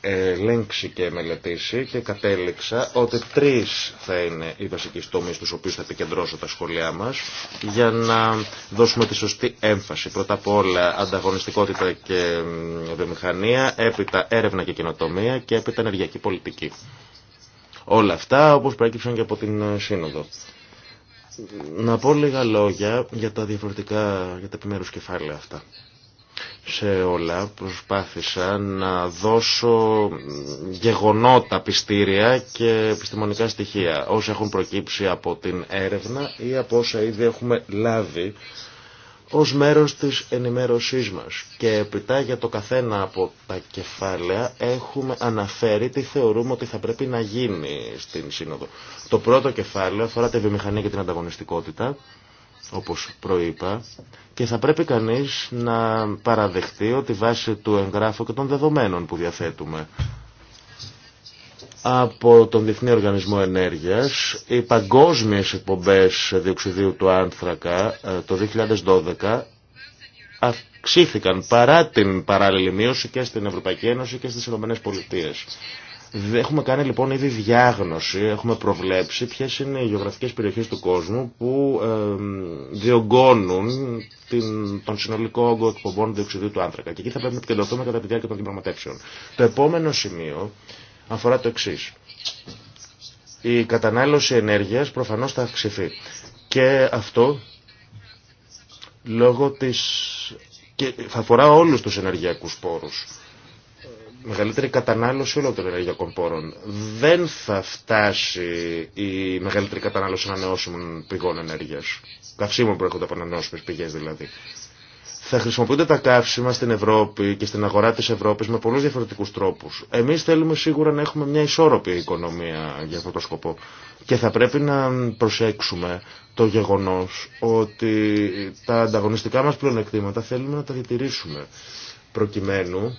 ε, ελέγξει και μελετήσει και κατέληξα ότι τρεις θα είναι οι βασικοί τομείς στους οποίους θα επικεντρώσω τα σχολεία μας για να δώσουμε τη σωστή έμφαση. Πρώτα απ' όλα ανταγωνιστικότητα και βιομηχανία, έπειτα έρευνα και κοινοτομία και έπειτα ενεργειακή πολιτική. Όλα αυτά όπως προέκυψαν και από την ε, Σύνοδο. Να πω λίγα λόγια για τα διαφορετικά, για τα επιμέρους κεφάλαια αυτά σε όλα προσπάθησα να δώσω γεγονότα, πιστήρια και επιστημονικά στοιχεία όσα έχουν προκύψει από την έρευνα ή από όσα ήδη έχουμε λάβει ως μέρος της ενημέρωσής μας. Και επιτά για το καθένα από τα κεφάλαια έχουμε αναφέρει τι θεωρούμε ότι θα πρέπει να γίνει στην Σύνοδο. Το πρώτο κεφάλαιο αφορά τη βιομηχανία και την ανταγωνιστικότητα όπως προείπα, και θα πρέπει κανείς να παραδεχτεί ότι βάσει του εγγράφου και των δεδομένων που διαθέτουμε από τον Διεθνή Οργανισμό Ενέργειας, οι παγκόσμιες εκπομπές διοξιδίου του άνθρακα ε, το 2012 αυξήθηκαν παρά την παράλληλη μείωση και στην Ευρωπαϊκή Ένωση και στις Ηνωμένες Πολιτείες. Έχουμε κάνει λοιπόν ήδη διάγνωση, έχουμε προβλέψει ποιες είναι οι γεωγραφικές περιοχές του κόσμου που διωγγώνουν την, τον συνολικό όγκο εκπομπών διοξιδίου του άνθρακα. Και εκεί θα πρέπει να επικεντρωθούμε κατά τη διάρκεια των διαπραγματεύσεων. Το επόμενο σημείο αφορά το εξή. Η κατανάλωση ενέργειας προφανώς θα αυξηθεί. Και αυτό λόγω της... και θα αφορά όλους τους ενεργειακούς πόρους μεγαλύτερη κατανάλωση όλων των ενεργειακών πόρων. Δεν θα φτάσει η μεγαλύτερη κατανάλωση ανανεώσιμων πηγών ενέργεια. Καυσίμων που έρχονται από ανανεώσιμε πηγέ δηλαδή. Θα χρησιμοποιούνται τα καύσιμα στην Ευρώπη και στην αγορά τη Ευρώπη με πολλού διαφορετικού τρόπου. Εμεί θέλουμε σίγουρα να έχουμε μια ισόρροπη οικονομία για αυτό το σκοπό. Και θα πρέπει να προσέξουμε το γεγονό ότι τα ανταγωνιστικά μα πλεονεκτήματα θέλουμε να τα διατηρήσουμε προκειμένου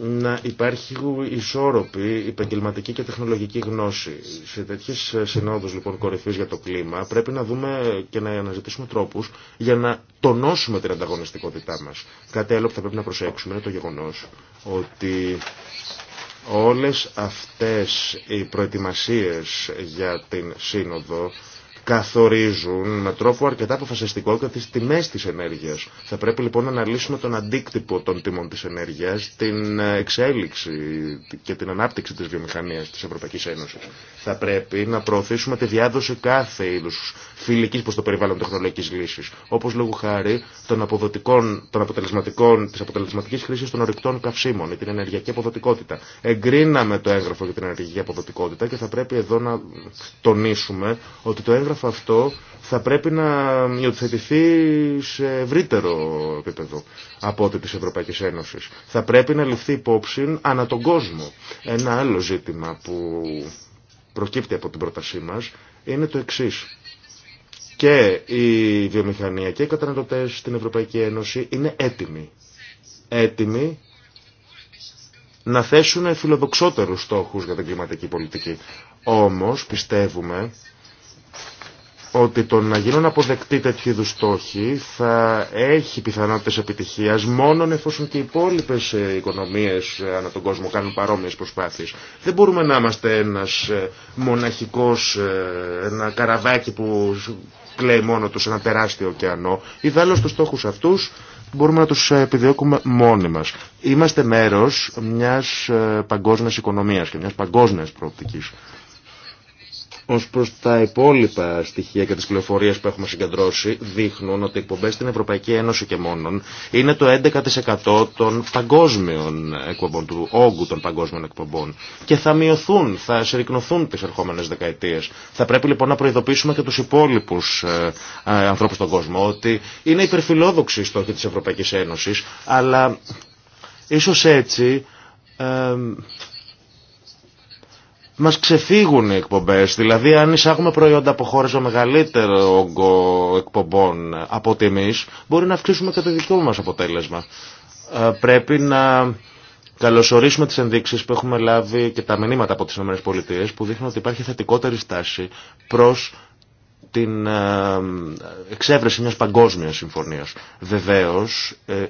να υπάρχει ισόρροπη επαγγελματική και τεχνολογική γνώση. Σε τέτοιε συνόδου λοιπόν κορυφή για το κλίμα πρέπει να δούμε και να αναζητήσουμε τρόπου για να τονώσουμε την ανταγωνιστικότητά μα. Κάτι άλλο που θα πρέπει να προσέξουμε είναι το γεγονό ότι όλες αυτές οι προετοιμασίε για την σύνοδο καθορίζουν με τρόπο αρκετά αποφασιστικό και τις τιμές της ενέργειας. Θα πρέπει λοιπόν να αναλύσουμε τον αντίκτυπο των τιμών της ενέργειας, την εξέλιξη και την ανάπτυξη της βιομηχανίας της Ευρωπαϊκής Ένωσης. Θα πρέπει να προωθήσουμε τη διάδοση κάθε είδους φιλική προ το περιβάλλον τεχνολογική λύση. Όπω λόγου χάρη των, των αποτελεσματικών, τη αποτελεσματική χρήση των ορυκτών καυσίμων ή την ενεργειακή αποδοτικότητα. Εγκρίναμε το έγγραφο για την ενεργειακή αποδοτικότητα και θα πρέπει εδώ να τονίσουμε ότι το έγγραφο αυτό θα πρέπει να υιοθετηθεί σε ευρύτερο επίπεδο από ό,τι τη Ευρωπαϊκή Ένωση. Θα πρέπει να ληφθεί υπόψη ανά τον κόσμο. Ένα άλλο ζήτημα που προκύπτει από την πρότασή μας είναι το εξής και η βιομηχανία και οι καταναλωτέ στην Ευρωπαϊκή Ένωση είναι έτοιμοι. Έτοιμοι να θέσουν φιλοδοξότερους στόχους για την κλιματική πολιτική. Όμως πιστεύουμε ότι το να γίνουν αποδεκτοί τέτοιου είδου στόχοι θα έχει πιθανότητες επιτυχίας μόνον εφόσον και οι υπόλοιπε ε, οικονομίες ε, ανά τον κόσμο κάνουν παρόμοιες προσπάθειες. Δεν μπορούμε να είμαστε ένας ε, μοναχικός, ένα καραβάκι που κλαίει μόνο του σε ένα τεράστιο ωκεανό. Ιδάλλω του στόχου αυτού μπορούμε να του ε, επιδιώκουμε μόνοι μα. Είμαστε μέρο μια ε, παγκόσμια οικονομία και μια παγκόσμια προοπτική. Ως προς τα υπόλοιπα στοιχεία και τις πληροφορίες που έχουμε συγκεντρώσει δείχνουν ότι οι εκπομπές στην Ευρωπαϊκή Ένωση και μόνον είναι το 11% των παγκόσμιων εκπομπών, του όγκου των παγκόσμιων εκπομπών και θα μειωθούν, θα συρρυκνωθούν τις ερχόμενες δεκαετίες. Θα πρέπει λοιπόν να προειδοποιήσουμε και τους υπόλοιπους ε, ε, ανθρώπους στον κόσμο ότι είναι υπερφιλόδοξη η στόχη της Ευρωπαϊκής Ένωσης αλλά ίσως έτσι... Ε, μας ξεφύγουν οι εκπομπές, δηλαδή αν εισάγουμε προϊόντα από χώρες με μεγαλύτερο όγκο εκπομπών από ότι εμείς, μπορεί να αυξήσουμε και το δικό μας αποτέλεσμα. Ε, πρέπει να καλωσορίσουμε τις ενδείξεις που έχουμε λάβει και τα μηνύματα από τις ΗΠΑ που δείχνουν ότι υπάρχει θετικότερη στάση προς την ε, εξέβρεση μιας παγκόσμιας συμφωνίας. Βεβαίως, ε,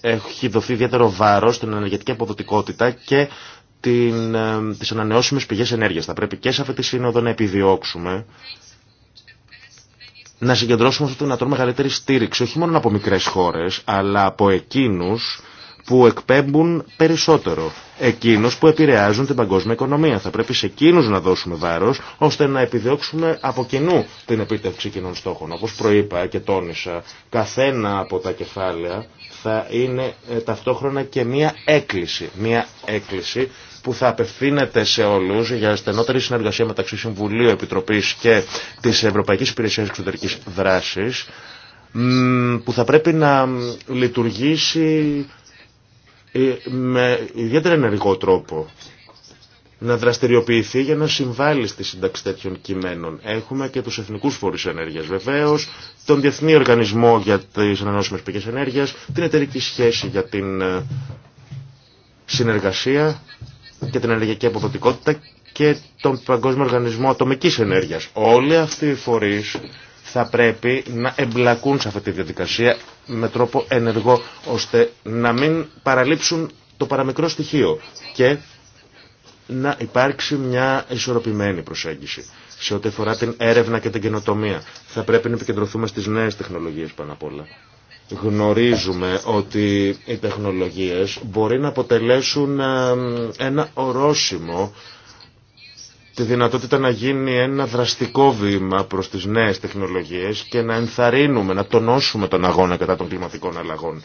έχει δοθεί ιδιαίτερο βάρος στην ενεργειακή αποδοτικότητα και την, ε, τις ανανεώσιμες πηγές ενέργειας. Θα πρέπει και σε αυτή τη σύνοδο να επιδιώξουμε να συγκεντρώσουμε αυτό το δυνατόν μεγαλύτερη στήριξη, όχι μόνο από μικρές χώρες, αλλά από εκείνους που εκπέμπουν περισσότερο. Εκείνους που επηρεάζουν την παγκόσμια οικονομία. Θα πρέπει σε εκείνους να δώσουμε βάρος, ώστε να επιδιώξουμε από κοινού την επίτευξη κοινών στόχων. Όπως προείπα και τόνισα, καθένα από τα κεφάλαια θα είναι ε, ταυτόχρονα και μία έκκληση. Μία έκκληση που θα απευθύνεται σε όλους για στενότερη συνεργασία μεταξύ Συμβουλίου Επιτροπής και της Ευρωπαϊκής Υπηρεσίας Εξωτερικής Δράσης που θα πρέπει να λειτουργήσει ε, με ιδιαίτερα ενεργό τρόπο να δραστηριοποιηθεί για να συμβάλλει στη σύνταξη τέτοιων κειμένων. Έχουμε και τους εθνικούς φορείς ενέργειας βεβαίως, τον Διεθνή Οργανισμό για τις Ανανώσιμες Πηγές Ενέργειας, την εταιρική σχέση για την ε, συνεργασία και την ενεργειακή αποδοτικότητα και τον Παγκόσμιο Οργανισμό Ατομικής Ενέργειας. Όλοι αυτοί οι φορείς θα πρέπει να εμπλακούν σε αυτή τη διαδικασία με τρόπο ενεργό, ώστε να μην παραλείψουν το παραμικρό στοιχείο και να υπάρξει μια ισορροπημένη προσέγγιση σε ό,τι αφορά την έρευνα και την καινοτομία. Θα πρέπει να επικεντρωθούμε στις νέες τεχνολογίες πάνω απ' όλα γνωρίζουμε ότι οι τεχνολογίες μπορεί να αποτελέσουν ε, ένα ορόσημο τη δυνατότητα να γίνει ένα δραστικό βήμα προς τις νέες τεχνολογίες και να ενθαρρύνουμε, να τονώσουμε τον αγώνα κατά των κλιματικών αλλαγών.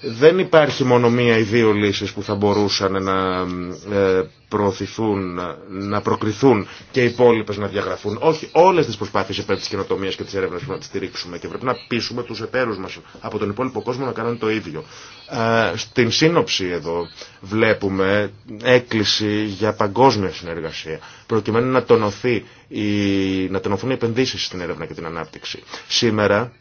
Δεν υπάρχει μόνο μία ή δύο λύσεις που θα μπορούσαν να ε, προωθηθούν, να προκριθούν και οι υπόλοιπε να διαγραφούν. Όχι όλες τις προσπάθειες υπέρ της καινοτομίας και της έρευνας που να τις στηρίξουμε και πρέπει να πείσουμε τους εταίρους μας από τον υπόλοιπο κόσμο να κάνουν το ίδιο. Ε, στην σύνοψη εδώ βλέπουμε έκκληση για παγκόσμια συνεργασία προκειμένου να, τονωθεί, να τονωθούν οι επενδύσεις στην έρευνα και την ανάπτυξη. Σήμερα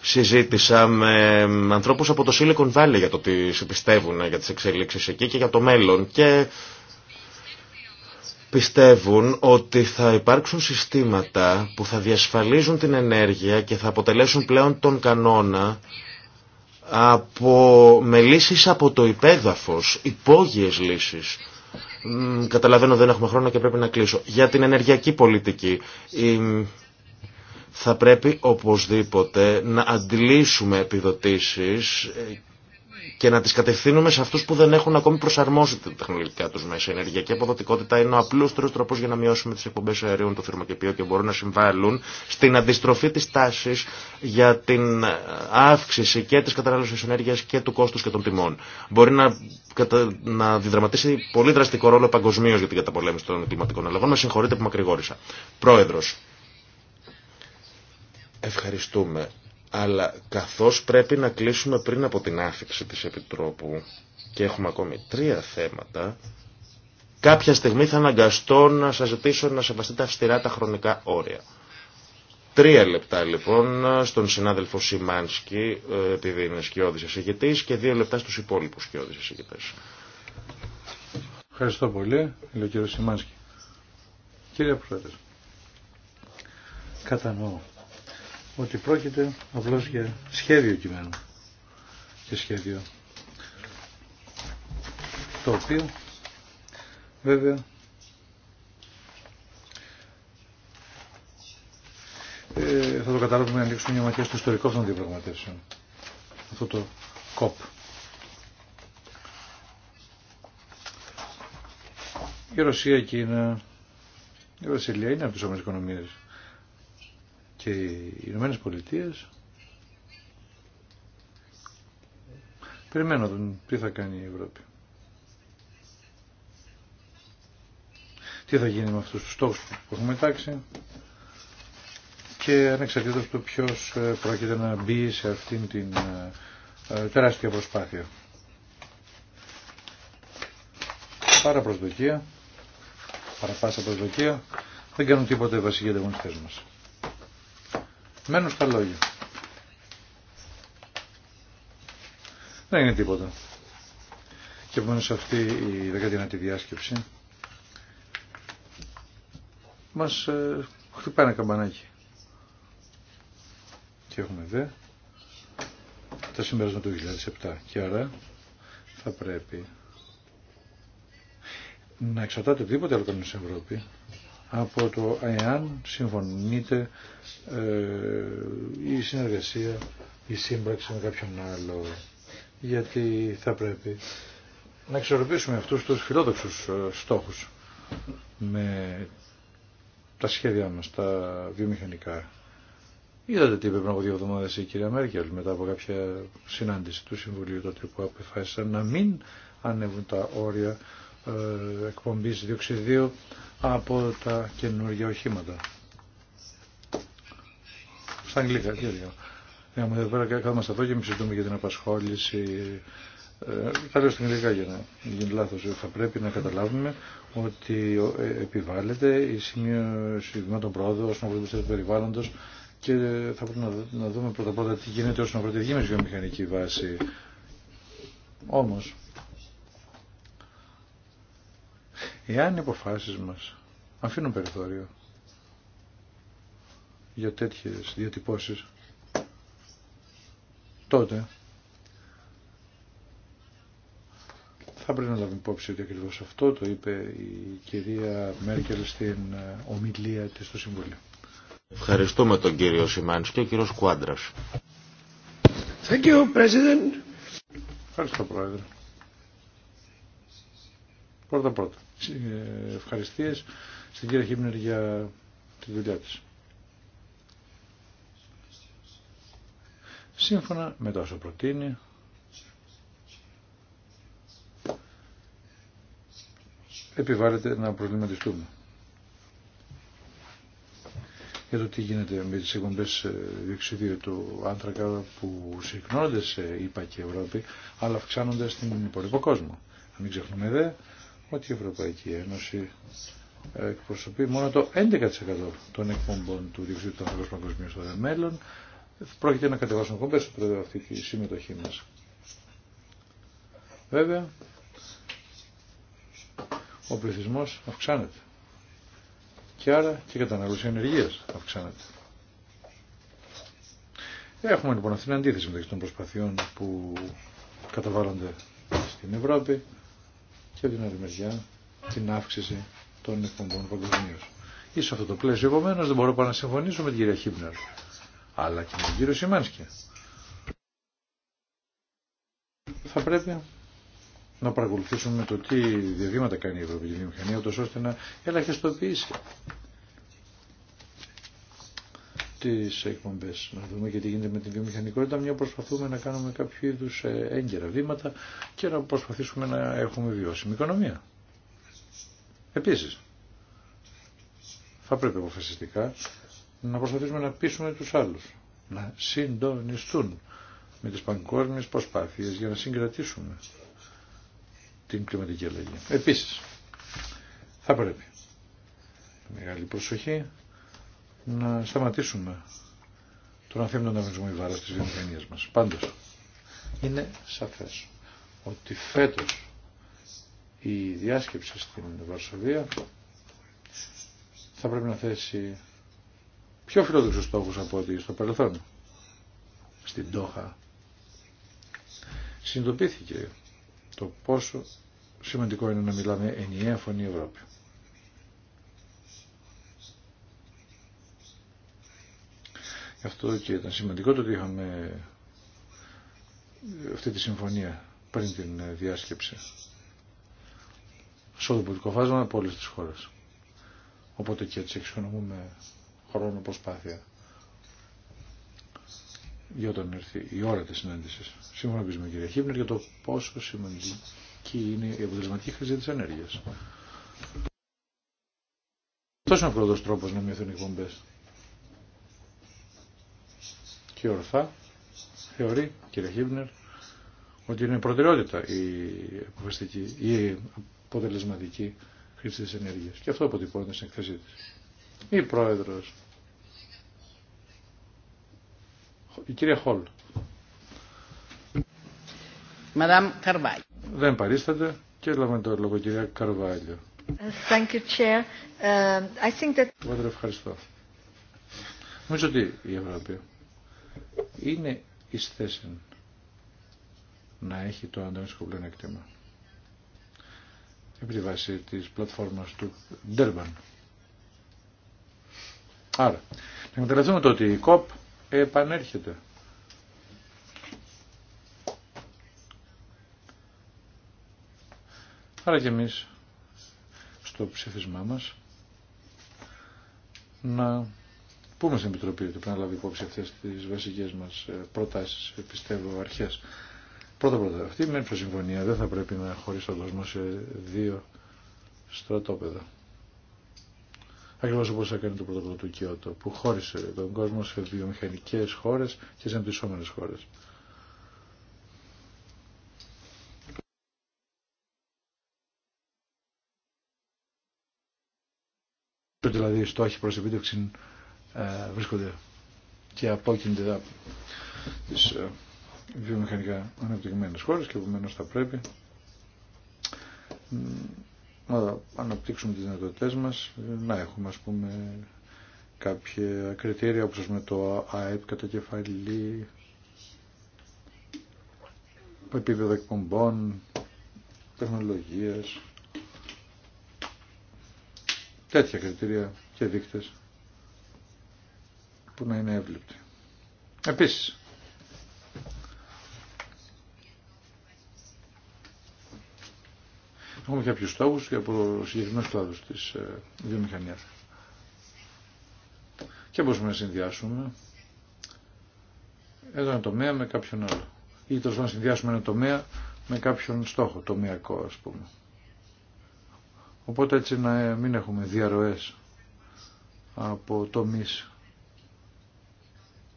Συζήτησα με ανθρώπους από το Silicon Valley για το τι πιστεύουν για τις εξελίξεις εκεί και για το μέλλον και πιστεύουν ότι θα υπάρξουν συστήματα που θα διασφαλίζουν την ενέργεια και θα αποτελέσουν πλέον τον κανόνα από, με λύσεις από το υπέδαφος, υπόγειες λύσεις. Μ, καταλαβαίνω δεν έχουμε χρόνο και πρέπει να κλείσω. Για την ενεργειακή πολιτική. Θα πρέπει οπωσδήποτε να αντιλήσουμε επιδοτήσεις ε, και να τις κατευθύνουμε σε αυτούς που δεν έχουν ακόμη προσαρμόσει τα τεχνολογικά τους μέσα. Η ενεργειακή αποδοτικότητα είναι ο απλούστερος τρόπος για να μειώσουμε τις εκπομπές αερίων του θερμοκηπίου και μπορούν να συμβάλλουν στην αντιστροφή της τάσης για την ε, αύξηση και της κατανάλωσης ενέργειας και του κόστους και των τιμών. Μπορεί να, να διδραματίσει πολύ δραστικό ρόλο παγκοσμίω για την καταπολέμηση των κλιματικών αλλαγών. Με συγχωρείτε που μακρηγόρησα. Πρόεδρος ευχαριστούμε. Αλλά καθώς πρέπει να κλείσουμε πριν από την άφηξη της Επιτρόπου και έχουμε ακόμη τρία θέματα, κάποια στιγμή θα αναγκαστώ να σας ζητήσω να σεβαστείτε αυστηρά τα χρονικά όρια. Τρία λεπτά λοιπόν στον συνάδελφο Σιμάνσκι, ε, επειδή είναι σκιώδης εισηγητής, και δύο λεπτά στους υπόλοιπους σκιώδης εισηγητές. Ευχαριστώ πολύ, λέει Σιμάνσκι. Κύριε Πρόεδρε, κατανοώ ότι πρόκειται απλώς για σχέδιο κειμένου και σχέδιο το οποίο βέβαια ε, θα το καταλάβουμε να ανοίξουμε μια ματιά στο ιστορικό των διαπραγματεύσεων αυτό το κοπ η Ρωσία, η Κίνα, η Βασιλεία είναι από τις όμορες οικονομίες και οι Ηνωμένε Πολιτείε. Περιμένω τον τι θα κάνει η Ευρώπη. Τι θα γίνει με αυτούς τους στόχους που έχουμε τάξει και ανεξαρτήτως του ποιος ε, πρόκειται να μπει σε αυτήν την ε, ε, τεράστια προσπάθεια. Πάρα προσδοκία, παραπάσα προσδοκία, δεν κάνουν τίποτα οι βασικοί ανταγωνιστές μας. Μένω στα λόγια. Δεν είναι τίποτα. Και επομένω αυτή η 19 διάσκεψη μας ε, χτυπάει ένα καμπανάκι. Και έχουμε δε τα συμπέρασμα του 2007. Και άρα θα πρέπει να εξαρτάται οτιδήποτε άλλο κάνει στην από το εάν συμφωνείτε η συνεργασία, η σύμπραξη με κάποιον άλλο. Γιατί θα πρέπει να εξορροπήσουμε αυτούς τους φιλόδοξους ε, στόχους με τα σχέδιά μας, τα βιομηχανικά. Είδατε τι είπε πριν από δύο εβδομάδες η κυρία Μέρκελ μετά από κάποια συνάντηση του Συμβουλίου τότε που αποφάσισαν να μην ανέβουν τα όρια ε, εκπομπής διοξιδίου από τα καινούργια οχήματα. Στα αγγλικά, τι ε, μου εδώ πέρα κάθομαστε εδώ και μην συζητούμε για την απασχόληση. Ε, τα λέω στην αγγλικά για να γίνει λάθος. Θα πρέπει να καταλάβουμε ότι επιβάλλεται η σημείωση των πρόοδου όσον αφορά του περιβάλλοντος και θα πρέπει να δούμε πρώτα πρώτα τι γίνεται όσον αφορά τη δική μας βιομηχανική βάση. Όμως, Εάν οι αποφάσει μας αφήνουν περιθώριο για τέτοιες διατυπώσεις, τότε θα πρέπει να λάβουμε υπόψη ότι ακριβώ αυτό το είπε η κυρία Μέρκελ στην ε, ομιλία της στο Συμβούλιο. Ευχαριστούμε τον κύριο Σιμάνης και ο κύριο Κουάντρας. Thank you, President. Ευχαριστώ, Πρόεδρε. Πρώτα-πρώτα ευχαριστίες στην κυρία Χίμνερ για τη δουλειά της. Σύμφωνα με το όσο προτείνει, επιβάλλεται να προβληματιστούμε. Για το τι γίνεται με τις εκπομπές ε, διοξιδίου του άνθρακα που συχνώνονται σε ΙΠΑ Ευρώπη, αλλά αυξάνονται στην υπόλοιπο κόσμο. Αν μην ξεχνούμε δε ότι η Ευρωπαϊκή Ένωση εκπροσωπεί μόνο το 11% των εκπομπών του διοξείδου των ανθρώπου παγκοσμίω στο μέλλον. Πρόκειται να κατεβάσουν εκπομπές από αυτή τη συμμετοχή μας. Βέβαια, ο πληθυσμό αυξάνεται. Και άρα και η κατανάλωση ενεργείας αυξάνεται. Έχουμε λοιπόν αυτήν την αντίθεση μεταξύ των προσπαθειών που καταβάλλονται στην Ευρώπη και από την άλλη μεριά την αύξηση των εκπομπών παγκοσμίω. σε αυτό το πλαίσιο επομένω δεν μπορώ παρά να συμφωνήσω με την κυρία Χίμπνερ αλλά και με τον κύριο Σιμάνσκι. Θα πρέπει να παρακολουθήσουμε το τι διαβήματα κάνει η Ευρωπαϊκή Βιομηχανία, ώστε να ελαχιστοποιήσει τις εκπομπές. Να δούμε και τι γίνεται με την βιομηχανικότητα, μια προσπαθούμε να κάνουμε κάποιο είδου ε, έγκαιρα βήματα και να προσπαθήσουμε να έχουμε βιώσιμη οικονομία. Επίσης, θα πρέπει αποφασιστικά να προσπαθήσουμε να πείσουμε τους άλλους, να συντονιστούν με τις παγκόσμιες προσπάθειες για να συγκρατήσουμε την κλιματική αλλαγή. Επίσης, θα πρέπει μεγάλη προσοχή να σταματήσουμε τον αθήμενο ανταγωνισμό η βάρα της βιομηχανίας μας. Πάντως, είναι σαφές ότι φέτος η διάσκεψη στην Βαρσοβία θα πρέπει να θέσει πιο φιλόδοξους στόχους από ό,τι στο παρελθόν. Στην Τόχα συνειδητοποιήθηκε το πόσο σημαντικό είναι να μιλάμε ενιαία φωνή Ευρώπη. αυτό και ήταν σημαντικό το ότι είχαμε αυτή τη συμφωνία πριν την διάσκεψη. το πολιτικό φάσμα από όλες τις χώρες. Οπότε και έτσι εξοικονομούμε χρόνο προσπάθεια για όταν έρθει η ώρα της συνάντησης. Σύμφωνα με την κυρία Χίπνερ για το πόσο σημαντική είναι η αποτελεσματική χρήση της ενέργειας. Αυτός είναι ο τρόπος να μειωθούν οι εκπομπές και ορθά θεωρεί, κύριε Χίμπνερ, ότι είναι προτεραιότητα η, η αποτελεσματική χρήση της ενέργειας. Και αυτό αποτυπώνεται στην εκθέσή της. Η πρόεδρος, η κυρία Χολ. Μαδάμ Καρβάλιο. Δεν παρίσταται και έλαβε το λόγο κυρία Καρβάλιο. Thank you, Chair. Uh, I Πρόεδρε, ευχαριστώ. Νομίζω ότι η Ευρώπη είναι εις θέση να έχει το ανταγωνιστικό εκτίμα. επί τη βάση της πλατφόρμας του Ντέρμπαν. Άρα, να καταλαβαίνουμε το ότι η ΚΟΠ επανέρχεται. Άρα και εμείς στο ψήφισμά μας να Πού είμαστε στην Επιτροπή ότι πρέπει να λάβει υπόψη αυτέ τις βασικές μας ε, προτάσει, ε, πιστεύω, αρχέ. Πρώτα πρώτα, αυτή η μέτρο συμφωνία δεν θα πρέπει να χωρίσει τον κόσμο σε δύο στρατόπεδα. Ακριβώ όπω έκανε το πρωτοκόλλο του Κιώτο, που χώρισε τον κόσμο σε βιομηχανικέ χώρε και σε αντισώμενε χώρε. Δηλαδή, οι στόχοι προ επίτευξη ε, βρίσκονται και απόκεινται από τις ε, βιομηχανικά αναπτυγμένες χώρες και επομένως θα πρέπει να αναπτύξουμε τις δυνατότητές μας, να έχουμε ας πούμε κάποια κριτήρια όπως με το ΑΕΠ κατά κεφαλή, επίπεδο εκπομπών, τεχνολογίας, τέτοια κριτήρια και δείκτες που να είναι εύληπτη. Επίσης, έχουμε κάποιους στόχους και από συγκεκριμένους κλάδους της ε, βιομηχανίας. Και μπορούμε να συνδυάσουμε ένα τομέα με κάποιον άλλο. Ή τόσο να συνδυάσουμε ένα τομέα με κάποιον στόχο, τομιακό, ας πούμε. Οπότε έτσι να ε, μην έχουμε διαρροές από τομείς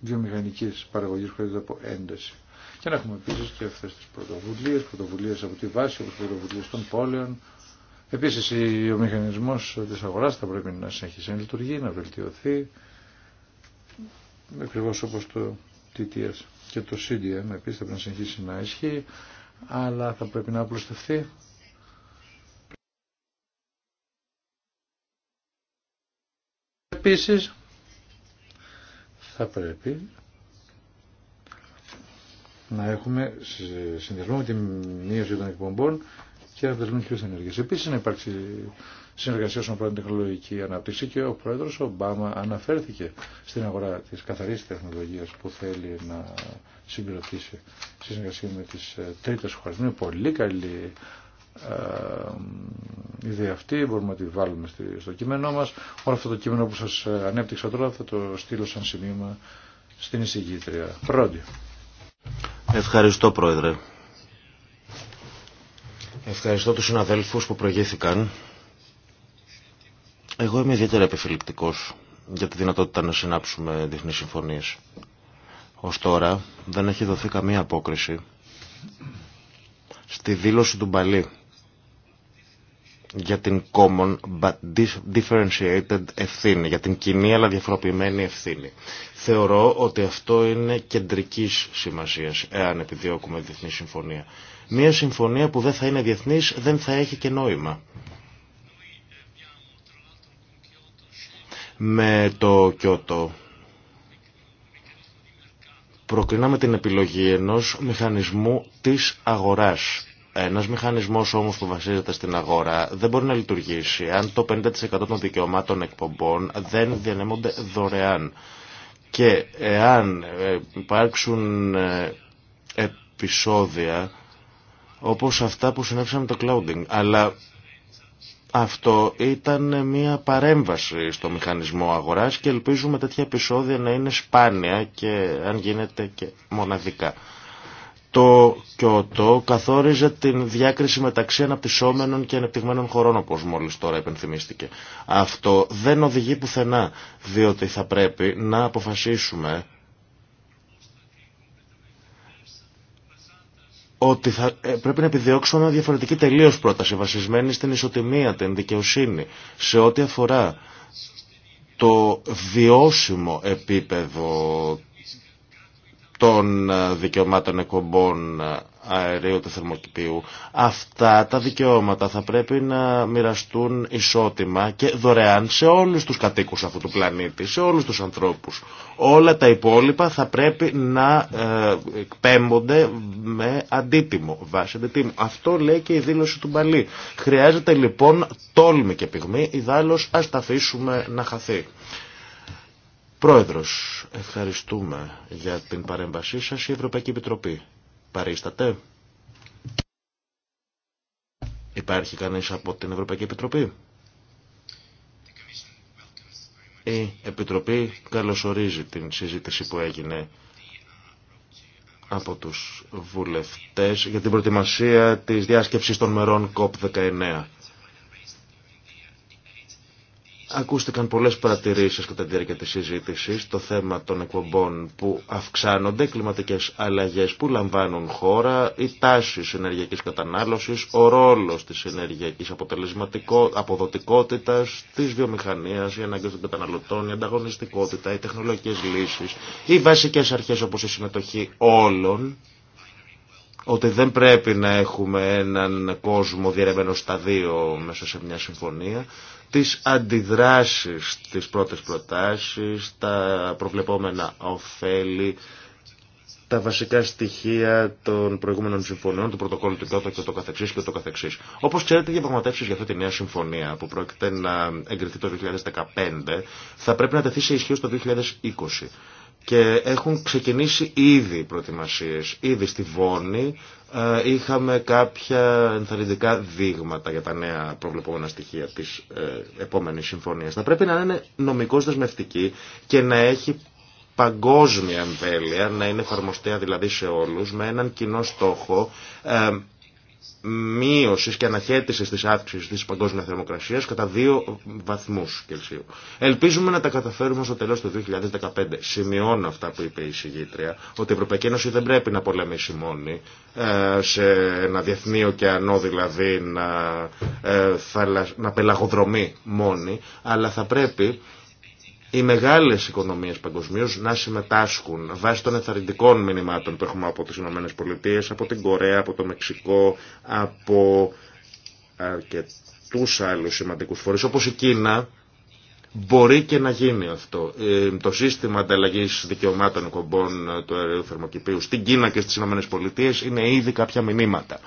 Βιομηχανική παραγωγή που χρειάζεται από ένταση. Και να έχουμε επίση και αυτέ τις πρωτοβουλίε, πρωτοβουλίε από τη βάση, όπω πρωτοβουλίες των πόλεων. Επίσης ο μηχανισμός της αγοράς θα πρέπει να συνεχίσει να λειτουργεί, να βελτιωθεί, ακριβώ όπω το TTS και το CDM Επίση θα πρέπει να συνεχίσει να ισχύει, αλλά θα πρέπει να απλουστευτεί. Επίσης, θα πρέπει να έχουμε συνδυασμό με τη μείωση των εκπομπών και να αποτελούν πιο ενέργειε. Επίση, να υπάρξει συνεργασία όσον αφορά την τεχνολογική ανάπτυξη και ο πρόεδρο Ομπάμα αναφέρθηκε στην αγορά τη καθαρή τεχνολογία που θέλει να συγκροτήσει στη συνεργασία με τι τρίτε χώρε. Είναι πολύ καλή ιδέα αυτή, μπορούμε να τη βάλουμε στο κείμενό μας. Όλο αυτό το κείμενο που σας ανέπτυξα τώρα θα το στείλω σαν σημείωμα στην εισηγήτρια. Πρώτη. Ευχαριστώ Πρόεδρε. Ευχαριστώ τους συναδέλφους που προηγήθηκαν. Εγώ είμαι ιδιαίτερα επιφυληκτικός για τη δυνατότητα να συνάψουμε διεθνείς συμφωνίες. Ως τώρα δεν έχει δοθεί καμία απόκριση στη δήλωση του Μπαλή για την common but differentiated ευθύνη, για την κοινή αλλά διαφοροποιημένη ευθύνη. Θεωρώ ότι αυτό είναι κεντρικής σημασίας, εάν επιδιώκουμε διεθνή συμφωνία. Μία συμφωνία που δεν θα είναι διεθνής δεν θα έχει και νόημα. Με το Κιώτο προκρίναμε την επιλογή ενός μηχανισμού της αγοράς ένας μηχανισμός όμως που βασίζεται στην αγορά δεν μπορεί να λειτουργήσει αν το 50% των δικαιωμάτων εκπομπών δεν διανέμονται δωρεάν. Και εάν ε, υπάρξουν ε, επεισόδια όπως αυτά που συνέβησαν με το clouding. Αλλά αυτό ήταν μια παρέμβαση στο μηχανισμό αγοράς και ελπίζουμε τέτοια επεισόδια να είναι σπάνια και αν γίνεται και μοναδικά. Το Κιώτο καθόριζε την διάκριση μεταξύ αναπτυσσόμενων και ανεπτυγμένων χωρών, όπω μόλι τώρα επενθυμίστηκε. Αυτό δεν οδηγεί πουθενά, διότι θα πρέπει να αποφασίσουμε ότι θα, ε, πρέπει να επιδιώξουμε μια διαφορετική τελείω πρόταση, βασισμένη στην ισοτιμία, την δικαιοσύνη, σε ό,τι αφορά το βιώσιμο επίπεδο των ε, δικαιωμάτων εκπομπών ε, αερίου του θερμοκηπίου. Αυτά τα δικαιώματα θα πρέπει να μοιραστούν ισότιμα και δωρεάν σε όλους τους κατοίκους αυτού του πλανήτη, σε όλους τους ανθρώπους. Όλα τα υπόλοιπα θα πρέπει να ε, εκπέμπονται με αντίτιμο, βάσει αντίτιμο. Αυτό λέει και η δήλωση του Μπαλή. Χρειάζεται λοιπόν τόλμη και πυγμή, ιδάλλως ας τα αφήσουμε να χαθεί. Πρόεδρος, ευχαριστούμε για την παρέμβασή σας. Η Ευρωπαϊκή Επιτροπή παρίσταται. Υπάρχει κανείς από την Ευρωπαϊκή Επιτροπή. Η Επιτροπή καλωσορίζει την συζήτηση που έγινε από τους βουλευτές για την προετοιμασία της διάσκεψης των μερών COP19. Ακούστηκαν πολλές παρατηρήσεις κατά τη διάρκεια της συζήτησης το θέμα των εκπομπών που αυξάνονται, κλιματικές αλλαγές που λαμβάνουν χώρα, οι τάσει ενεργειακή κατανάλωσης, ο ρόλος της ενεργειακής αποδοτικότητας, της βιομηχανίας, οι ανάγκες των καταναλωτών, η ανταγωνιστικότητα, οι τεχνολογικές λύσεις, οι βασικές αρχές όπως η συμμετοχή όλων, ότι δεν πρέπει να έχουμε έναν κόσμο διερευμένο στα δύο μέσα σε μια συμφωνία τις αντιδράσεις, τις πρώτες προτάσεις, τα προβλεπόμενα ωφέλη, τα βασικά στοιχεία των προηγούμενων συμφωνιών, του πρωτοκόλλου του πρώτου και το καθεξής και το καθεξής. Όπως ξέρετε, οι διαπραγματεύσεις για αυτή τη νέα συμφωνία που πρόκειται να εγκριθεί το 2015 θα πρέπει να τεθεί σε ισχύ το 2020 και έχουν ξεκινήσει ήδη οι προετοιμασίες. Ήδη στη Βόνη ε, είχαμε κάποια ενθαρρυντικά δείγματα για τα νέα προβλεπόμενα στοιχεία της ε, επόμενης συμφωνίας. Θα πρέπει να είναι νομικώς δεσμευτική και να έχει παγκόσμια εμβέλεια, να είναι εφαρμοστέα δηλαδή σε όλους, με έναν κοινό στόχο ε, μείωση και αναχέτησης της αύξηση της παγκόσμιας θερμοκρασία κατά δύο βαθμούς Κελσίου. Ελπίζουμε να τα καταφέρουμε στο τέλος του 2015. Σημειώνω αυτά που είπε η συγγήτρια, ότι η Ευρωπαϊκή Ένωση δεν πρέπει να πολεμήσει μόνη ε, σε ένα διεθνή ωκεανό δηλαδή να, ε, να πελαγοδρομεί μόνη, αλλά θα πρέπει οι μεγάλες οικονομίες παγκοσμίω να συμμετάσχουν βάσει των εθαρρυντικών μηνυμάτων που έχουμε από τις ΗΠΑ, από την Κορέα, από το Μεξικό, από αρκετούς άλλους σημαντικούς φορείς όπως η Κίνα Μπορεί και να γίνει αυτό. Ε, το σύστημα ανταλλαγή δικαιωμάτων κομπών ε, του αερίου θερμοκηπίου στην Κίνα και στι ΗΠΑ είναι ήδη κάποια μηνύματα.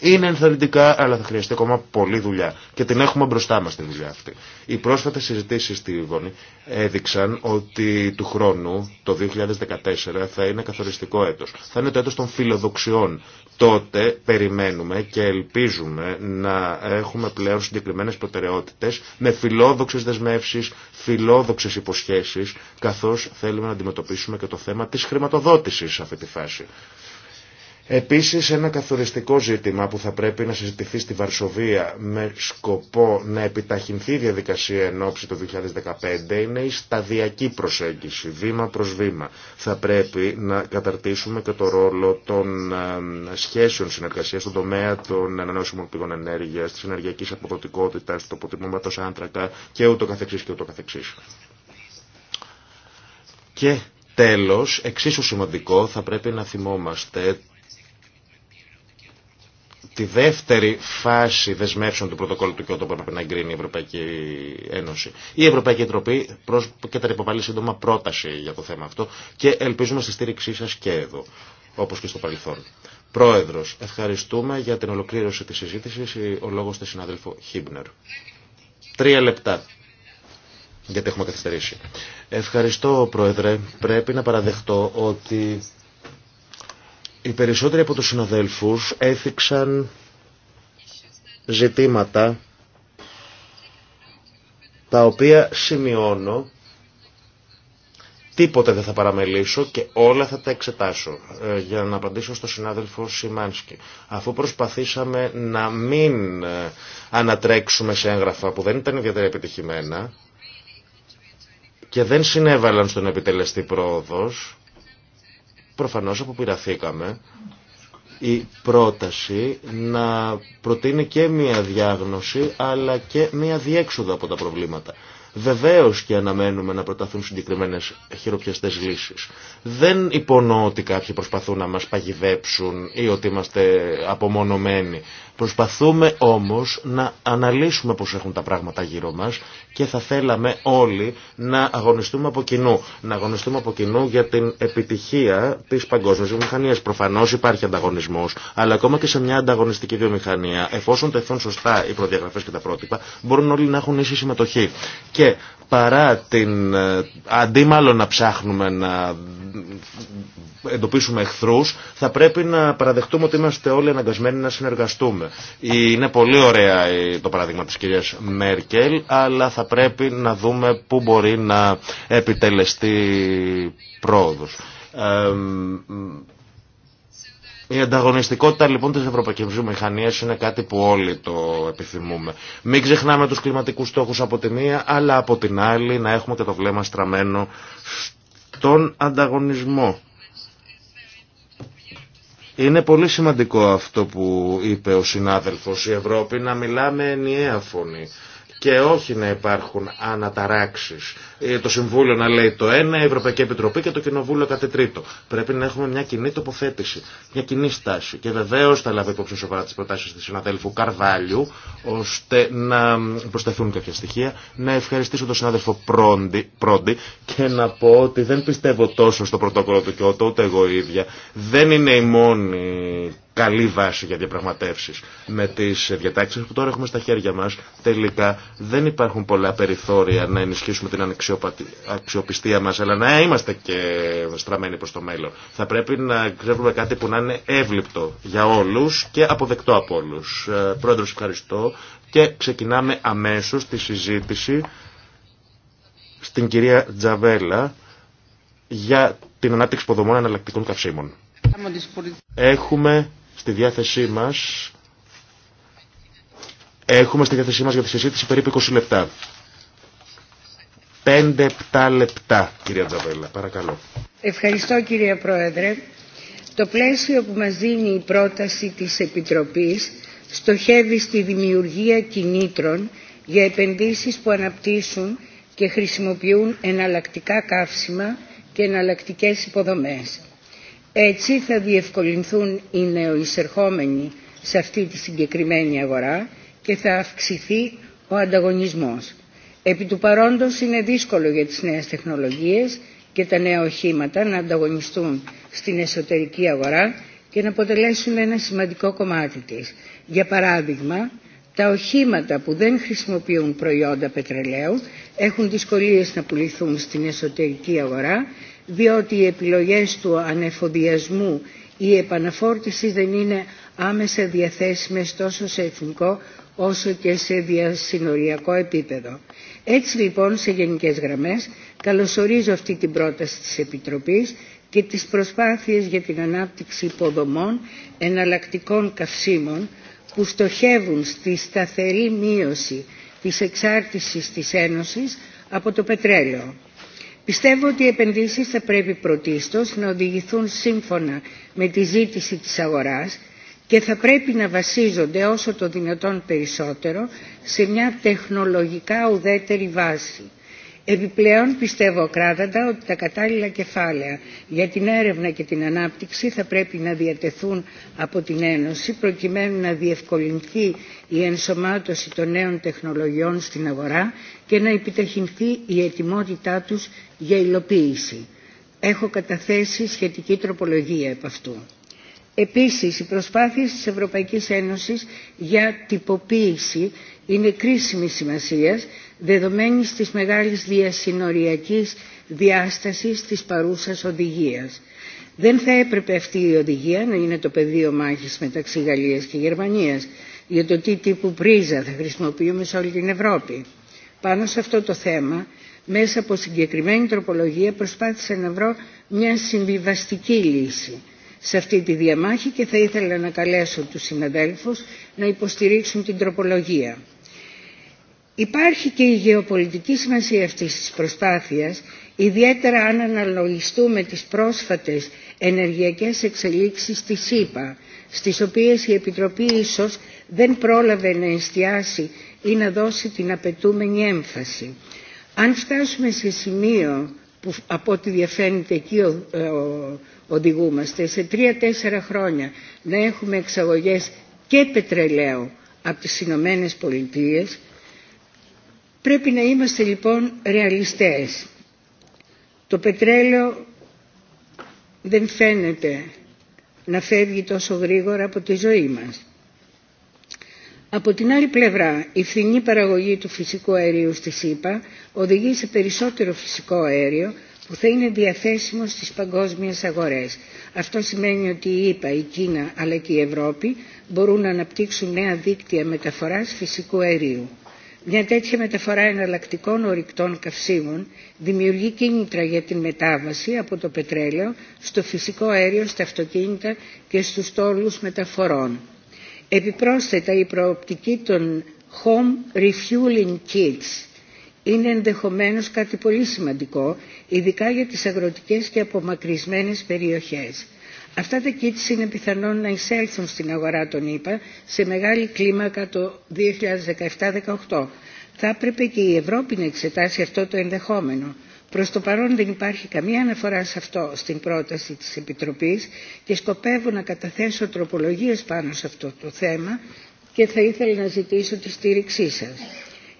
Είναι ενθαρρυντικά, αλλά θα χρειαστεί ακόμα πολλή δουλειά. Και την έχουμε μπροστά μα τη δουλειά αυτή. Οι πρόσφατε συζητήσει στη Βόνη έδειξαν ότι του χρόνου, το 2014, θα είναι καθοριστικό έτο. Θα είναι το έτο των φιλοδοξιών. Τότε περιμένουμε και ελπίζουμε να έχουμε πλέον συγκεκριμένε προτεραιότητε με φιλόδοξε δεσμεύσει φιλόδοξες υποσχέσεις, καθώς θέλουμε να αντιμετωπίσουμε και το θέμα της χρηματοδότησης σε αυτή τη φάση. Επίσης ένα καθοριστικό ζήτημα που θα πρέπει να συζητηθεί στη Βαρσοβία με σκοπό να επιταχυνθεί η διαδικασία εν το 2015 είναι η σταδιακή προσέγγιση, βήμα προς βήμα. Θα πρέπει να καταρτήσουμε και το ρόλο των σχέσεων συνεργασίας στον τομέα των ανανεώσιμων πηγών ενέργειας, της ενεργειακής αποδοτικότητας, του αποτυπώματος άνθρακα και ούτω καθεξής και ούτω καθεξής. Και Τέλος, εξίσου σημαντικό, θα πρέπει να θυμόμαστε τη δεύτερη φάση δεσμεύσεων του πρωτοκόλλου του Κιώτο που έπρεπε να εγκρίνει η Ευρωπαϊκή Ένωση. Η Ευρωπαϊκή Τροπή και τα υποβάλλει σύντομα πρόταση για το θέμα αυτό και ελπίζουμε στη στήριξή σας και εδώ, όπως και στο παρελθόν. Πρόεδρος, ευχαριστούμε για την ολοκλήρωση της συζήτησης. Ο λόγος του συνάδελφου Χίμπνερ. Τρία λεπτά. Γιατί έχουμε καθυστερήσει. Ευχαριστώ, Πρόεδρε. Πρέπει να παραδεχτώ ότι οι περισσότεροι από τους συναδέλφους έθιξαν ζητήματα τα οποία σημειώνω Τίποτε δεν θα παραμελήσω και όλα θα τα εξετάσω ε, για να απαντήσω στο συνάδελφο Σιμάνσκι. Αφού προσπαθήσαμε να μην ε, ανατρέξουμε σε έγγραφα που δεν ήταν ιδιαίτερα επιτυχημένα και δεν συνέβαλαν στον επιτελεστή πρόοδος, προφανώς όπου πειραθήκαμε η πρόταση να προτείνει και μία διάγνωση αλλά και μία διέξοδο από τα προβλήματα. Βεβαίω και αναμένουμε να προταθούν συγκεκριμένε χειροπιαστέ λύσει. Δεν υπονοώ ότι κάποιοι προσπαθούν να μα παγιδέψουν ή ότι είμαστε απομονωμένοι. Προσπαθούμε όμως να αναλύσουμε πώς έχουν τα πράγματα γύρω μας και θα θέλαμε όλοι να αγωνιστούμε από κοινού. Να αγωνιστούμε από κοινού για την επιτυχία της παγκόσμιας βιομηχανίας. Προφανώς υπάρχει ανταγωνισμός, αλλά ακόμα και σε μια ανταγωνιστική βιομηχανία, εφόσον τεθούν σωστά οι προδιαγραφές και τα πρότυπα, μπορούν όλοι να έχουν ίση συμμετοχή. Και παρά την... Ε, αντί μάλλον να ψάχνουμε να εντοπίσουμε εχθρούς, θα πρέπει να παραδεχτούμε ότι είμαστε όλοι αναγκασμένοι να συνεργαστούμε. Είναι πολύ ωραία το παράδειγμα της κυρίας Μέρκελ, αλλά θα πρέπει να δούμε πού μπορεί να επιτελεστεί πρόοδος. Ε, η ανταγωνιστικότητα λοιπόν της ευρωπαϊκής μηχανίας είναι κάτι που όλοι το επιθυμούμε. Μην ξεχνάμε τους κλιματικούς στόχους από τη μία, αλλά από την άλλη να έχουμε και το βλέμμα στραμμένο στον ανταγωνισμό. Είναι πολύ σημαντικό αυτό που είπε ο συνάδελφος η Ευρώπη να μιλάμε ενιαία φωνή και όχι να υπάρχουν αναταράξεις. Ε, το Συμβούλιο να λέει το ένα, η Ευρωπαϊκή Επιτροπή και το Κοινοβούλιο κάτι τρίτο. Πρέπει να έχουμε μια κοινή τοποθέτηση, μια κοινή στάση. Και βεβαίως θα λάβει υπόψη σοβαρά τις προτάσεις της συναδέλφου Καρβάλιου, ώστε να προσθεθούν κάποια στοιχεία. Να ευχαριστήσω τον συνάδελφο Πρόντι και να πω ότι δεν πιστεύω τόσο στο πρωτόκολλο του Κιώτο, ούτε εγώ ίδια. Δεν είναι η μόνη καλή βάση για διαπραγματεύσεις. Με τις διατάξεις που τώρα έχουμε στα χέρια μας, τελικά δεν υπάρχουν πολλά περιθώρια να ενισχύσουμε την αξιοπιστία μας, αλλά να είμαστε και στραμμένοι προς το μέλλον. Θα πρέπει να ξέρουμε κάτι που να είναι εύληπτο για όλους και αποδεκτό από όλους. Ε, πρόεδρος, ευχαριστώ και ξεκινάμε αμέσως τη συζήτηση στην κυρία Τζαβέλα για την ανάπτυξη ποδομών εναλλακτικών καυσίμων. Έχουμε στη διάθεσή μας έχουμε στη διάθεσή μας για τη συζήτηση περίπου 20 λεπτά. 5-7 λεπτά, κυρία Τζαβέλα. Παρακαλώ. Ευχαριστώ, κύριε Πρόεδρε. Το πλαίσιο που μας δίνει η πρόταση της Επιτροπής στοχεύει στη δημιουργία κινήτρων για επενδύσεις που αναπτύσσουν και χρησιμοποιούν εναλλακτικά καύσιμα και εναλλακτικές υποδομές έτσι θα διευκολυνθούν οι νεοεισερχόμενοι σε αυτή τη συγκεκριμένη αγορά και θα αυξηθεί ο ανταγωνισμός. Επί του παρόντος είναι δύσκολο για τις νέες τεχνολογίες και τα νέα οχήματα να ανταγωνιστούν στην εσωτερική αγορά και να αποτελέσουν ένα σημαντικό κομμάτι της. Για παράδειγμα, τα οχήματα που δεν χρησιμοποιούν προϊόντα πετρελαίου έχουν δυσκολίες να πουληθούν στην εσωτερική αγορά διότι οι επιλογές του ανεφοδιασμού ή επαναφόρτηση δεν είναι άμεσα διαθέσιμες τόσο σε εθνικό όσο και σε διασυνοριακό επίπεδο. Έτσι λοιπόν σε γενικές γραμμές καλωσορίζω αυτή την πρόταση της Επιτροπής και τις προσπάθειες για την ανάπτυξη υποδομών εναλλακτικών καυσίμων που στοχεύουν στη σταθερή μείωση της εξάρτησης της Ένωσης από το πετρέλαιο. Πιστεύω ότι οι επενδύσεις θα πρέπει πρωτίστως να οδηγηθούν σύμφωνα με τη ζήτηση της αγοράς και θα πρέπει να βασίζονται όσο το δυνατόν περισσότερο σε μια τεχνολογικά ουδέτερη βάση. Επιπλέον πιστεύω ακράδαντα ότι τα κατάλληλα κεφάλαια για την έρευνα και την ανάπτυξη θα πρέπει να διατεθούν από την Ένωση προκειμένου να διευκολυνθεί η ενσωμάτωση των νέων τεχνολογιών στην αγορά και να επιταχυνθεί η ετοιμότητά τους για υλοποίηση. Έχω καταθέσει σχετική τροπολογία επ' αυτού. Επίσης, οι προσπάθειες της Ευρωπαϊκής Ένωσης για τυποποίηση είναι κρίσιμη σημασίας, δεδομένης της μεγάλης διασυνοριακής διάστασης της παρούσας οδηγίας. Δεν θα έπρεπε αυτή η οδηγία να είναι το πεδίο μάχης μεταξύ Γαλλίας και Γερμανίας, για το τι τύπου πρίζα θα χρησιμοποιούμε σε όλη την Ευρώπη πάνω σε αυτό το θέμα μέσα από συγκεκριμένη τροπολογία προσπάθησα να βρω μια συμβιβαστική λύση σε αυτή τη διαμάχη και θα ήθελα να καλέσω τους συναδέλφους να υποστηρίξουν την τροπολογία. Υπάρχει και η γεωπολιτική σημασία αυτής της προσπάθειας, ιδιαίτερα αν αναλογιστούμε τις πρόσφατες ενεργειακές εξελίξεις στη ΣΥΠΑ, στις οποίες η Επιτροπή ίσως δεν πρόλαβε να εστιάσει ή να δώσει την απαιτούμενη έμφαση. Αν φτάσουμε σε σημείο που από ό,τι διαφαίνεται εκεί ε, οδηγούμαστε, σε τρία-τέσσερα χρόνια να έχουμε εξαγωγές και πετρελαίου από τις Ηνωμένε Πολιτείε, πρέπει να είμαστε λοιπόν ρεαλιστές. Το πετρέλαιο δεν φαίνεται να φεύγει τόσο γρήγορα από τη ζωή μας. Από την άλλη πλευρά, η φθηνή παραγωγή του φυσικού αερίου στη ΣΥΠΑ οδηγεί σε περισσότερο φυσικό αέριο που θα είναι διαθέσιμο στις παγκόσμιες αγορές. Αυτό σημαίνει ότι η ΕΠΑ, η Κίνα αλλά και η Ευρώπη μπορούν να αναπτύξουν νέα δίκτυα μεταφοράς φυσικού αερίου. Μια τέτοια μεταφορά εναλλακτικών ορυκτών καυσίμων δημιουργεί κίνητρα για την μετάβαση από το πετρέλαιο στο φυσικό αέριο, στα αυτοκίνητα και στους τόλους μεταφορών. Επιπρόσθετα η προοπτική των home refueling kits είναι ενδεχομένως κάτι πολύ σημαντικό, ειδικά για τις αγροτικές και απομακρυσμένες περιοχές. Αυτά τα kits είναι πιθανόν να εισέλθουν στην αγορά των ΗΠΑ σε μεγάλη κλίμακα το 2017-2018. Θα έπρεπε και η Ευρώπη να εξετάσει αυτό το ενδεχόμενο. Προς το παρόν δεν υπάρχει καμία αναφορά σε αυτό στην πρόταση της Επιτροπής και σκοπεύω να καταθέσω τροπολογίες πάνω σε αυτό το θέμα και θα ήθελα να ζητήσω τη στήριξή σας.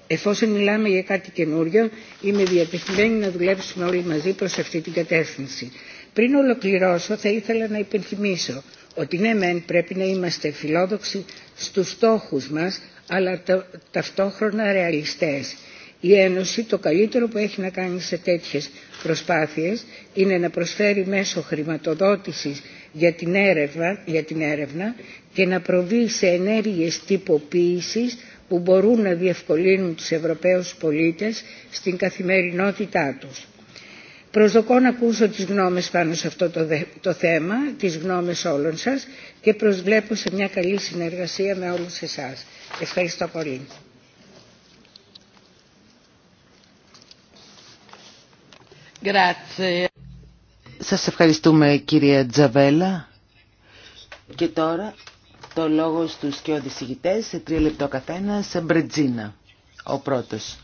Εφόσον μιλάμε για κάτι καινούριο, είμαι διατεθειμένη να δουλέψουμε όλοι μαζί προς αυτή την κατεύθυνση. Πριν ολοκληρώσω, θα ήθελα να υπενθυμίσω ότι ναι μεν πρέπει να είμαστε φιλόδοξοι στους στόχους μας, αλλά ταυτόχρονα ρεαλιστές η Ένωση το καλύτερο που έχει να κάνει σε τέτοιες προσπάθειες είναι να προσφέρει μέσω χρηματοδότησης για την έρευνα, για την έρευνα και να προβεί σε ενέργειες τυποποίησης που μπορούν να διευκολύνουν τους Ευρωπαίους πολίτες στην καθημερινότητά τους. Προσδοκώ να ακούσω τις γνώμες πάνω σε αυτό το, θέμα, τις γνώμες όλων σας και προσβλέπω σε μια καλή συνεργασία με όλους εσάς. Ευχαριστώ πολύ. Σας ευχαριστούμε κυρία Τζαβέλα. Και τώρα το λόγο στους και οδησηγητές σε τρία λεπτό καθένα σε Μπρετζίνα, ο πρώτος.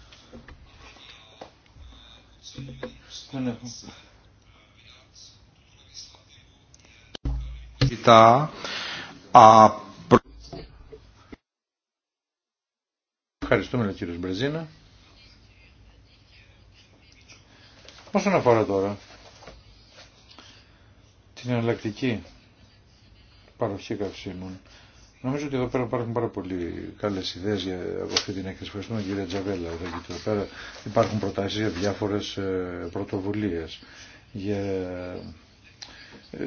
Ευχαριστούμε κύριο Μπρετζίνα. Όσον αφορά τώρα την εναλλακτική παροχή καυσίμων, νομίζω ότι εδώ πέρα υπάρχουν πάρα πολύ καλέ ιδέε για από αυτή την έκθεση. Ευχαριστούμε κυρία Τζαβέλα. Εδώ πέρα υπάρχουν προτάσει για διάφορε πρωτοβουλίε. Για ε,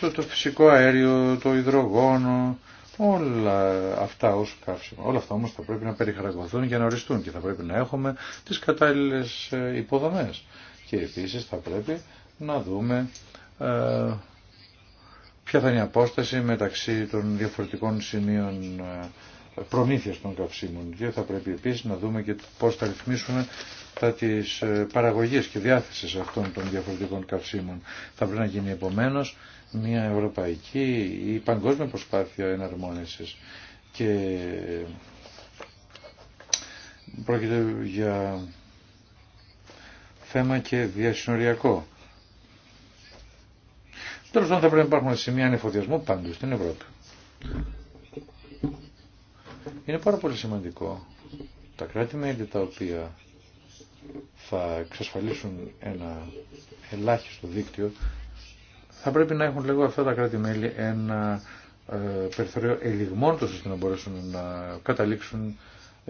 το, το φυσικό αέριο, το υδρογόνο, Όλα αυτά ως καύσιμα, όλα αυτά όμως θα πρέπει να περιχαραγωθούν και να οριστούν και θα πρέπει να έχουμε τις κατάλληλες ε, υποδομές. Και επίσης θα πρέπει να δούμε ε, ποια θα είναι η απόσταση μεταξύ των διαφορετικών σημείων ε, προμήθειας των καυσίμων και θα πρέπει επίσης να δούμε και πώς θα ρυθμίσουμε τα της παραγωγής και διάθεσης αυτών των διαφορετικών καυσίμων. Θα πρέπει να γίνει επομένως μια ευρωπαϊκή ή παγκόσμια προσπάθεια εναρμόνισης και πρόκειται για θέμα και διασυνοριακό. Τέλος πάντων θα πρέπει να υπάρχουν σημεία ανεφοδιασμού πάντως στην Ευρώπη. Είναι πάρα πολύ σημαντικό τα κράτη-μέλη τα οποία θα εξασφαλίσουν ένα ελάχιστο δίκτυο θα πρέπει να έχουν λίγο αυτά τα κράτη-μέλη ένα ε, περιθώριο ελιγμών τους ώστε να μπορέσουν να καταλήξουν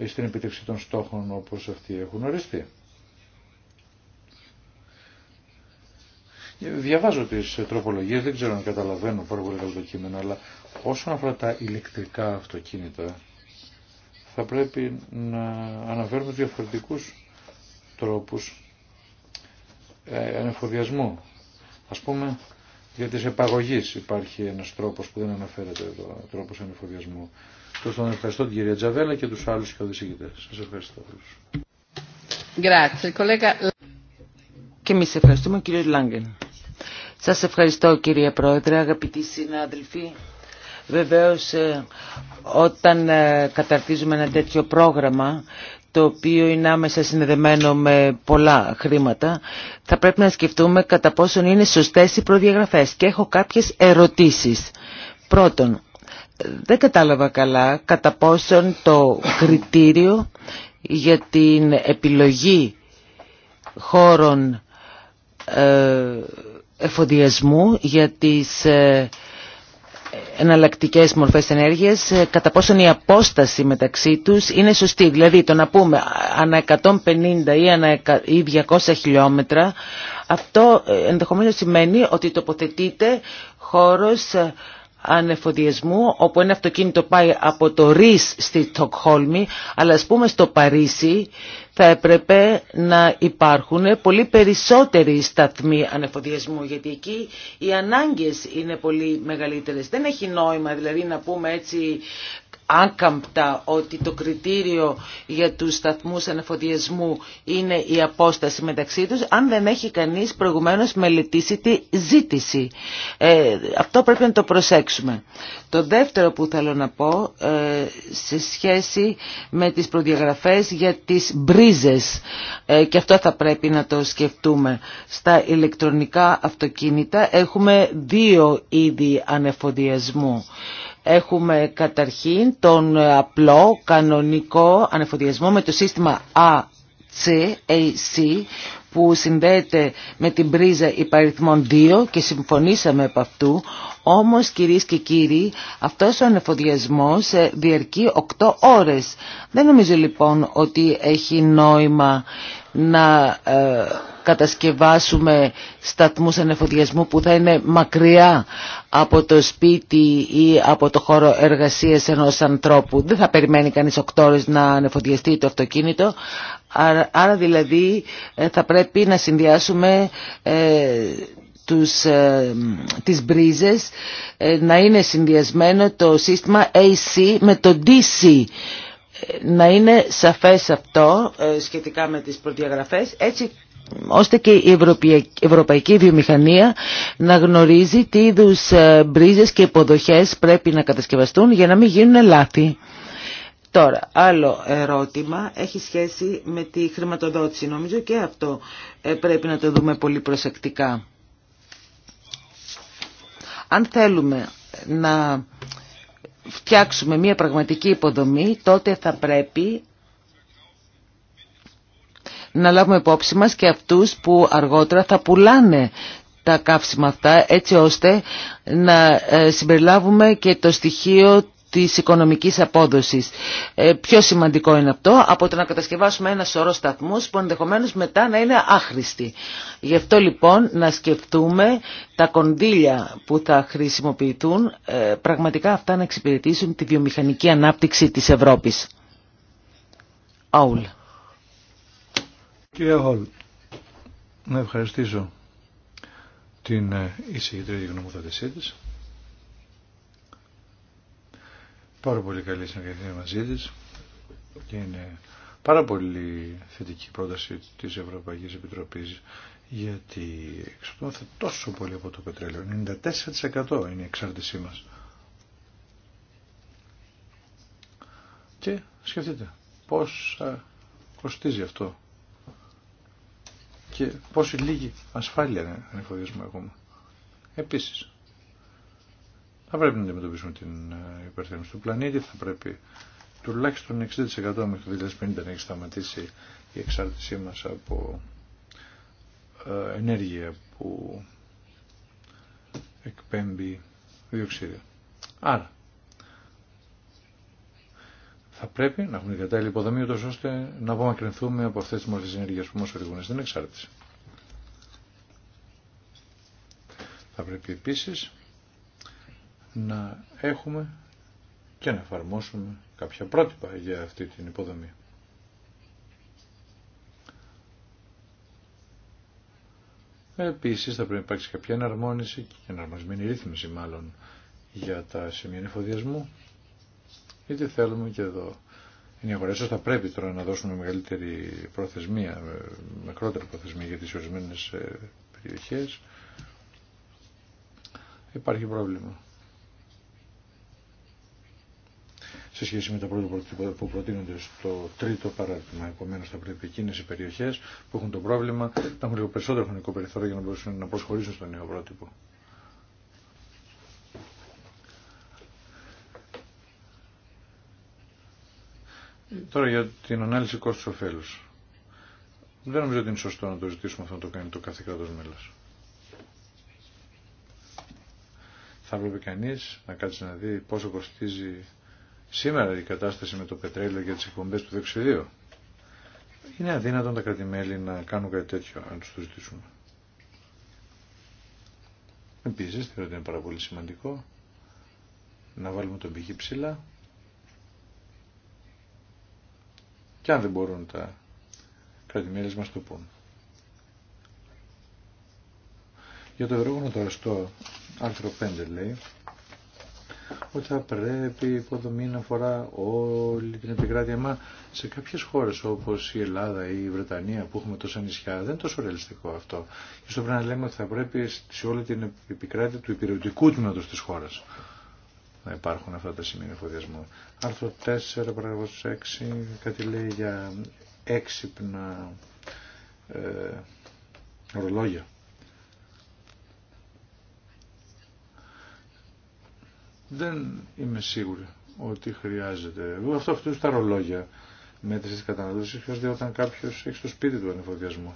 στην επιτευξή των στόχων όπως αυτοί έχουν οριστεί. Διαβάζω τις τροπολογίες, δεν ξέρω αν καταλαβαίνω πάρα πολύ καλό το κείμενο, αλλά όσον αφορά τα ηλεκτρικά αυτοκίνητα θα πρέπει να αναφέρουμε διαφορετικούς τρόπους ε, ανεφοδιασμού. Ας πούμε, για τις επαγωγής υπάρχει ένας τρόπος που δεν αναφέρεται εδώ, τρόπος ανεφοδιασμού. Τόσο τον ευχαριστώ την κυρία Τζαβέλα και τους άλλους και οδησίγητες. Σας ευχαριστώ όλους. Και εμείς ευχαριστούμε κύριε Λάγκεν. Σας ευχαριστώ κύριε Πρόεδρε, αγαπητοί συνάδελφοι. Βεβαίως ε, όταν ε, καταρτίζουμε ένα τέτοιο πρόγραμμα το οποίο είναι άμεσα συνδεδεμένο με πολλά χρήματα, θα πρέπει να σκεφτούμε κατά πόσον είναι σωστές οι προδιαγραφές. Και έχω κάποιες ερωτήσεις. Πρώτον, δεν κατάλαβα καλά κατά πόσον το κριτήριο για την επιλογή χώρων ε, εφοδιασμού για τις ε, εναλλακτικές μορφές ενέργειας, ε, κατά πόσον η απόσταση μεταξύ τους είναι σωστή. Δηλαδή το να πούμε ανά 150 ή ανά 200 χιλιόμετρα, αυτό ε, ενδεχομένως σημαίνει ότι τοποθετείται χώρος ε, ανεφοδιασμού όπου ένα αυτοκίνητο πάει από το Ρις στη Στοκχόλμη αλλά ας πούμε στο Παρίσι θα έπρεπε να υπάρχουν πολύ περισσότεροι σταθμοί ανεφοδιασμού γιατί εκεί οι ανάγκες είναι πολύ μεγαλύτερες. Δεν έχει νόημα δηλαδή να πούμε έτσι άκαμπτα ότι το κριτήριο για τους σταθμούς αναφοδιασμού είναι η απόσταση μεταξύ τους αν δεν έχει κανείς προηγουμένως μελετήσει τη ζήτηση. Ε, αυτό πρέπει να το προσέξουμε. Το δεύτερο που θέλω να πω ε, σε σχέση με τις προδιαγραφές για τις μπρίζες ε, και αυτό θα πρέπει να το σκεφτούμε. Στα ηλεκτρονικά αυτοκίνητα έχουμε δύο είδη ανεφοδιασμού. Έχουμε καταρχήν τον απλό κανονικό ανεφοδιασμό με το σύστημα ACAC που συνδέεται με την πρίζα υπαριθμών 2 και συμφωνήσαμε από αυτού. Όμως κυρίες και κύριοι αυτός ο ανεφοδιασμός ε, διαρκεί 8 ώρες. Δεν νομίζω λοιπόν ότι έχει νόημα να ε, κατασκευάσουμε σταθμούς ανεφοδιασμού που θα είναι μακριά από το σπίτι ή από το χώρο εργασίας ενός ανθρώπου. Δεν θα περιμένει κανείς 8 ώρες να ανεφοδιαστεί το αυτοκίνητο. Άρα δηλαδή ε, θα πρέπει να συνδυάσουμε ε, τους, ε, τις μπρίζες να είναι συνδυασμένο το σύστημα AC με το DC να είναι σαφές αυτό ε, σχετικά με τις προδιαγραφές έτσι ώστε και η ευρωπαϊκή βιομηχανία να γνωρίζει τι είδου ε, μπρίζες και υποδοχές πρέπει να κατασκευαστούν για να μην γίνουν λάθη. Τώρα, άλλο ερώτημα έχει σχέση με τη χρηματοδότηση. Νομίζω και αυτό ε, πρέπει να το δούμε πολύ προσεκτικά. Αν θέλουμε να φτιάξουμε μια πραγματική υποδομή, τότε θα πρέπει να λάβουμε υπόψη μας και αυτούς που αργότερα θα πουλάνε τα καύσιμα αυτά έτσι ώστε να ε, συμπεριλάβουμε και το στοιχείο της οικονομικής απόδοσης. Ε, πιο σημαντικό είναι αυτό από το να κατασκευάσουμε ένα σωρό σταθμούς που ενδεχομένως μετά να είναι άχρηστοι. Γι' αυτό λοιπόν να σκεφτούμε τα κονδύλια που θα χρησιμοποιηθούν ε, πραγματικά αυτά να εξυπηρετήσουν τη βιομηχανική ανάπτυξη της Ευρώπης. Αουλ. Κύριε να ευχαριστήσω την ε, εισηγητρία για Πάρα πολύ καλή συνεργασία μαζί τη και είναι πάρα πολύ θετική πρόταση της Ευρωπαϊκή Επιτροπής γιατί εξαρτώμαστε τόσο πολύ από το πετρέλαιο. 94% είναι η εξάρτησή μα. Και σκεφτείτε πώς κοστίζει αυτό και πόση λίγη ασφάλεια ανεφοδιασμού έχουμε. Επίσης, θα πρέπει να αντιμετωπίσουμε την ε, υπερθέρμανση του πλανήτη, θα πρέπει τουλάχιστον 60% μέχρι το 2050 να έχει σταματήσει η εξάρτησή μας από ε, ενέργεια που εκπέμπει διοξίδιο. Άρα, θα πρέπει να έχουμε κατάλληλη υποδομή, ώστε να απομακρυνθούμε από αυτές τις μορφές ενέργειας που μας οδηγούν στην εξάρτηση. Θα πρέπει επίσης να έχουμε και να εφαρμόσουμε κάποια πρότυπα για αυτή την υποδομή. Επίσης θα πρέπει να υπάρξει κάποια εναρμόνιση και εναρμοσμένη ρύθμιση μάλλον για τα σημεία εφοδιασμού γιατί θέλουμε και εδώ είναι αγορές θα πρέπει τώρα να δώσουμε μεγαλύτερη προθεσμία, μικρότερη προθεσμία για τις ορισμένες ε, περιοχές. Υπάρχει πρόβλημα. σε σχέση με τα πρώτα που προτείνονται στο τρίτο παράδειγμα, Επομένω, θα πρέπει εκείνε οι περιοχέ που έχουν το πρόβλημα να έχουν λίγο περισσότερο χρονικό περιθώριο για να μπορούν να προσχωρήσουν στο νέο πρότυπο. Τώρα για την ανάλυση κόστου ωφέλου. Δεν νομίζω ότι είναι σωστό να το ζητήσουμε αυτό να το κάνει το κάθε κράτο μέλο. Θα έπρεπε κανεί να κάτσει να δει πόσο κοστίζει Σήμερα η κατάσταση με το πετρέλαιο για τις εκπομπές του δεξιδίου. Είναι αδύνατον τα κρατημέλη να κάνουν κάτι τέτοιο, αν τους το ζητήσουν. Επίσης, θεωρώ ότι είναι πάρα πολύ σημαντικό να βάλουμε τον πηγή ψηλά και αν δεν μπορούν τα κρατημέλη μας το πούν. Για το ευρωγόνο το στο άρθρο 5 λέει ότι θα πρέπει η υποδομή να αφορά όλη την επικράτεια. Μα σε κάποιες χώρες όπως η Ελλάδα ή η Βρετανία που έχουμε τόσα νησιά δεν είναι τόσο ρεαλιστικό αυτό. Και στο πρέπει να λέμε ότι θα πρέπει σε όλη την επικράτεια του υπηρετικού τμήματος τη χώρα να υπάρχουν αυτά τα σημεία εφοδιασμού. Άρθρο 4, παραγωγός 6, κάτι λέει για έξυπνα ε, δεν είμαι σίγουρη ότι χρειάζεται. αυτό αυτού τα ρολόγια μέτρηση της χωρίς χρειάζεται όταν κάποιος έχει στο σπίτι του ανεφοδιασμό.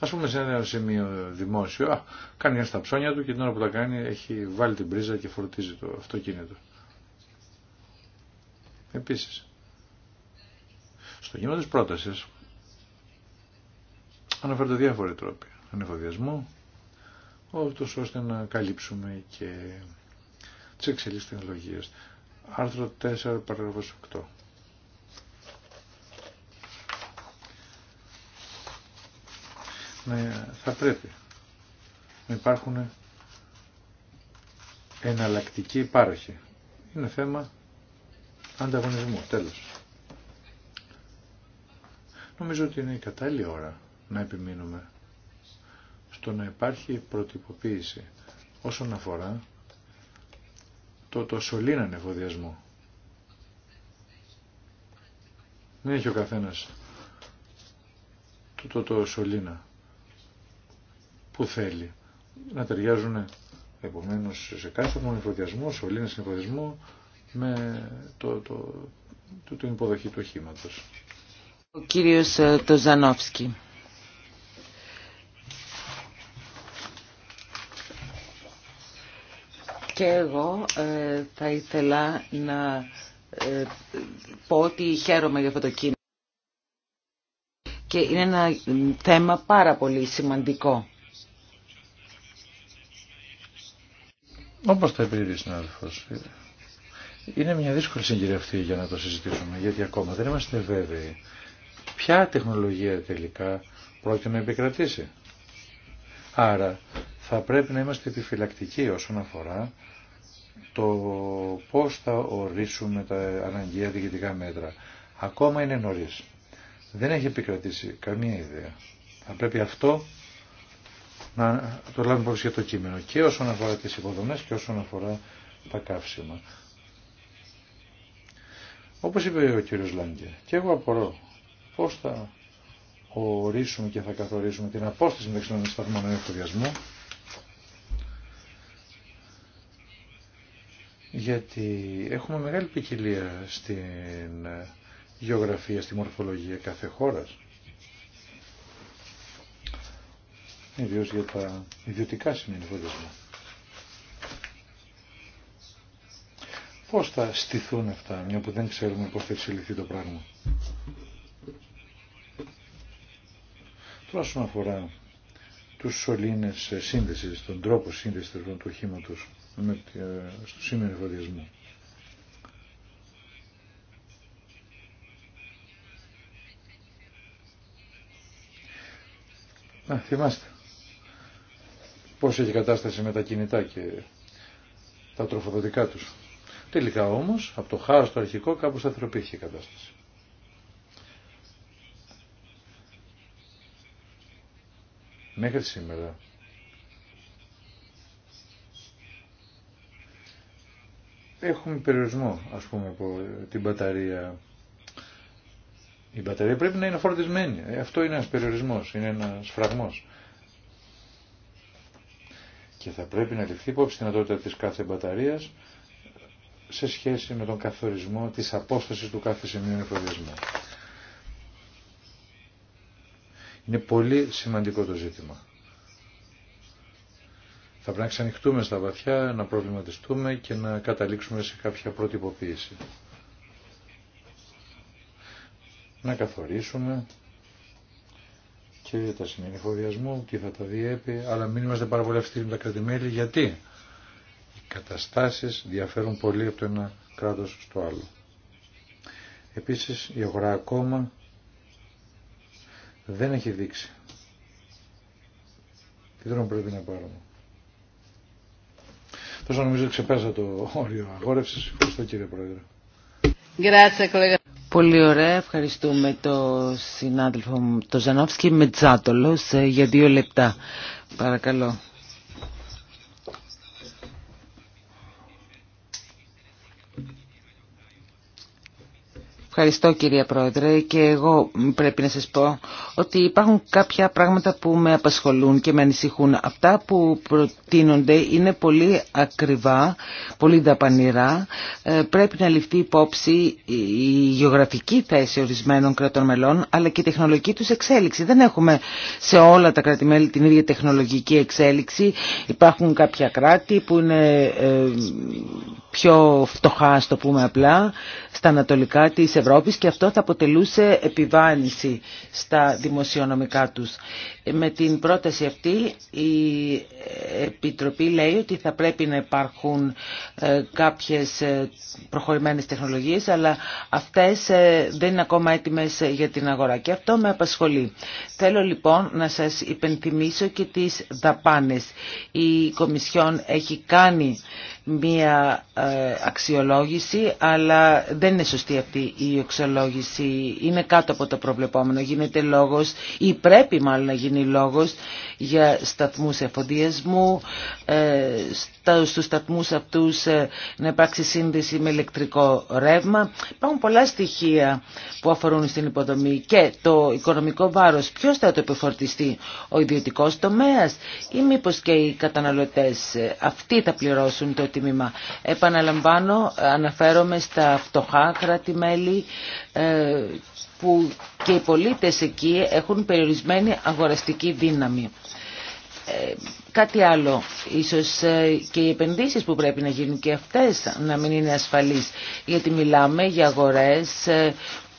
Α πούμε σε ένα σημείο δημόσιο, κάνει ένα στα ψώνια του και την ώρα που τα κάνει έχει βάλει την πρίζα και φορτίζει το αυτοκίνητο. Επίσης, στο γήμα της πρότασης αναφέρονται διάφοροι τρόποι ανεφοδιασμού, ούτως ώστε να καλύψουμε και τις εξελίξεις τεχνολογίας. Άρθρο 4, παραγραφός 8. Ναι, θα πρέπει να υπάρχουν εναλλακτικοί πάροχοι. Είναι θέμα ανταγωνισμού, τέλος. Νομίζω ότι είναι η κατάλληλη ώρα να επιμείνουμε στο να υπάρχει προτυποποίηση όσον αφορά το, το σωλήναν εφοδιασμό. Δεν έχει ο καθένας το, το, το σωλήνα που θέλει. Να ταιριάζουν επομένως σε κάθε μόνο εφοδιασμό, σε με το, το, το, την υποδοχή του οχήματος. Ο κύριος ε, Τοζανόφσκι. Και εγώ ε, θα ήθελα να ε, πω ότι χαίρομαι για αυτό το κίνημα και είναι ένα θέμα πάρα πολύ σημαντικό. Όπως το επηρεάζει συνάδελφος, είναι μια δύσκολη συγκυρία αυτή για να το συζητήσουμε, γιατί ακόμα δεν είμαστε βέβαιοι ποια τεχνολογία τελικά πρόκειται να επικρατήσει. Άρα θα πρέπει να είμαστε επιφυλακτικοί όσον αφορά το πώς θα ορίσουμε τα αναγκαία διοικητικά μέτρα. Ακόμα είναι νωρίς. Δεν έχει επικρατήσει καμία ιδέα. Θα πρέπει αυτό να το λάβουμε υπόψη για το κείμενο και όσον αφορά τις υποδομές και όσον αφορά τα καύσιμα. Όπως είπε ο κύριος Λάγκε, και εγώ απορώ πώς θα ορίσουμε και θα καθορίσουμε την απόσταση μεταξύ των σταθμών εφοδιασμού γιατί έχουμε μεγάλη ποικιλία στην γεωγραφία, στη μορφολογία κάθε χώρας. Ιδίω για τα ιδιωτικά σημαίνει φωτισμό. Πώς θα στηθούν αυτά, μια που δεν ξέρουμε πώς θα εξελιχθεί το πράγμα. Τώρα όσον αφορά τους σωλήνες ε, σύνδεσης, τον τρόπο σύνδεσης του οχήματος, με, ε, στο σήμερα εφοδιασμό. Να, θυμάστε πώς έχει κατάσταση με τα κινητά και τα τροφοδοτικά τους. Τελικά όμως, από το χάος το αρχικό κάπου σταθεροποιήθηκε η κατάσταση. Μέχρι σήμερα έχουμε περιορισμό, ας πούμε, από την μπαταρία. Η μπαταρία πρέπει να είναι φορτισμένη. Ε, αυτό είναι ένας περιορισμός, είναι ένας φραγμός. Και θα πρέπει να ληφθεί υπόψη τη δυνατότητα της κάθε μπαταρίας σε σχέση με τον καθορισμό της απόστασης του κάθε σημείου εφοδιασμού. Είναι πολύ σημαντικό το ζήτημα. Θα πρέπει να ξανοιχτούμε στα βαθιά, να προβληματιστούμε και να καταλήξουμε σε κάποια προτυποποίηση. Να καθορίσουμε και τα σημεία φοβιασμού, τι θα τα διέπει, αλλά μην είμαστε πάρα πολύ αυστηροί με τα κρατημέλη, γιατί οι καταστάσεις διαφέρουν πολύ από το ένα κράτος στο άλλο. Επίσης η αγορά ακόμα δεν έχει δείξει. Τι δρόμο πρέπει να πάρουμε. Τόσο νομίζω ξεπέρασα το όριο αγόρευση, Ευχαριστώ κύριε Πρόεδρε. Πολύ ωραία. Ευχαριστούμε τον συνάδελφο μου, τον Ζανόφσκι σε για δύο λεπτά. Παρακαλώ. Ευχαριστώ κυρία Πρόεδρε και εγώ πρέπει να σας πω ότι υπάρχουν κάποια πράγματα που με απασχολούν και με ανησυχούν. Αυτά που προτείνονται είναι πολύ ακριβά, πολύ δαπανηρά. Ε, πρέπει να ληφθεί υπόψη η γεωγραφική θέση ορισμένων κρατών μελών αλλά και η τεχνολογική τους εξέλιξη. Δεν έχουμε σε όλα τα κρατη την ίδια τεχνολογική εξέλιξη. Υπάρχουν κάποια κράτη που είναι ε, πιο φτωχά, στο πούμε απλά, στα ανατολικά της Ευρώπης και αυτό θα αποτελούσε επιβάρυνση στα δημοσιονομικά τους. Ε, με την πρόταση αυτή η ε, Επιτροπή λέει ότι θα πρέπει να υπάρχουν ε, κάποιες προχωρημένες τεχνολογίες αλλά αυτές δεν είναι ακόμα έτοιμες για την αγορά και αυτό με απασχολεί. Θέλω λοιπόν να σας υπενθυμίσω και τις δαπάνες. Η Κομισιόν έχει κάνει μία ε, αξιολόγηση, αλλά δεν είναι σωστή αυτή η αξιολόγηση. Είναι κάτω από το προβλεπόμενο. Γίνεται λόγος ή πρέπει μάλλον να γίνει λόγος για σταθμούς εφοδιασμού, ε, στους σταθμούς αυτούς ε, να υπάρξει σύνδεση με ηλεκτρικό ρεύμα. Υπάρχουν πολλά στοιχεία που αφορούν στην υποδομή και το οικονομικό βάρος. Ποιος θα το επιφορτιστεί, ο ιδιωτικός τομέας ή μήπως και οι καταναλωτές. Αυτοί θα πληρώσουν το Επαναλαμβάνω, αναφέρομαι στα φτωχά κράτη-μέλη ε, που και οι πολίτες εκεί έχουν περιορισμένη αγοραστική δύναμη. Ε, κάτι άλλο, ίσως ε, και οι επενδύσεις που πρέπει να γίνουν και αυτές να μην είναι ασφαλείς, γιατί μιλάμε για αγορές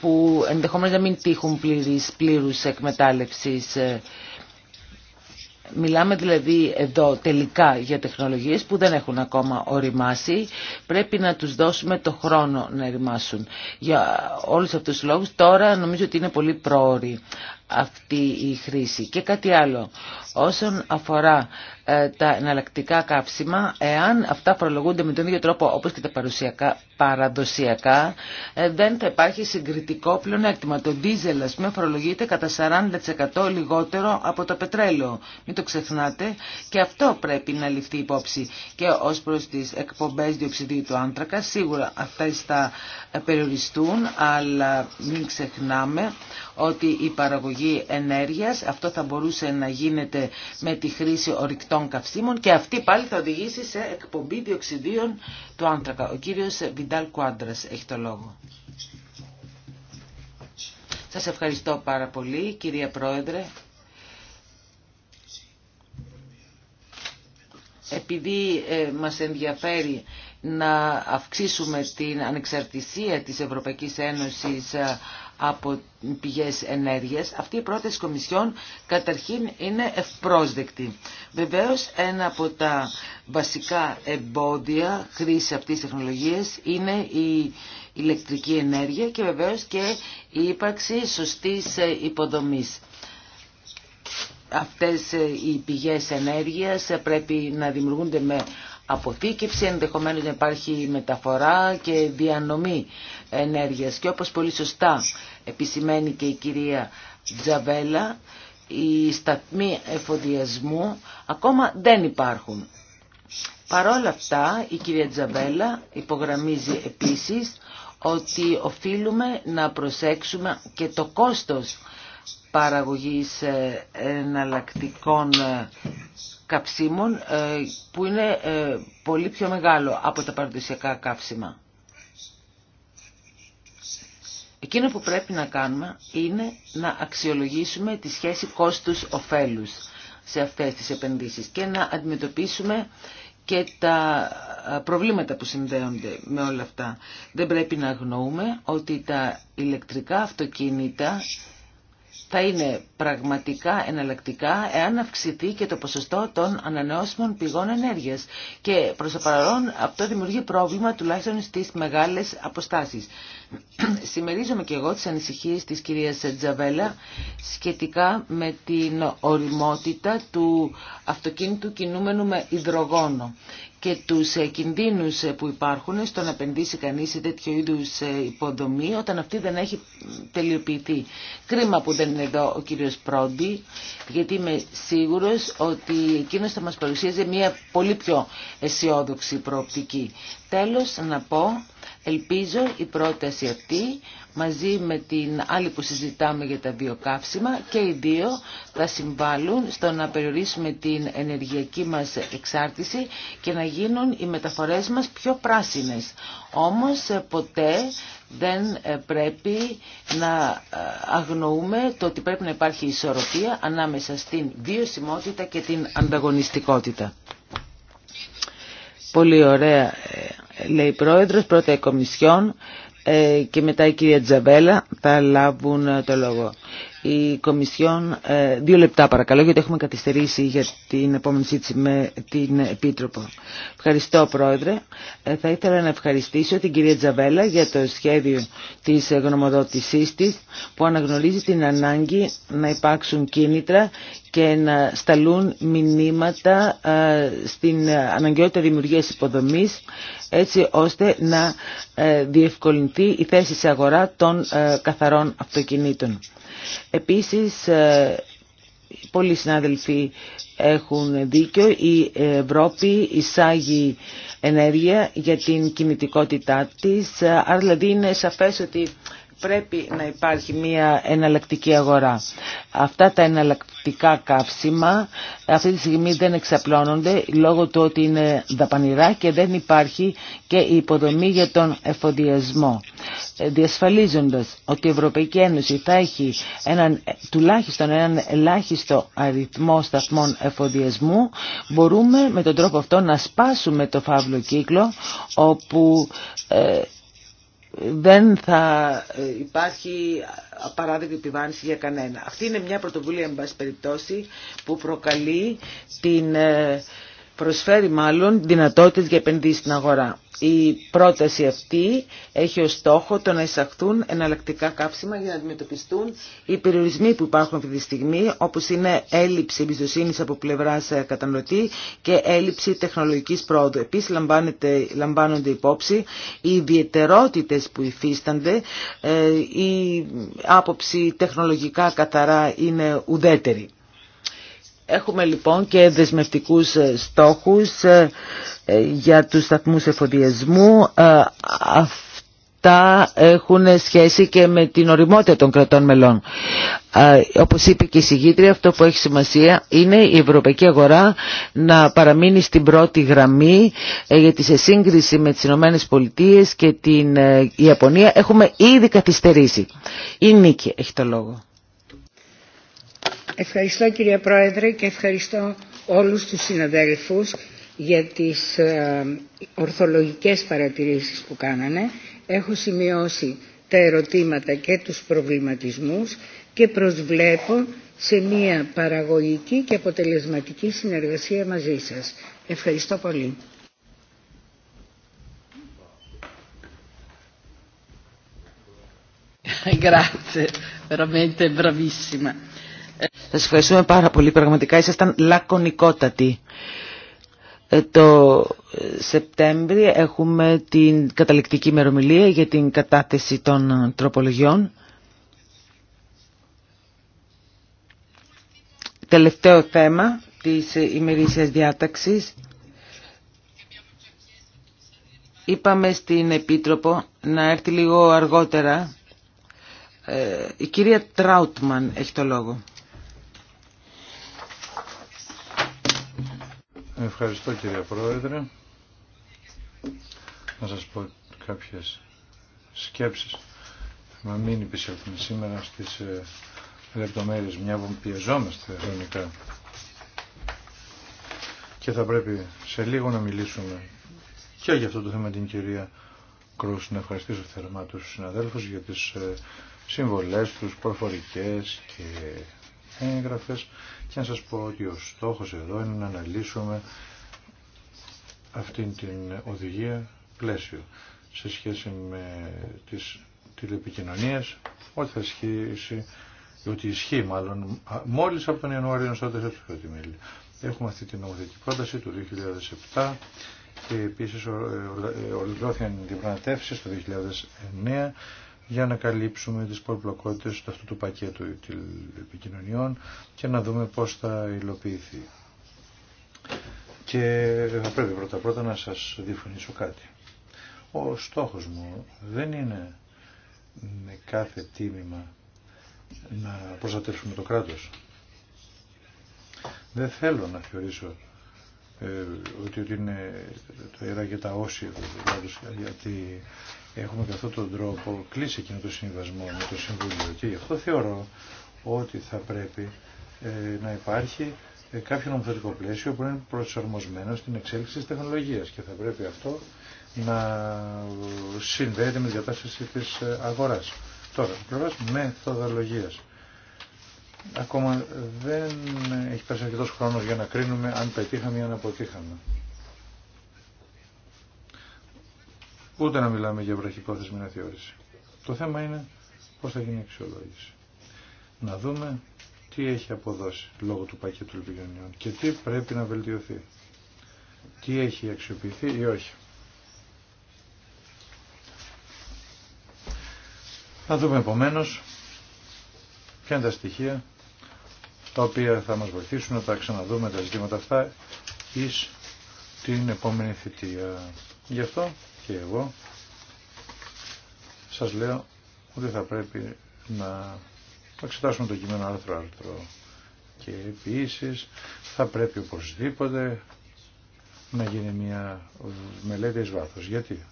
που ενδεχομένως να μην τύχουν πλήρους εκμετάλλευσης. Μιλάμε δηλαδή εδώ τελικά για τεχνολογίες που δεν έχουν ακόμα οριμάσει. Πρέπει να τους δώσουμε το χρόνο να οριμάσουν. Για όλους αυτούς τους λόγους τώρα νομίζω ότι είναι πολύ πρόωροι αυτή η χρήση. Και κάτι άλλο, όσον αφορά ε, τα εναλλακτικά καύσιμα, εάν αυτά φορολογούνται με τον ίδιο τρόπο όπως και τα παρουσιακά, παραδοσιακά, ε, δεν θα υπάρχει συγκριτικό πλεονέκτημα. Το δίζελ, ας πούμε, φορολογείται κατά 40% λιγότερο από το πετρέλαιο. Μην το ξεχνάτε. Και αυτό πρέπει να ληφθεί υπόψη. Και ως προς τις εκπομπές διοξιδίου του άνθρακα, σίγουρα αυτά θα ε, περιοριστούν, αλλά μην ξεχνάμε ότι η παραγωγή ενέργειας, αυτό θα μπορούσε να γίνεται με τη χρήση ορυκτών καυσίμων και αυτή πάλι θα οδηγήσει σε εκπομπή διοξιδίων του άνθρακα. Ο κύριος Βιντάλ Κουάντρας έχει το λόγο. Σας ευχαριστώ πάρα πολύ κυρία Πρόεδρε. Επειδή ε, μας ενδιαφέρει να αυξήσουμε την ανεξαρτησία της Ευρωπαϊκής Ένωσης ε, από πηγές ενέργειας, αυτή η πρόταση Κομισιόν καταρχήν είναι ευπρόσδεκτη. Βεβαίως ένα από τα βασικά εμπόδια χρήση αυτής της τεχνολογίας είναι η ηλεκτρική ενέργεια και βεβαίως και η ύπαρξη σωστής υποδομής αυτές οι πηγές ενέργειας πρέπει να δημιουργούνται με αποθήκευση, ενδεχομένως να υπάρχει μεταφορά και διανομή ενέργειας. Και όπως πολύ σωστά επισημαίνει και η κυρία Τζαβέλα, οι σταθμοί εφοδιασμού ακόμα δεν υπάρχουν. Παρόλα αυτά, η κυρία Τζαβέλα υπογραμμίζει επίσης ότι οφείλουμε να προσέξουμε και το κόστος παραγωγής ε, εναλλακτικών ε, καψίμων ε, που είναι πολύ πιο μεγάλο από τα παραδοσιακά καύσιμα. Εκείνο που πρέπει να κάνουμε είναι να αξιολογήσουμε τη σχέση κόστους-οφέλους σε αυτές τις επενδύσεις και να αντιμετωπίσουμε και τα προβλήματα που συνδέονται με όλα αυτά. Δεν πρέπει να αγνοούμε ότι τα ηλεκτρικά αυτοκίνητα θα είναι πραγματικά εναλλακτικά εάν αυξηθεί και το ποσοστό των ανανεώσιμων πηγών ενέργειας. Και προς το παρόν αυτό δημιουργεί πρόβλημα τουλάχιστον στις μεγάλες αποστάσεις. Σημερίζομαι και εγώ τις ανησυχίες της κυρίας Τζαβέλα σχετικά με την οριμότητα του αυτοκίνητου κινούμενου με υδρογόνο και τους ε, κινδύνους ε, που υπάρχουν στο να επενδύσει κανείς σε τέτοιο είδους ε, υποδομή όταν αυτή δεν έχει τελειοποιηθεί. Κρίμα που δεν είναι εδώ ο κύριος Πρόντι γιατί είμαι σίγουρος ότι εκείνος θα μας παρουσίαζε μια πολύ πιο αισιόδοξη προοπτική. Τέλος να πω Ελπίζω η πρόταση αυτή μαζί με την άλλη που συζητάμε για τα βιοκαύσιμα και οι δύο θα συμβάλλουν στο να περιορίσουμε την ενεργειακή μας εξάρτηση και να γίνουν οι μεταφορές μας πιο πράσινες. Όμως ε, ποτέ δεν ε, πρέπει να ε, αγνοούμε το ότι πρέπει να υπάρχει ισορροπία ανάμεσα στην βιωσιμότητα και την ανταγωνιστικότητα. Πολύ ωραία λέει πρόεδρος, πρώτα η Κομισιόν ε, και μετά η κυρία Τζαβέλα θα λάβουν ε, το λόγο η Κομισιόν, ε, δύο λεπτά παρακαλώ, γιατί έχουμε καθυστερήσει για την επόμενη σύντηση με την Επίτροπο. Ευχαριστώ, Πρόεδρε. Ε, θα ήθελα να ευχαριστήσω την κυρία Τζαβέλα για το σχέδιο της γνωμοδότησής της, που αναγνωρίζει την ανάγκη να υπάρξουν κίνητρα και να σταλούν μηνύματα ε, στην αναγκαιότητα δημιουργίας υποδομής έτσι ώστε να διευκολυνθεί η θέση σε αγορά των καθαρών αυτοκινήτων. Επίσης, ε, πολλοί συνάδελφοι έχουν δίκιο, η Ευρώπη εισάγει ενέργεια για την κινητικότητά της, άρα δηλαδή είναι σαφές ότι πρέπει να υπάρχει μια εναλλακτική αγορά. Αυτά τα εναλλακτικά καύσιμα αυτή τη στιγμή δεν εξαπλώνονται λόγω του ότι είναι δαπανηρά και δεν υπάρχει και η υποδομή για τον εφοδιασμό. Ε, διασφαλίζοντας ότι η Ευρωπαϊκή Ένωση θα έχει έναν, τουλάχιστον έναν ελάχιστο αριθμό σταθμών εφοδιασμού μπορούμε με τον τρόπο αυτό να σπάσουμε το φαύλο κύκλο όπου ε, δεν θα ε, υπάρχει απαράδεκτη επιβάρυνση για κανένα. Αυτή είναι μια πρωτοβουλία, εν πάση περιπτώσει, που προκαλεί την ε, προσφέρει μάλλον δυνατότητες για επενδύσεις στην αγορά. Η πρόταση αυτή έχει ως στόχο το να εισαχθούν εναλλακτικά κάψιμα για να αντιμετωπιστούν οι περιορισμοί που υπάρχουν αυτή τη στιγμή, όπως είναι έλλειψη εμπιστοσύνη από πλευράς ε, κατανοητή και έλλειψη τεχνολογικής πρόοδου. Επίσης λαμβάνονται υπόψη οι ιδιαιτερότητες που υφίστανται, ε, η άποψη τεχνολογικά καθαρά είναι ουδέτερη. Έχουμε λοιπόν και δεσμευτικούς ε, στόχους ε, ε, για τους σταθμούς εφοδιασμού. Αυτά έχουν σχέση και με την οριμότητα των κρατών μελών. Όπως είπε και η συγγήτρια, αυτό που έχει σημασία είναι η ευρωπαϊκή αγορά να παραμείνει στην πρώτη γραμμή γιατί σε σύγκριση με τις Ηνωμένες και την Ιαπωνία έχουμε ήδη καθυστερήσει. Η Νίκη έχει το λόγο. Ευχαριστώ κυρία Πρόεδρε και ευχαριστώ όλους τους συναδέλφους για τις ε, ορθολογικές παρατηρήσεις που κάνανε. Έχω σημειώσει τα ερωτήματα και τους προβληματισμούς και προσβλέπω σε μια παραγωγική και αποτελεσματική συνεργασία μαζί σας. Ευχαριστώ πολύ. Grazie, veramente bravissima. Σα ευχαριστούμε πάρα πολύ. Πραγματικά ήσασταν λακωνικότατοι. Ε, το ε, Σεπτέμβρη έχουμε την καταληκτική ημερομιλία για την κατάθεση των ε, τροπολογιών. Τελευταίο θέμα της ημερήσιας διάταξης. Είπαμε στην Επίτροπο να έρθει λίγο αργότερα. Η κυρία Τράουτμαν έχει το λόγο. Ευχαριστώ κύριε Πρόεδρε. Να σας πω κάποιες σκέψεις. Να μην επισέλθουμε σήμερα στις ε, λεπτομέρειες μια που πιεζόμαστε χρονικά. Και θα πρέπει σε λίγο να μιλήσουμε και για αυτό το θέμα την κυρία Κρούς. Να ευχαριστήσω θερμά τους συναδέλφους για τις ε, συμβολές τους, προφορικές και έγγραφες και να σας πω ότι ο στόχος εδώ είναι να αναλύσουμε αυτήν την οδηγία πλαίσιο σε σχέση με τις τηλεπικοινωνίες, ότι θα ισχύσει, ότι ισχύει μάλλον μόλις από τον Ιανουάριο στο τέσσερα του κρατημέλη. Έχουμε αυτή την νομοθετική πρόταση του 2007 και επίσης ε, ε, ολοκληρώθηκαν διαπραγματεύσει το 2009 για να καλύψουμε τις πολυπλοκότητες του αυτού του πακέτου επικοινωνιών και να δούμε πώς θα υλοποιηθεί. Και θα πρέπει πρώτα πρώτα να σας διφωνήσω κάτι. Ο στόχος μου δεν είναι με κάθε τίμημα να προστατεύσουμε το κράτος. Δεν θέλω να θεωρήσω ε, ότι, είναι το ιερά και τα όσια δηλαδή, γιατί έχουμε και αυτόν τον τρόπο κλείσει εκείνο το συμβασμό με το Συμβούλιο και γι' αυτό θεωρώ ότι θα πρέπει ε, να υπάρχει ε, κάποιο νομοθετικό πλαίσιο που είναι προσαρμοσμένο στην εξέλιξη της τεχνολογίας και θα πρέπει αυτό να ε, συνδέεται με την κατάσταση της αγοράς. Τώρα, πλευράς μεθοδολογίας. Ακόμα δεν έχει περάσει αρκετός χρόνος για να κρίνουμε αν πετύχαμε ή αν αποτύχαμε. ούτε να μιλάμε για βραχυπρόθεσμη αναθεώρηση. Το θέμα είναι πώς θα γίνει η αξιολόγηση. Να δούμε τι έχει αποδώσει λόγω του πακέτου επικοινωνιών και τι πρέπει να βελτιωθεί. Τι έχει αξιοποιηθεί ή όχι. Θα δούμε επομένω ποια είναι τα στοιχεία τα οποία θα μας βοηθήσουν να τα ξαναδούμε τα ζητήματα αυτά εις την επόμενη θητεία. Γι' αυτό και εγώ σας λέω ότι θα πρέπει να εξετάσουμε το κείμενο άρθρο-άρθρο και επίσης θα πρέπει οπωσδήποτε να γίνει μια μελέτη εις βάθος. Γιατί?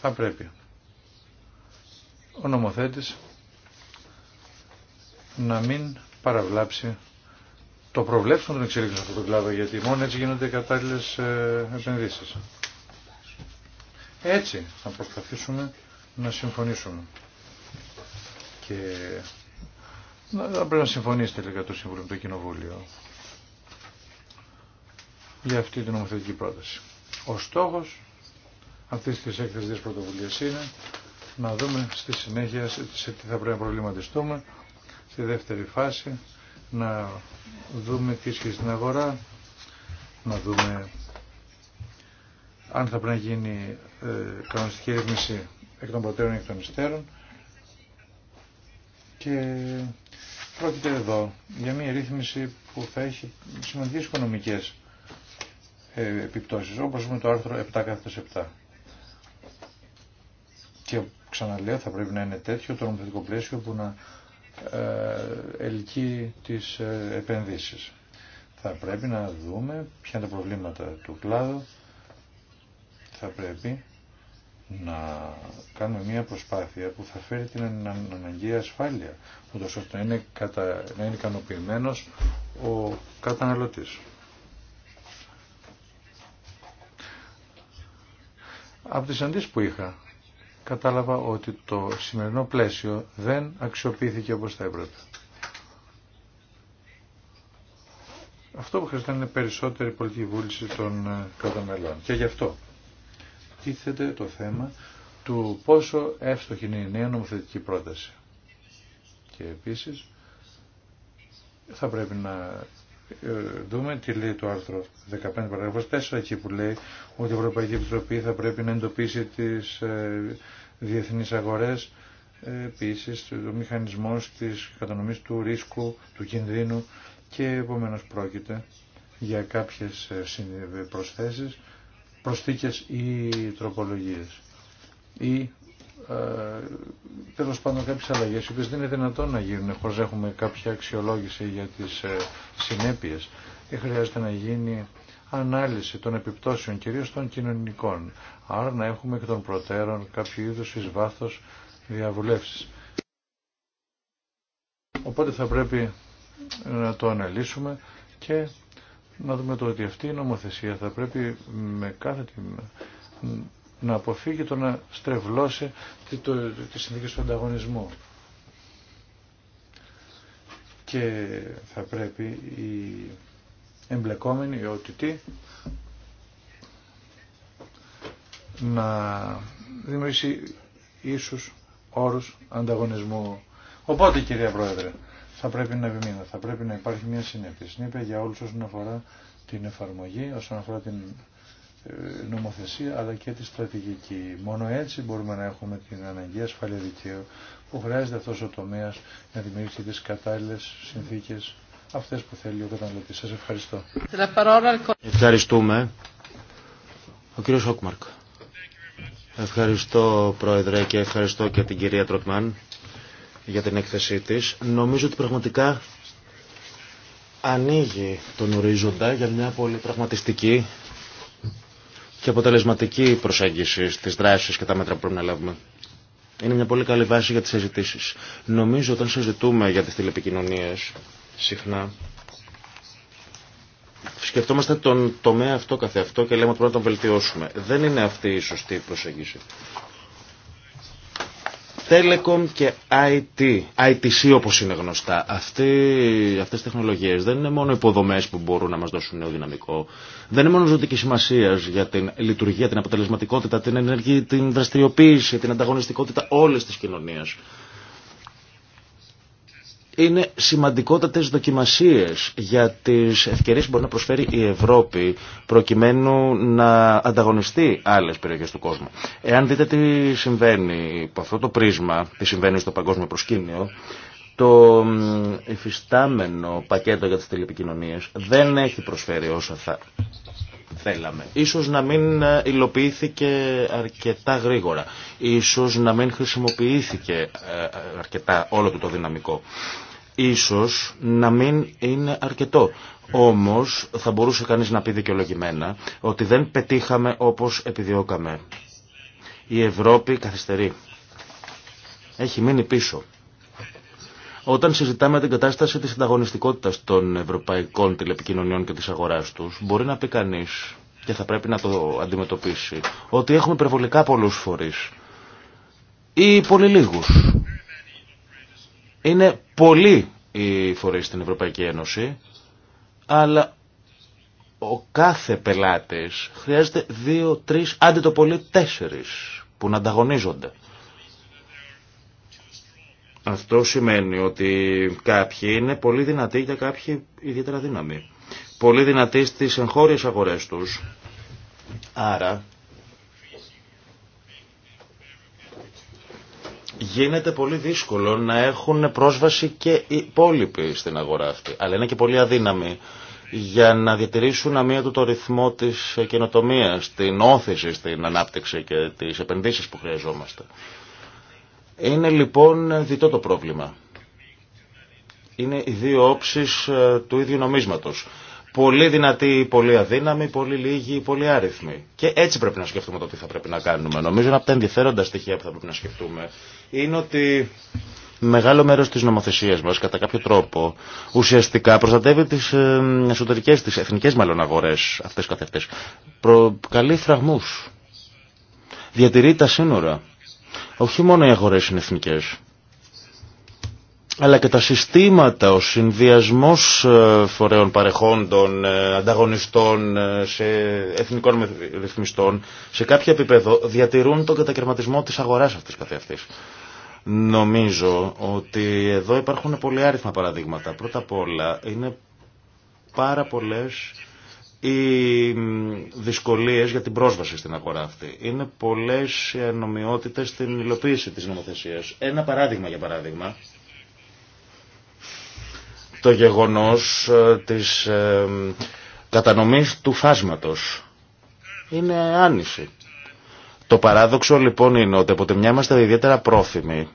Θα πρέπει ο νομοθέτης να μην παραβλάψει το προβλέψουμε τον εξελίξουμε σε αυτόν τον κλάδο, γιατί μόνο έτσι γίνονται κατάλληλε επενδύσει. Έτσι θα προσπαθήσουμε να συμφωνήσουμε. Και να, πρέπει να συμφωνήσει τελικά το Συμβούλιο με το Κοινοβούλιο για αυτή την νομοθετική πρόταση. Ο στόχος αυτής της έκθεσης της πρωτοβουλίας είναι να δούμε στη συνέχεια σε τι θα πρέπει να προβληματιστούμε στη δεύτερη φάση να δούμε τι ισχύει στην αγορά, να δούμε αν θα πρέπει να γίνει ε, κανονιστική ρύθμιση εκ των προτέρων ή εκ των υστέρων και πρόκειται εδώ για μια ρύθμιση που θα έχει σημαντικές οικονομικές ε, επιπτώσεις όπως με το άρθρο 7 7. Και ξαναλέω θα πρέπει να είναι τέτοιο το νομοθετικό πλαίσιο που να ε, ελκύει τις ε, επενδύσεις. Θα πρέπει να δούμε ποια είναι τα προβλήματα του κλάδου. Θα πρέπει να κάνουμε μια προσπάθεια που θα φέρει την αναγκαία ασφάλεια, ούτως ώστε να είναι, κατα... να είναι ικανοποιημένος ο καταναλωτής. Από τις αντίσεις που είχα κατάλαβα ότι το σημερινό πλαίσιο δεν αξιοποιήθηκε όπως θα έπρεπε. Αυτό που χρειάζεται είναι περισσότερη πολιτική βούληση των ε, καταμελών. Και γι' αυτό τίθεται το θέμα του πόσο εύστοχη είναι η νέα νομοθετική πρόταση. Και επίσης θα πρέπει να ε, δούμε τι λέει το άρθρο 15 παραγραφός 4 εκεί που λέει ότι η Ευρωπαϊκή Επιτροπή θα πρέπει να εντοπίσει τις ε, διεθνείς αγορές ε, επίσης το μηχανισμός της κατανομής του ρίσκου, του κινδύνου και επομένως πρόκειται για κάποιες προσθέσεις, προσθήκες ή τροπολογίες ή ε, τέλος πάντων κάποιες αλλαγές οι οποίες δεν είναι δυνατόν να γίνουν χωρίς έχουμε κάποια αξιολόγηση για τις ε, συνέπειες ε, χρειάζεται να γίνει ανάλυση των επιπτώσεων κυρίως των κοινωνικών άρα να έχουμε και των προτέρων κάποιο είδους εις βάθος διαβουλεύσεις οπότε θα πρέπει να το αναλύσουμε και να δούμε το ότι αυτή η νομοθεσία θα πρέπει με κάθε να αποφύγει το να στρεβλώσει τη συνθήκη του ανταγωνισμού. Και θα πρέπει η εμπλεκόμενη οι οτιτοί, να δημιουργήσει ίσους όρους ανταγωνισμού. Οπότε κυρία Πρόεδρε, θα πρέπει να επιμείνω, θα πρέπει να υπάρχει μια συνέπεια. Συνέπεια για όλους όσον αφορά την εφαρμογή, όσον αφορά την νομοθεσία αλλά και τη στρατηγική. Μόνο έτσι μπορούμε να έχουμε την αναγκαία ασφάλεια δικαίου που χρειάζεται αυτό ο τομέα να δημιουργήσει τι κατάλληλε συνθήκε αυτέ που θέλει ο καταναλωτή. Σα ευχαριστώ. Ευχαριστούμε. Ο κύριος Χόκμαρκ. Ευχαριστώ Πρόεδρε και ευχαριστώ και την κυρία Τροτμάν για την έκθεσή της. Νομίζω ότι πραγματικά ανοίγει τον ορίζοντα για μια πολύ πραγματιστική και αποτελεσματική προσέγγιση στις δράσεις και τα μέτρα που πρέπει να λάβουμε. Είναι μια πολύ καλή βάση για τις συζητήσει. Νομίζω όταν συζητούμε για τις τηλεπικοινωνίες συχνά σκεφτόμαστε τον τομέα αυτό καθεαυτό και λέμε ότι πρέπει να τον βελτιώσουμε. Δεν είναι αυτή η σωστή προσέγγιση. Telecom και IT, ITC όπως είναι γνωστά. Αυτή, αυτές οι τεχνολογίες δεν είναι μόνο υποδομές που μπορούν να μας δώσουν νέο δυναμικό, δεν είναι μόνο ζωτική σημασία για την λειτουργία, την αποτελεσματικότητα, την ενεργή, την δραστηριοποίηση, την ανταγωνιστικότητα όλες τις κοινωνίες είναι σημαντικότατες δοκιμασίες για τις ευκαιρίες που μπορεί να προσφέρει η Ευρώπη προκειμένου να ανταγωνιστεί άλλες περιοχές του κόσμου. Εάν δείτε τι συμβαίνει από αυτό το πρίσμα, τι συμβαίνει στο παγκόσμιο προσκήνιο, το εφιστάμενο πακέτο για τις τηλεπικοινωνίες δεν έχει προσφέρει όσα θα θέλαμε. Ίσως να μην υλοποιήθηκε αρκετά γρήγορα. Ίσως να μην χρησιμοποιήθηκε ε, αρκετά όλο του το δυναμικό ίσως να μην είναι αρκετό. Όμως θα μπορούσε κανείς να πει δικαιολογημένα ότι δεν πετύχαμε όπως επιδιώκαμε. Η Ευρώπη καθυστερεί. Έχει μείνει πίσω. Όταν συζητάμε την κατάσταση της ανταγωνιστικότητας των ευρωπαϊκών τηλεπικοινωνιών και της αγοράς τους, μπορεί να πει κανείς, και θα πρέπει να το αντιμετωπίσει, ότι έχουμε υπερβολικά πολλούς φορείς ή πολύ λίγους είναι πολλοί οι φορείς στην Ευρωπαϊκή Ένωση, αλλά ο κάθε πελάτης χρειάζεται δύο, τρεις, άντε το πολύ τέσσερις που να ανταγωνίζονται. Αυτό σημαίνει ότι κάποιοι είναι πολύ δυνατοί και κάποιοι ιδιαίτερα δύναμοι. Πολύ δυνατοί στις εγχώριες αγορές τους. Άρα γίνεται πολύ δύσκολο να έχουν πρόσβαση και οι υπόλοιποι στην αγορά αυτή. Αλλά είναι και πολύ αδύναμοι για να διατηρήσουν αμύωτο το ρυθμό της καινοτομία, την όθηση στην ανάπτυξη και τις επενδύσεις που χρειαζόμαστε. Είναι λοιπόν διτό το πρόβλημα. Είναι οι δύο όψεις ε, του ίδιου νομίσματος. Πολύ δυνατή, πολύ αδύναμη, πολύ λίγη, πολύ άριθμη. Και έτσι πρέπει να σκεφτούμε το τι θα πρέπει να κάνουμε. Νομίζω ένα από τα ενδιαφέροντα στοιχεία που θα πρέπει να σκεφτούμε είναι ότι μεγάλο μέρος της νομοθεσίας μας κατά κάποιο τρόπο ουσιαστικά προστατεύει τις ε, εσωτερικές, τις εθνικές μάλλον αγορές αυτές καθ' Προκαλεί φραγμούς. Διατηρεί τα σύνορα. Όχι μόνο οι αγορές είναι εθνικές αλλά και τα συστήματα, ο συνδυασμός ε, φορέων παρεχόντων, ε, ανταγωνιστών, ε, σε εθνικών ρυθμιστών, σε κάποιο επίπεδο διατηρούν τον κατακαιρματισμό της αγοράς αυτής αυτής. Νομίζω ότι εδώ υπάρχουν πολλοί άριθμα παραδείγματα. Πρώτα απ' όλα είναι πάρα πολλές οι δυσκολίες για την πρόσβαση στην αγορά αυτή. Είναι πολλές οι στην υλοποίηση της νομοθεσίας. Ένα παράδειγμα για παράδειγμα το γεγονός ε, της ε, κατανομής του φάσματος. Είναι άνηση. Το παράδοξο λοιπόν είναι ότι από τη μια είμαστε ιδιαίτερα πρόθυμοι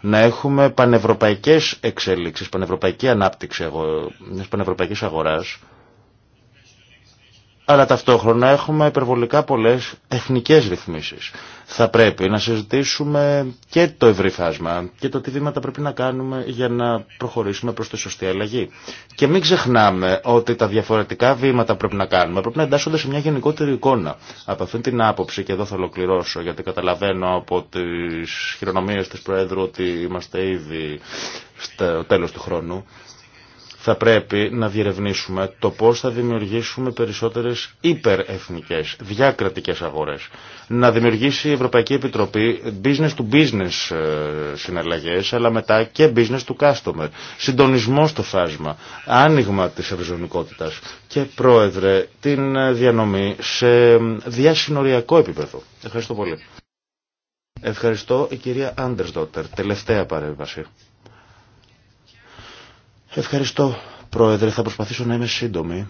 να έχουμε πανευρωπαϊκές εξελίξεις, πανευρωπαϊκή ανάπτυξη μιας πανευρωπαϊκής αγοράς, αλλά ταυτόχρονα έχουμε υπερβολικά πολλές εθνικές ρυθμίσεις. Θα πρέπει να συζητήσουμε και το ευρύ φάσμα και το τι βήματα πρέπει να κάνουμε για να προχωρήσουμε προς τη σωστή αλλαγή. Και μην ξεχνάμε ότι τα διαφορετικά βήματα πρέπει να κάνουμε πρέπει να εντάσσονται σε μια γενικότερη εικόνα. Από αυτή την άποψη, και εδώ θα ολοκληρώσω γιατί καταλαβαίνω από τις χειρονομίες της Προέδρου ότι είμαστε ήδη στο τέλος του χρόνου, θα πρέπει να διερευνήσουμε το πώς θα δημιουργήσουμε περισσότερες υπερεθνικές, διακρατικές αγορές. Να δημιουργήσει η Ευρωπαϊκή Επιτροπή business to business ε, συναλλαγές, αλλά μετά και business to customer. Συντονισμό στο φάσμα, άνοιγμα της ευρυζωνικότητας και πρόεδρε την διανομή σε διασυνοριακό επίπεδο. Ευχαριστώ πολύ. Ευχαριστώ η κυρία Άντερς Δότερ, τελευταία παρέμβαση. Ευχαριστώ, Πρόεδρε. Θα προσπαθήσω να είμαι σύντομη.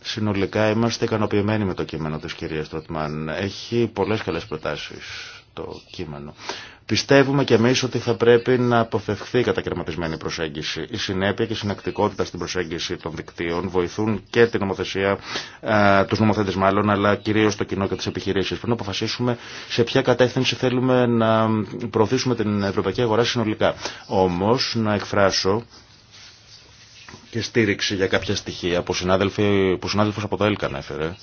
Συνολικά είμαστε ικανοποιημένοι με το κείμενο της κυρίας Τροτμάν. Έχει πολλές καλές προτάσεις το κείμενο. Πιστεύουμε και εμεί ότι θα πρέπει να αποφευχθεί η κατακαιρματισμένη προσέγγιση. Η συνέπεια και η συνακτικότητα στην προσέγγιση των δικτύων βοηθούν και την νομοθεσία, του νομοθέτε μάλλον, αλλά κυρίω το κοινό και τι επιχειρήσει. Πρέπει να αποφασίσουμε σε ποια κατεύθυνση θέλουμε να προωθήσουμε την ευρωπαϊκή αγορά συνολικά. Όμω, να εκφράσω και στήριξη για κάποια στοιχεία που, ο συνάδελφο από το ΕΛΚΑ ανέφερε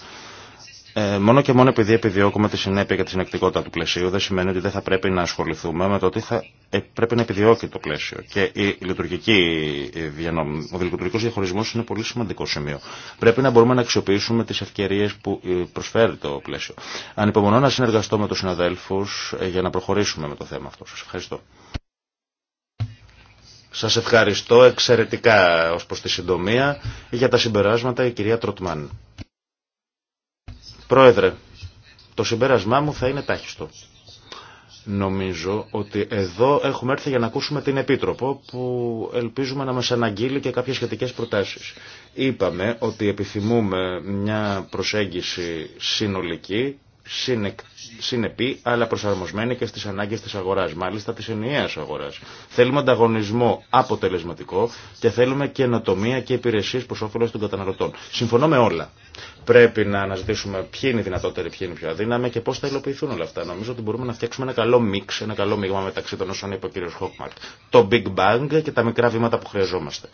ε, μόνο και μόνο επειδή επιδιώκουμε τη συνέπεια και τη συνεκτικότητα του πλαισίου, δεν σημαίνει ότι δεν θα πρέπει να ασχοληθούμε με το ότι θα ε, πρέπει να επιδιώκει το πλαίσιο. Και η λειτουργική, ο λειτουργικό διαχωρισμό είναι πολύ σημαντικό σημείο. Πρέπει να μπορούμε να αξιοποιήσουμε τι ευκαιρίε που ε, προσφέρει το πλαίσιο. Ανυπομονώ να συνεργαστώ με του συναδέλφου για να προχωρήσουμε με το θέμα αυτό. Σα ευχαριστώ. Σα ευχαριστώ εξαιρετικά ω προ τη συντομία για τα συμπεράσματα η κυρία Τροτμάν. Πρόεδρε, το συμπέρασμά μου θα είναι τάχιστο. Νομίζω ότι εδώ έχουμε έρθει για να ακούσουμε την Επίτροπο που ελπίζουμε να μας αναγγείλει και κάποιες σχετικές προτάσεις. Είπαμε ότι επιθυμούμε μια προσέγγιση συνολική, συνεπή, αλλά προσαρμοσμένη και στις ανάγκες της αγοράς, μάλιστα της ενιαίας αγοράς. Θέλουμε ανταγωνισμό αποτελεσματικό και θέλουμε καινοτομία και υπηρεσίες προς όφελος των καταναλωτών. Συμφωνώ με όλα πρέπει να αναζητήσουμε ποιοι είναι οι δυνατότεροι, ποιοι είναι οι πιο αδύναμοι και πώ θα υλοποιηθούν όλα αυτά. Νομίζω ότι μπορούμε να φτιάξουμε ένα καλό μίξ, ένα καλό μείγμα μεταξύ των όσων είπε ο κ. Χόκμαρτ. Το Big Bang και τα μικρά βήματα που χρειαζόμαστε.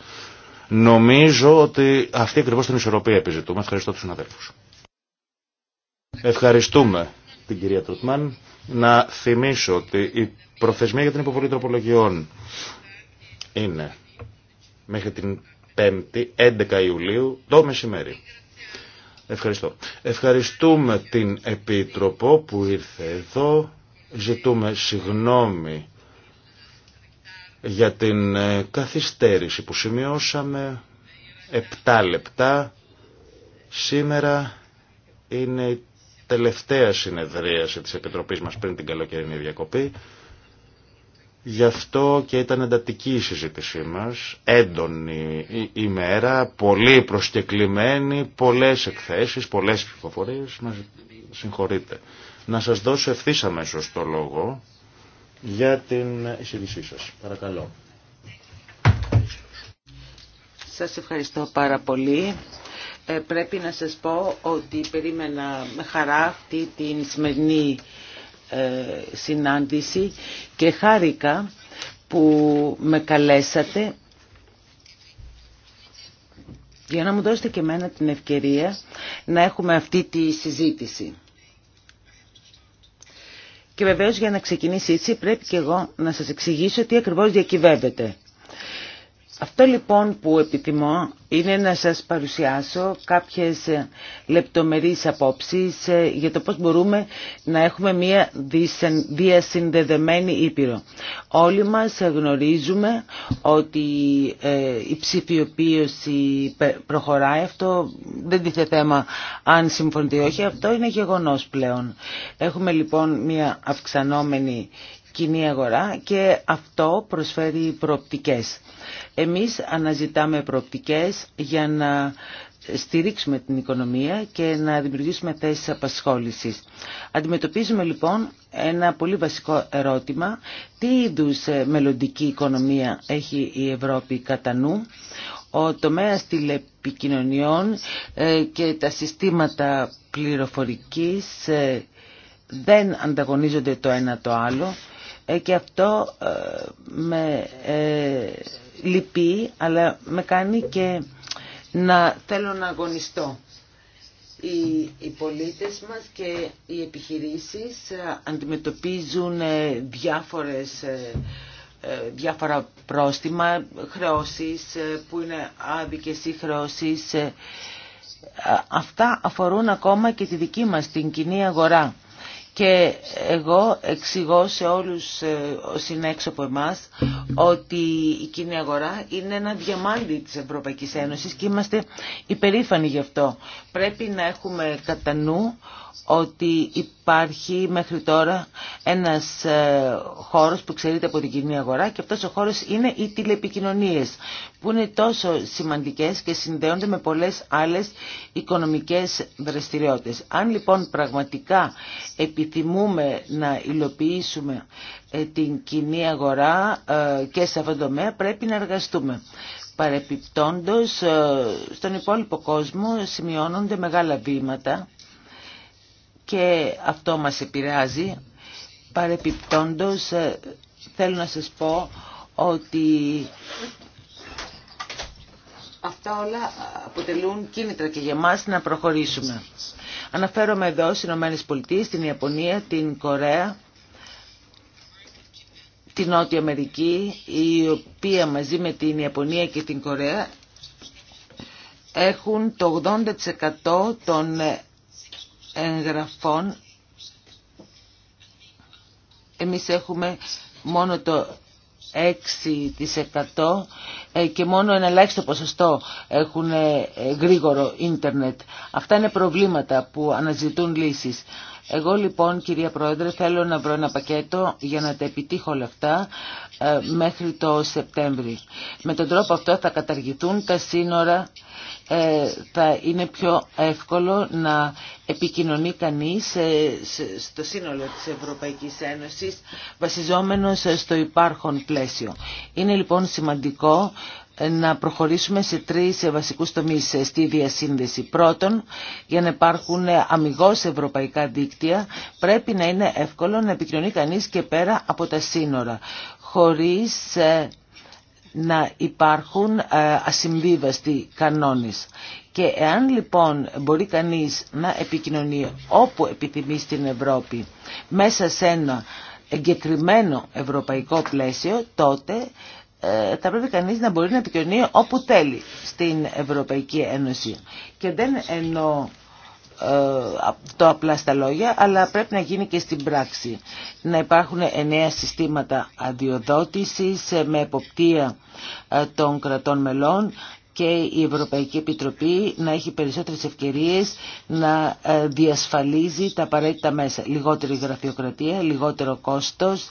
Νομίζω ότι αυτή ακριβώ την ισορροπία επιζητούμε. Ευχαριστώ του συναδέλφου. Ευχαριστούμε την κυρία Τρουτμάν. Να θυμίσω ότι η προθεσμία για την υποβολή τροπολογιών είναι μέχρι την 5η 11 Ιουλίου το μεσημέρι. Ευχαριστώ. Ευχαριστούμε την Επίτροπο που ήρθε εδώ. Ζητούμε συγνώμη για την ε, καθυστέρηση που σημειώσαμε. Επτά λεπτά. Σήμερα είναι η τελευταία συνεδρίαση της Επιτροπής μας πριν την καλοκαιρινή διακοπή. Γι' αυτό και ήταν εντατική η συζήτησή μας, έντονη η ημέρα, πολύ προσκεκλημένη, πολλές εκθέσεις, πολλές ψηφοφορίες, να συγχωρείτε. Να σας δώσω ευθύς αμέσως το λόγο για την εισηγησή σας. Παρακαλώ. Σας ευχαριστώ πάρα πολύ. Ε, πρέπει να σας πω ότι περίμενα με χαρά αυτή την σημερινή ε, συνάντηση και χάρηκα που με καλέσατε για να μου δώσετε και εμένα την ευκαιρία να έχουμε αυτή τη συζήτηση. Και βεβαίως για να ξεκινήσει έτσι πρέπει και εγώ να σας εξηγήσω τι ακριβώς διακυβεύεται. Αυτό λοιπόν που επιθυμώ είναι να σας παρουσιάσω κάποιες ε, λεπτομερείς απόψεις ε, για το πώς μπορούμε να έχουμε μια διασυνδεδεμένη Ήπειρο. Όλοι μας γνωρίζουμε ότι ε, η ψηφιοποίηση προχωράει. Αυτό δεν είναι θέμα αν συμφωνείτε όχι. Αυτό είναι γεγονός πλέον. Έχουμε λοιπόν μια αυξανόμενη κοινή αγορά και αυτό προσφέρει προοπτικές. Εμείς αναζητάμε προοπτικές για να στηρίξουμε την οικονομία και να δημιουργήσουμε θέσεις απασχόλησης. Αντιμετωπίζουμε λοιπόν ένα πολύ βασικό ερώτημα. Τι είδους ε, μελλοντική οικονομία έχει η Ευρώπη κατά νου. Ο τομέας τηλεπικοινωνιών ε, και τα συστήματα πληροφορικής ε, δεν ανταγωνίζονται το ένα το άλλο και αυτό με λυπεί, αλλά με κάνει και να θέλω να αγωνιστώ. Οι, οι πολίτες μας και οι επιχειρήσεις ε, αντιμετωπίζουν ε, διάφορες ε, διάφορα πρόστιμα, χρεώσεις που είναι άδικες ή χρεώσεις. Αυτά αφορούν ακόμα και τη δική μας, την κοινή αγορά. Και εγώ εξηγώ σε όλους ε, όσοι είναι έξω από εμάς ότι η κοινή αγορά είναι ένα διαμάντι της Ευρωπαϊκής Ένωσης και είμαστε υπερήφανοι γι' αυτό. Πρέπει να έχουμε κατά νου ότι υπάρχει μέχρι τώρα ένας ε, χώρος που ξέρετε από την κοινή αγορά και αυτός ο χώρος είναι οι τηλεπικοινωνίες που είναι τόσο σημαντικές και συνδέονται με πολλές άλλες οικονομικές δραστηριότητες. Αν λοιπόν πραγματικά επιθυμούμε να υλοποιήσουμε ε, την κοινή αγορά ε, και σε αυτόν τον τομέα πρέπει να εργαστούμε. Παρεπιπτόντως, στον υπόλοιπο κόσμο σημειώνονται μεγάλα βήματα και αυτό μας επηρεάζει. Παρεπιπτόντως ε, θέλω να σας πω ότι αυτά όλα αποτελούν κίνητρα και για μας να προχωρήσουμε. Αναφέρομαι εδώ στις Ηνωμένες Πολιτείες, την Ιαπωνία, την Κορέα, την Νότια Αμερική, η οποία μαζί με την Ιαπωνία και την Κορέα έχουν το 80% των εγγραφών εμείς έχουμε μόνο το 6% ε, και μόνο ένα ελάχιστο ποσοστό έχουν ε, γρήγορο ίντερνετ. Αυτά είναι προβλήματα που αναζητούν λύσεις. Εγώ λοιπόν κυρία Πρόεδρε θέλω να βρω ένα πακέτο για να τα επιτύχω όλα αυτά ε, μέχρι το Σεπτέμβρη. Με τον τρόπο αυτό θα καταργηθούν τα σύνορα, ε, θα είναι πιο εύκολο να επικοινωνεί κανείς ε, στο σύνολο της Ευρωπαϊκής Ένωσης βασιζόμενος στο υπάρχον πλαίσιο. Είναι λοιπόν σημαντικό να προχωρήσουμε σε τρεις βασικούς τομείς στη διασύνδεση. Πρώτον, για να υπάρχουν αμυγός ευρωπαϊκά δίκτυα, πρέπει να είναι εύκολο να επικοινωνεί κανείς και πέρα από τα σύνορα, χωρίς ε, να υπάρχουν ε, ασυμβίβαστοι κανόνες. Και εάν λοιπόν μπορεί κανείς να επικοινωνεί όπου επιθυμεί στην Ευρώπη, μέσα σε ένα εγκεκριμένο ευρωπαϊκό πλαίσιο, τότε ε, θα πρέπει κανείς να μπορεί να επικοινωνεί όπου θέλει στην Ευρωπαϊκή Ένωση. Και δεν εννοώ ε, το απλά στα λόγια, αλλά πρέπει να γίνει και στην πράξη. Να υπάρχουν εννέα συστήματα αδειοδότησης ε, με εποπτεία των κρατών μελών και η Ευρωπαϊκή Επιτροπή να έχει περισσότερες ευκαιρίες να διασφαλίζει τα απαραίτητα μέσα. Λιγότερη γραφειοκρατία, λιγότερο κόστος,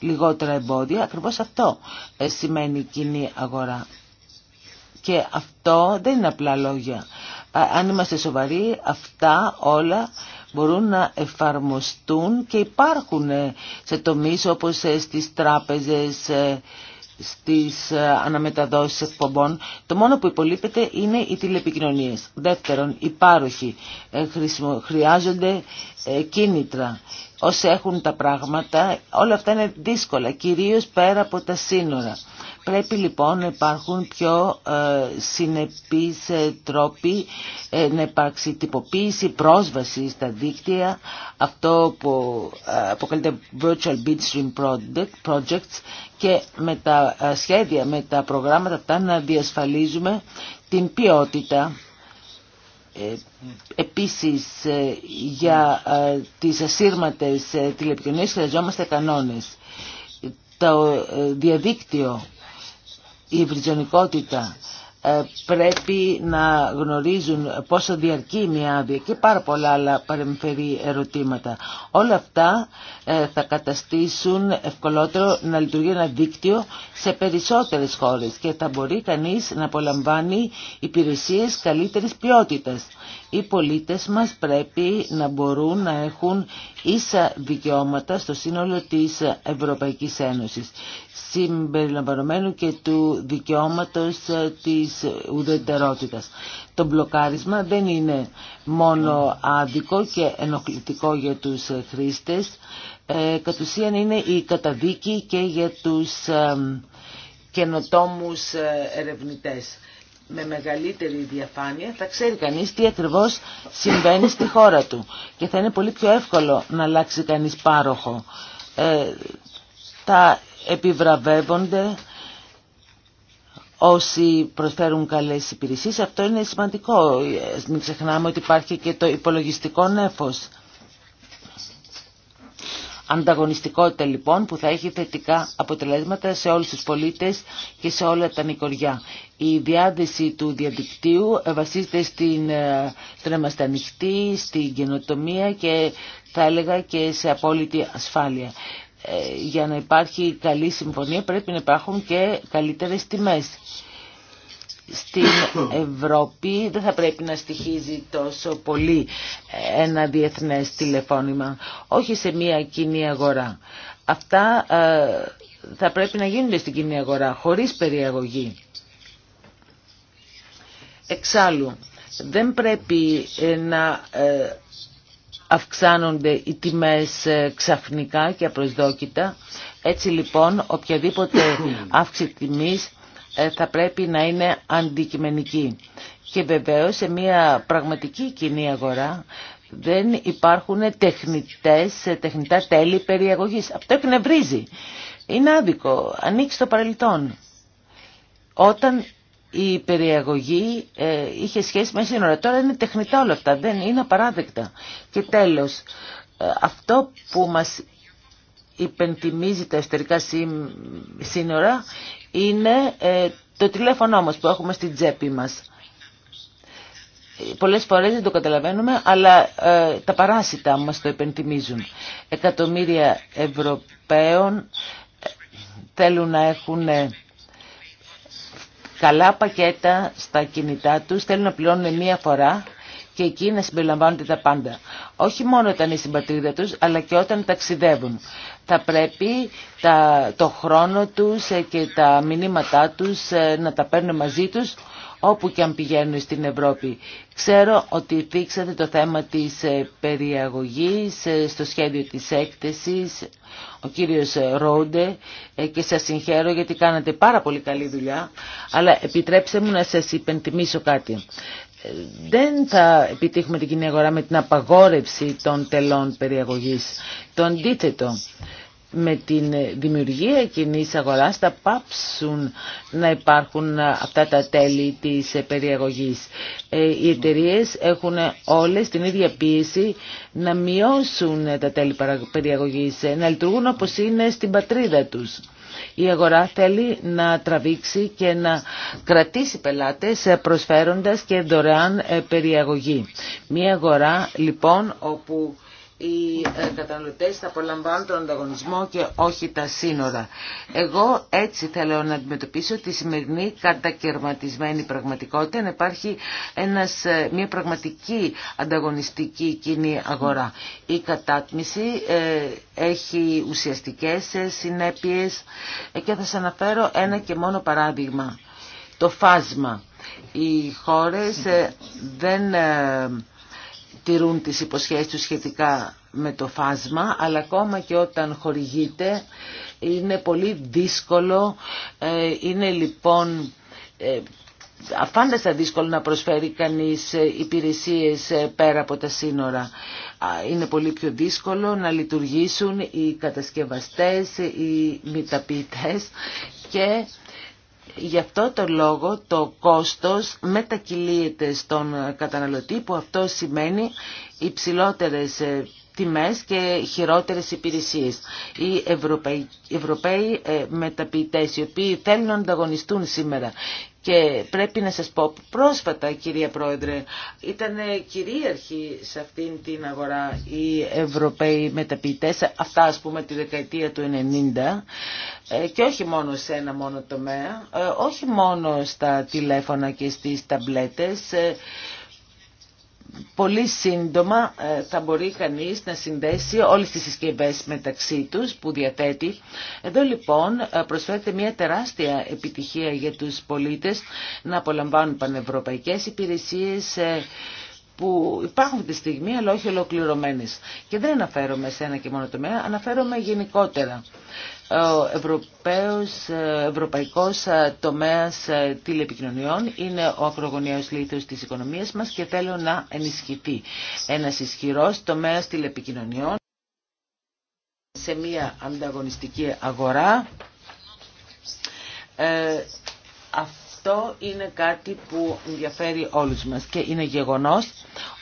λιγότερα εμπόδια, ακριβώς αυτό ε, σημαίνει κοινή αγορά. Και αυτό δεν είναι απλά λόγια. Αν είμαστε σοβαροί, αυτά όλα μπορούν να εφαρμοστούν και υπάρχουν ε, σε τομείς όπως ε, στις τράπεζες, στις ε, αναμεταδόσεις εκπομπών. Το μόνο που υπολείπεται είναι οι τηλεπικοινωνίες. Δεύτερον, οι πάροχοι ε, χρειάζονται ε, κίνητρα. Όσοι έχουν τα πράγματα, όλα αυτά είναι δύσκολα, κυρίως πέρα από τα σύνορα. Πρέπει λοιπόν να υπάρχουν πιο ε, συνεπείς ε, τρόποι ε, να υπάρξει τυποποίηση, πρόσβαση στα δίκτυα, αυτό που αποκαλείται Virtual Bitstream Projects και με τα σχέδια, με τα προγράμματα αυτά να διασφαλίζουμε την ποιότητα Επίσης για τις ασύρματες τηλεπικοινωνίες χρειαζόμαστε κανόνες. Το διαδίκτυο η ευρυζωνικότητα ε, πρέπει να γνωρίζουν πόσο διαρκεί μια άδεια και πάρα πολλά άλλα παρεμφερή ερωτήματα. Όλα αυτά ε, θα καταστήσουν ευκολότερο να λειτουργεί ένα δίκτυο σε περισσότερες χώρες και θα μπορεί κανείς να απολαμβάνει υπηρεσίες καλύτερης ποιότητας. Οι πολίτες μας πρέπει να μπορούν να έχουν ίσα δικαιώματα στο σύνολο της Ευρωπαϊκής Ένωσης συμπεριλαμβανομένου και του δικαιώματος ε, της ουδετερότητας. Το μπλοκάρισμα δεν είναι μόνο άδικο και ενοχλητικό για τους χρήστες, ε, κατ' ουσίαν είναι η καταδίκη και για τους ε, καινοτόμους ερευνητές. Με μεγαλύτερη διαφάνεια θα ξέρει κανείς τι ακριβώς συμβαίνει στη χώρα του και θα είναι πολύ πιο εύκολο να αλλάξει κανείς πάροχο. Ε, τα επιβραβεύονται όσοι προσφέρουν καλές υπηρεσίες. Αυτό είναι σημαντικό. Μην ξεχνάμε ότι υπάρχει και το υπολογιστικό νέφος. Ανταγωνιστικότητα λοιπόν που θα έχει θετικά αποτελέσματα σε όλους τους πολίτες και σε όλα τα νοικοριά. Η διάδεση του διαδικτύου ε, βασίζεται στην, ε, στο στα είμαστε στην καινοτομία και θα έλεγα και σε απόλυτη ασφάλεια. Ε, για να υπάρχει καλή συμφωνία πρέπει να υπάρχουν και καλύτερες τιμές. Στην Ευρώπη δεν θα πρέπει να στοιχίζει τόσο πολύ ένα διεθνές τηλεφώνημα, όχι σε μια κοινή αγορά. Αυτά ε, θα πρέπει να γίνονται στην κοινή αγορά, χωρίς περιαγωγή. Εξάλλου, δεν πρέπει ε, να αυξάνονται οι τιμές ε, ξαφνικά και απροσδόκητα. Έτσι λοιπόν οποιαδήποτε αύξηση τιμής ε, θα πρέπει να είναι αντικειμενική. Και βεβαίως σε μια πραγματική κοινή αγορά δεν υπάρχουν τεχνητές, ε, τεχνητά τέλη περιαγωγής. Αυτό εκνευρίζει. Είναι άδικο. Ανοίξει το παρελθόν. Όταν η περιαγωγή ε, είχε σχέση με σύνορα. Τώρα είναι τεχνητά όλα αυτά, δεν είναι απαράδεκτα. Και τέλος, ε, αυτό που μας υπενθυμίζει τα εσωτερικά σύνορα είναι ε, το τηλέφωνο μας που έχουμε στην τσέπη μας. Πολλές φορές δεν το καταλαβαίνουμε, αλλά τα παράσιτα μας το υπενθυμίζουν. Εκατομμύρια Ευρωπαίων θέλουν να έχουν καλά πακέτα στα κινητά τους θέλουν να πληρώνουν μία φορά και εκεί να συμπεριλαμβάνονται τα πάντα. Όχι μόνο όταν είναι στην πατρίδα τους, αλλά και όταν ταξιδεύουν. Θα πρέπει τα, το χρόνο τους ε, και τα μηνύματά τους ε, να τα παίρνουν μαζί τους όπου και αν πηγαίνουν στην Ευρώπη. Ξέρω ότι δείξατε το θέμα της ε, περιαγωγής ε, στο σχέδιο της έκθεσης, ο κύριος ε, Ρόντε, και σας συγχαίρω γιατί κάνατε πάρα πολύ καλή δουλειά, αλλά επιτρέψτε μου να σας υπενθυμίσω κάτι. Δεν θα επιτύχουμε την κοινή αγορά με την απαγόρευση των τελών περιαγωγής. Το αντίθετο, με την δημιουργία κοινή αγορά θα πάψουν να υπάρχουν αυτά τα τέλη της περιεγωγής. Ε, οι εταιρείε έχουν όλες την ίδια πίεση να μειώσουν τα τέλη περιεγωγής, να λειτουργούν όπως είναι στην πατρίδα τους. Η αγορά θέλει να τραβήξει και να κρατήσει πελάτες προσφέροντας και δωρεάν ε, περιαγωγή. Μια αγορά λοιπόν όπου οι ε, καταναλωτές θα απολαμβάνουν τον ανταγωνισμό και όχι τα σύνορα. Εγώ έτσι θέλω να αντιμετωπίσω τη σημερινή κατακαιρματισμένη πραγματικότητα, να υπάρχει ένας, ε, μια πραγματική ανταγωνιστική κοινή αγορά. Η κατάκμηση ε, έχει ουσιαστικές συνέπειες και θα σας αναφέρω ένα και μόνο παράδειγμα. Το φάσμα. Οι χώρες δεν τηρούν τις υποσχέσεις τους σχετικά με το φάσμα, αλλά ακόμα και όταν χορηγείται είναι πολύ δύσκολο, ε, είναι λοιπόν ε, αφάνταστα δύσκολο να προσφέρει κανείς ε, υπηρεσίες πέρα από τα σύνορα. Είναι πολύ πιο δύσκολο να λειτουργήσουν οι κατασκευαστές, οι μηταποιητές και Γι' αυτό το λόγο το κόστος μετακυλείται στον καταναλωτή που αυτό σημαίνει υψηλότερες ε, τιμές και χειρότερες υπηρεσίες. Οι Ευρωπαίοι, Ευρωπαίοι μεταποιητές οι οποίοι θέλουν να ανταγωνιστούν σήμερα και πρέπει να σας πω πρόσφατα κυρία Πρόεδρε ήταν ε, κυρίαρχοι σε αυτήν την αγορά οι Ευρωπαίοι μεταποιητές αυτά ας πούμε τη δεκαετία του 90 ε, και όχι μόνο σε ένα μόνο τομέα ε, όχι μόνο στα τηλέφωνα και στις ταμπλέτες πολύ σύντομα ε, θα μπορεί κανείς να συνδέσει όλες τις συσκευές μεταξύ τους που διαθέτει. Εδώ λοιπόν ε, προσφέρεται μια τεράστια επιτυχία για τους πολίτες να απολαμβάνουν πανευρωπαϊκές υπηρεσίες ε, που υπάρχουν τη στιγμή αλλά όχι ολοκληρωμένες. Και δεν αναφέρομαι σε ένα και μόνο τομέα, αναφέρομαι γενικότερα. Ο Ευρωπαίος, ε, ευρωπαϊκός ε, τομέας ε, τηλεπικοινωνιών είναι ο ακρογωνιαίος λίθος της οικονομίας μας και θέλω να ενισχυθεί. Ένας ισχυρός τομέας τηλεπικοινωνιών σε μια ανταγωνιστική αγορά. αυτό είναι κάτι που ενδιαφέρει όλους μας και είναι γεγονός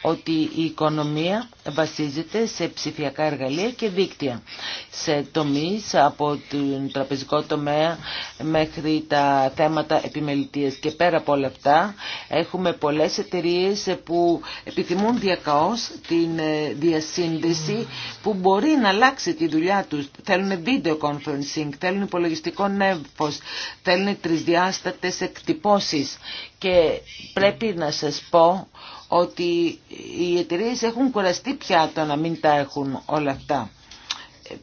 ότι η οικονομία βασίζεται σε ψηφιακά εργαλεία και δίκτυα. Σε τομείς από τον τραπεζικό τομέα μέχρι τα θέματα επιμελητίας και πέρα από όλα αυτά έχουμε πολλές εταιρείες που επιθυμούν διακαώς την ε, διασύνδεση που μπορεί να αλλάξει τη δουλειά τους. Θέλουν video conferencing, θέλουν υπολογιστικό νεύφος, θέλουν τρισδιάστατες εκτυπώσεις και πρέπει να σας πω ότι οι εταιρείε έχουν κουραστεί πια το να μην τα έχουν όλα αυτά.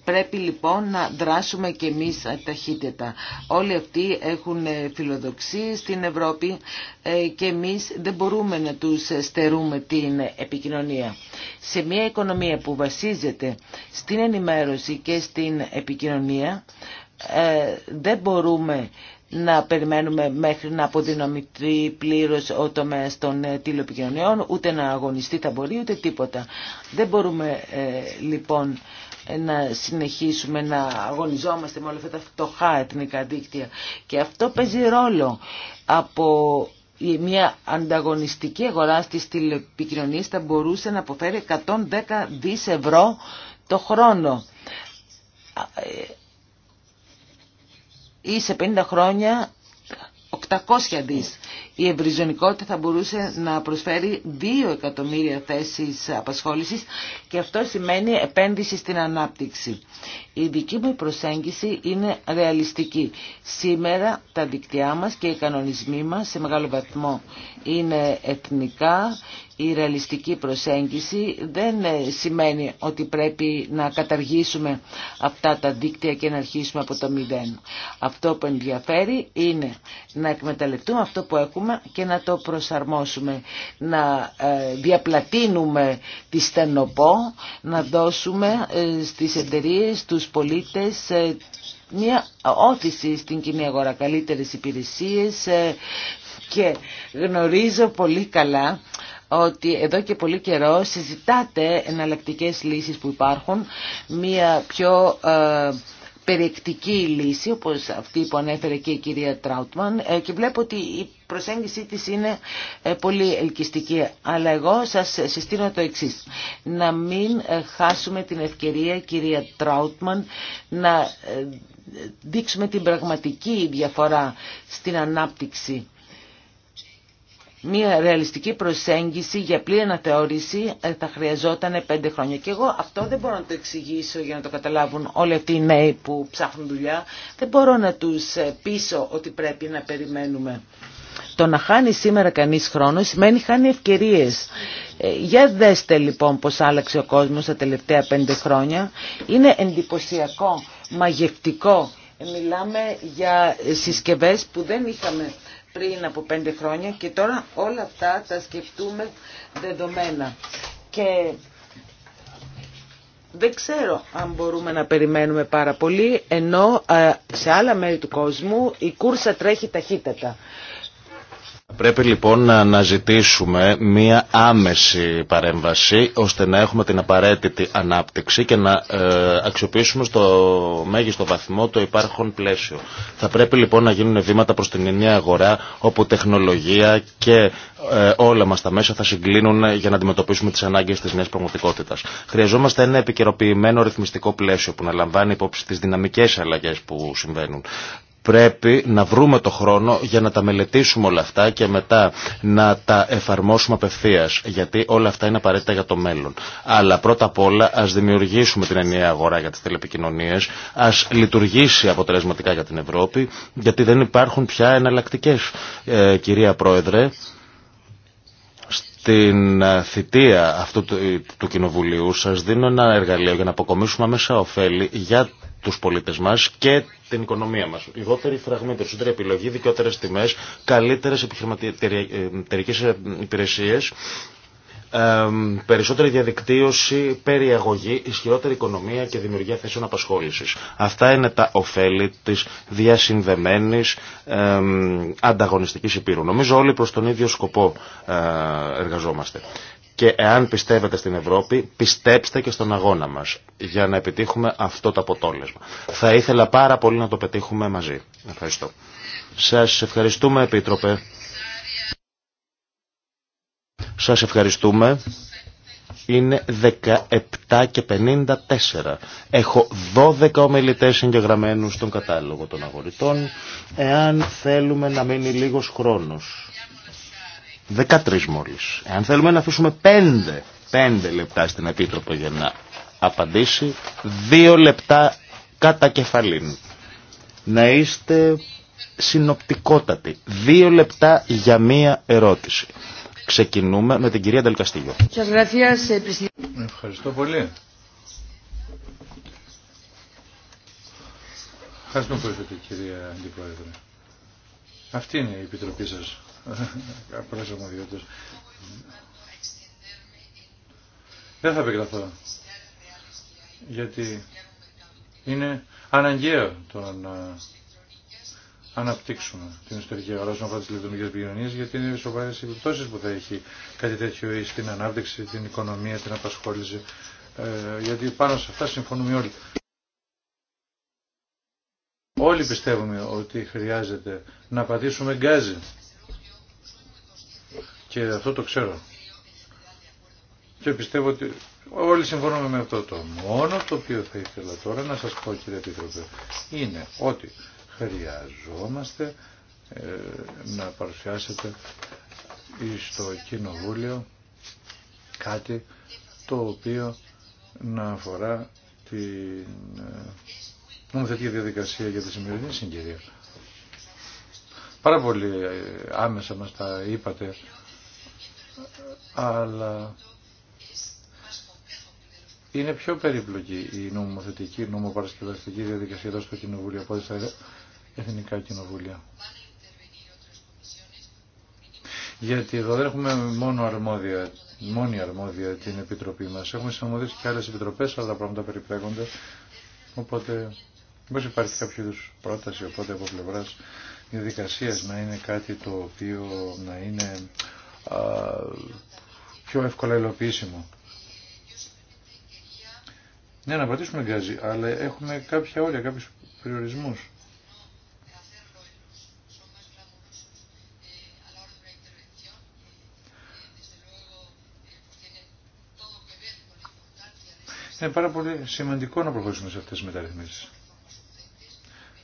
Πρέπει λοιπόν να δράσουμε και εμείς ταχύτερα. Όλοι αυτοί έχουν φιλοδοξίες στην Ευρώπη ε, και εμείς δεν μπορούμε να τους στερούμε την επικοινωνία. Σε μια οικονομία που βασίζεται στην ενημέρωση και στην επικοινωνία ε, δεν μπορούμε να περιμένουμε μέχρι να αποδυναμηθεί πλήρως ο τομέας των ε, τηλεπικοινωνιών, ούτε να αγωνιστεί θα μπορεί, ούτε τίποτα. Δεν μπορούμε ε, λοιπόν ε, να συνεχίσουμε να αγωνιζόμαστε με όλα αυτά τα φτωχά εθνικά δίκτυα. Και αυτό παίζει ρόλο από μια ανταγωνιστική αγορά στις τηλεπικοινωνίες θα μπορούσε να αποφέρει 110 δις ευρώ το χρόνο ή σε 50 χρόνια 800 δις. Η ευρυζωνικότητα θα μπορούσε να προσφέρει 2 εκατομμύρια θέσεις απασχόλησης και αυτό σημαίνει επένδυση στην ανάπτυξη. Η δική μου προσέγγιση είναι ρεαλιστική. Σήμερα τα δικτυά μας και οι κανονισμοί μας σε μεγάλο βαθμό είναι εθνικά η ρεαλιστική προσέγγιση δεν ε, σημαίνει ότι πρέπει να καταργήσουμε αυτά τα δίκτυα και να αρχίσουμε από το μηδέν. Αυτό που ενδιαφέρει είναι να εκμεταλλευτούμε αυτό που έχουμε και να το προσαρμόσουμε, να ε, διαπλατείνουμε τη στενοπό, να δώσουμε ε, στις εταιρείες, τους πολίτες μια όθηση στην κοινή αγορά, καλύτερες υπηρεσίες και γνωρίζω πολύ καλά ότι εδώ και πολύ καιρό συζητάτε εναλλακτικέ λύσεις που υπάρχουν, μία πιο ε, περιεκτική λύση όπως αυτή που ανέφερε και η κυρία Τράουτμαν ε, και βλέπω ότι η προσέγγιση της είναι ε, πολύ ελκυστική. Αλλά εγώ σας συστήνω το εξής. Να μην χάσουμε την ευκαιρία κυρία Τράουτμαν να δείξουμε την πραγματική διαφορά στην ανάπτυξη μια ρεαλιστική προσέγγιση για πλήρη αναθεώρηση ε, θα χρειαζόταν πέντε χρόνια. Και εγώ αυτό δεν μπορώ να το εξηγήσω για να το καταλάβουν όλοι αυτοί οι νέοι που ψάχνουν δουλειά. Δεν μπορώ να τους ε, πείσω ότι πρέπει να περιμένουμε. Το να χάνει σήμερα κανείς χρόνο σημαίνει χάνει ευκαιρίες. Ε, για δέστε λοιπόν πως άλλαξε ο κόσμος τα τελευταία πέντε χρόνια. Είναι εντυπωσιακό, μαγευτικό. Μιλάμε για συσκευές που δεν είχαμε πριν από πέντε χρόνια και τώρα όλα αυτά τα σκεφτούμε δεδομένα. Και δεν ξέρω αν μπορούμε να περιμένουμε πάρα πολύ, ενώ ε, σε άλλα μέρη του κόσμου η κούρσα τρέχει ταχύτατα. Πρέπει λοιπόν να αναζητήσουμε μία άμεση παρέμβαση ώστε να έχουμε την απαραίτητη ανάπτυξη και να ε, αξιοποιήσουμε στο μέγιστο βαθμό το υπάρχον πλαίσιο. Θα πρέπει λοιπόν να γίνουν βήματα προς την ενιαία αγορά όπου τεχνολογία και ε, όλα μας τα μέσα θα συγκλίνουν για να αντιμετωπίσουμε τις ανάγκες της νέας πραγματικότητας. Χρειαζόμαστε ένα επικαιροποιημένο ρυθμιστικό πλαίσιο που να λαμβάνει υπόψη τις δυναμικές αλλαγές που συμβαίνουν πρέπει να βρούμε το χρόνο για να τα μελετήσουμε όλα αυτά και μετά να τα εφαρμόσουμε απευθεία. Γιατί όλα αυτά είναι απαραίτητα για το μέλλον. Αλλά πρώτα απ' όλα α δημιουργήσουμε την ενιαία αγορά για τι τηλεπικοινωνίε, α λειτουργήσει αποτελεσματικά για την Ευρώπη, γιατί δεν υπάρχουν πια εναλλακτικέ. Ε, κυρία Πρόεδρε, στην ε, θητεία αυτού ε, του Κοινοβουλίου σας δίνω ένα εργαλείο για να αποκομίσουμε μέσα ωφέλη για τους πολίτες μας και την οικονομία μας. Λιγότερη φραγμή, περισσότερη επιλογή, δικαιότερες τιμές, καλύτερες επιχειρηματικές ε, υπηρεσίες περισσότερη διαδικτύωση, περιεγωγή, ισχυρότερη οικονομία και δημιουργία θέσεων απασχόλησης. Αυτά είναι τα ωφέλη της διασυνδεμένης ε, ανταγωνιστικής υπήρου. Νομίζω όλοι προς τον ίδιο σκοπό ε, εργαζόμαστε. Και εάν πιστεύετε στην Ευρώπη, πιστέψτε και στον αγώνα μας για να επιτύχουμε αυτό το αποτόλεσμα. Θα ήθελα πάρα πολύ να το πετύχουμε μαζί. Ευχαριστώ. Σας ευχαριστούμε, Επίτροπε. Σας ευχαριστούμε. Είναι 17 και 54. Έχω 12 ομιλητές εγγεγραμμένου στον κατάλογο των αγοριτών, Εάν θέλουμε να μείνει λίγος χρόνος. 13 μόλις. Εάν θέλουμε να αφήσουμε 5, 5 λεπτά στην Επίτροπο για να απαντήσει, 2 λεπτά κατά κεφαλήν. Να είστε συνοπτικότατοι. 2 λεπτά για μία ερώτηση. Ξεκινούμε με την κυρία Σας eh, Ευχαριστώ πολύ. Ευχαριστούμε που ήρθατε κυρία Αντιπρόεδρε. Αυτή είναι η επιτροπή σας. Δεν θα επεκταθώ. Γιατί είναι αναγκαίο το να ε, αναπτύξουμε την ιστορική αγορά σχετικά με τι ηλεκτρονικέ γιατί είναι σοβαρέ οι επιπτώσει που θα έχει κάτι τέτοιο στην ανάπτυξη, την οικονομία, την απασχόληση. Ε, γιατί πάνω σε αυτά συμφωνούμε όλοι. Όλοι πιστεύουμε ότι χρειάζεται να πατήσουμε γκάζι. Και αυτό το ξέρω. Και πιστεύω ότι όλοι συμφωνούμε με αυτό το μόνο το οποίο θα ήθελα τώρα να σας πω κύριε Επίτροπε είναι ότι χρειαζόμαστε ε, να παρουσιάσετε στο Κοινοβούλιο κάτι το οποίο να αφορά την ε, νομοθετική διαδικασία για τη σημερινή συγκυρία. Πάρα πολύ ε, άμεσα μας τα είπατε, αλλά είναι πιο περίπλοκη η νομοθετική, νομοπαρασκευαστική διαδικασία εδώ στο Κοινοβούλιο από ό,τι θα εθνικά κοινοβούλια. Γιατί εδώ δεν έχουμε μόνο αρμόδια, μόνη αρμόδια την Επιτροπή μας. Έχουμε συνομωδήσει και άλλες επιτροπές, αλλά τα πράγματα περιπλέγονται. Οπότε, μήπως υπάρχει κάποιο είδους πρόταση, οπότε από πλευράς διαδικασίας να είναι κάτι το οποίο να είναι πιο εύκολα υλοποιήσιμο. Ναι, να πατήσουμε γκάζι, αλλά έχουμε κάποια όρια, κάποιους περιορισμούς. Είναι πάρα πολύ σημαντικό να προχωρήσουμε σε αυτές τις μεταρρυθμίσεις.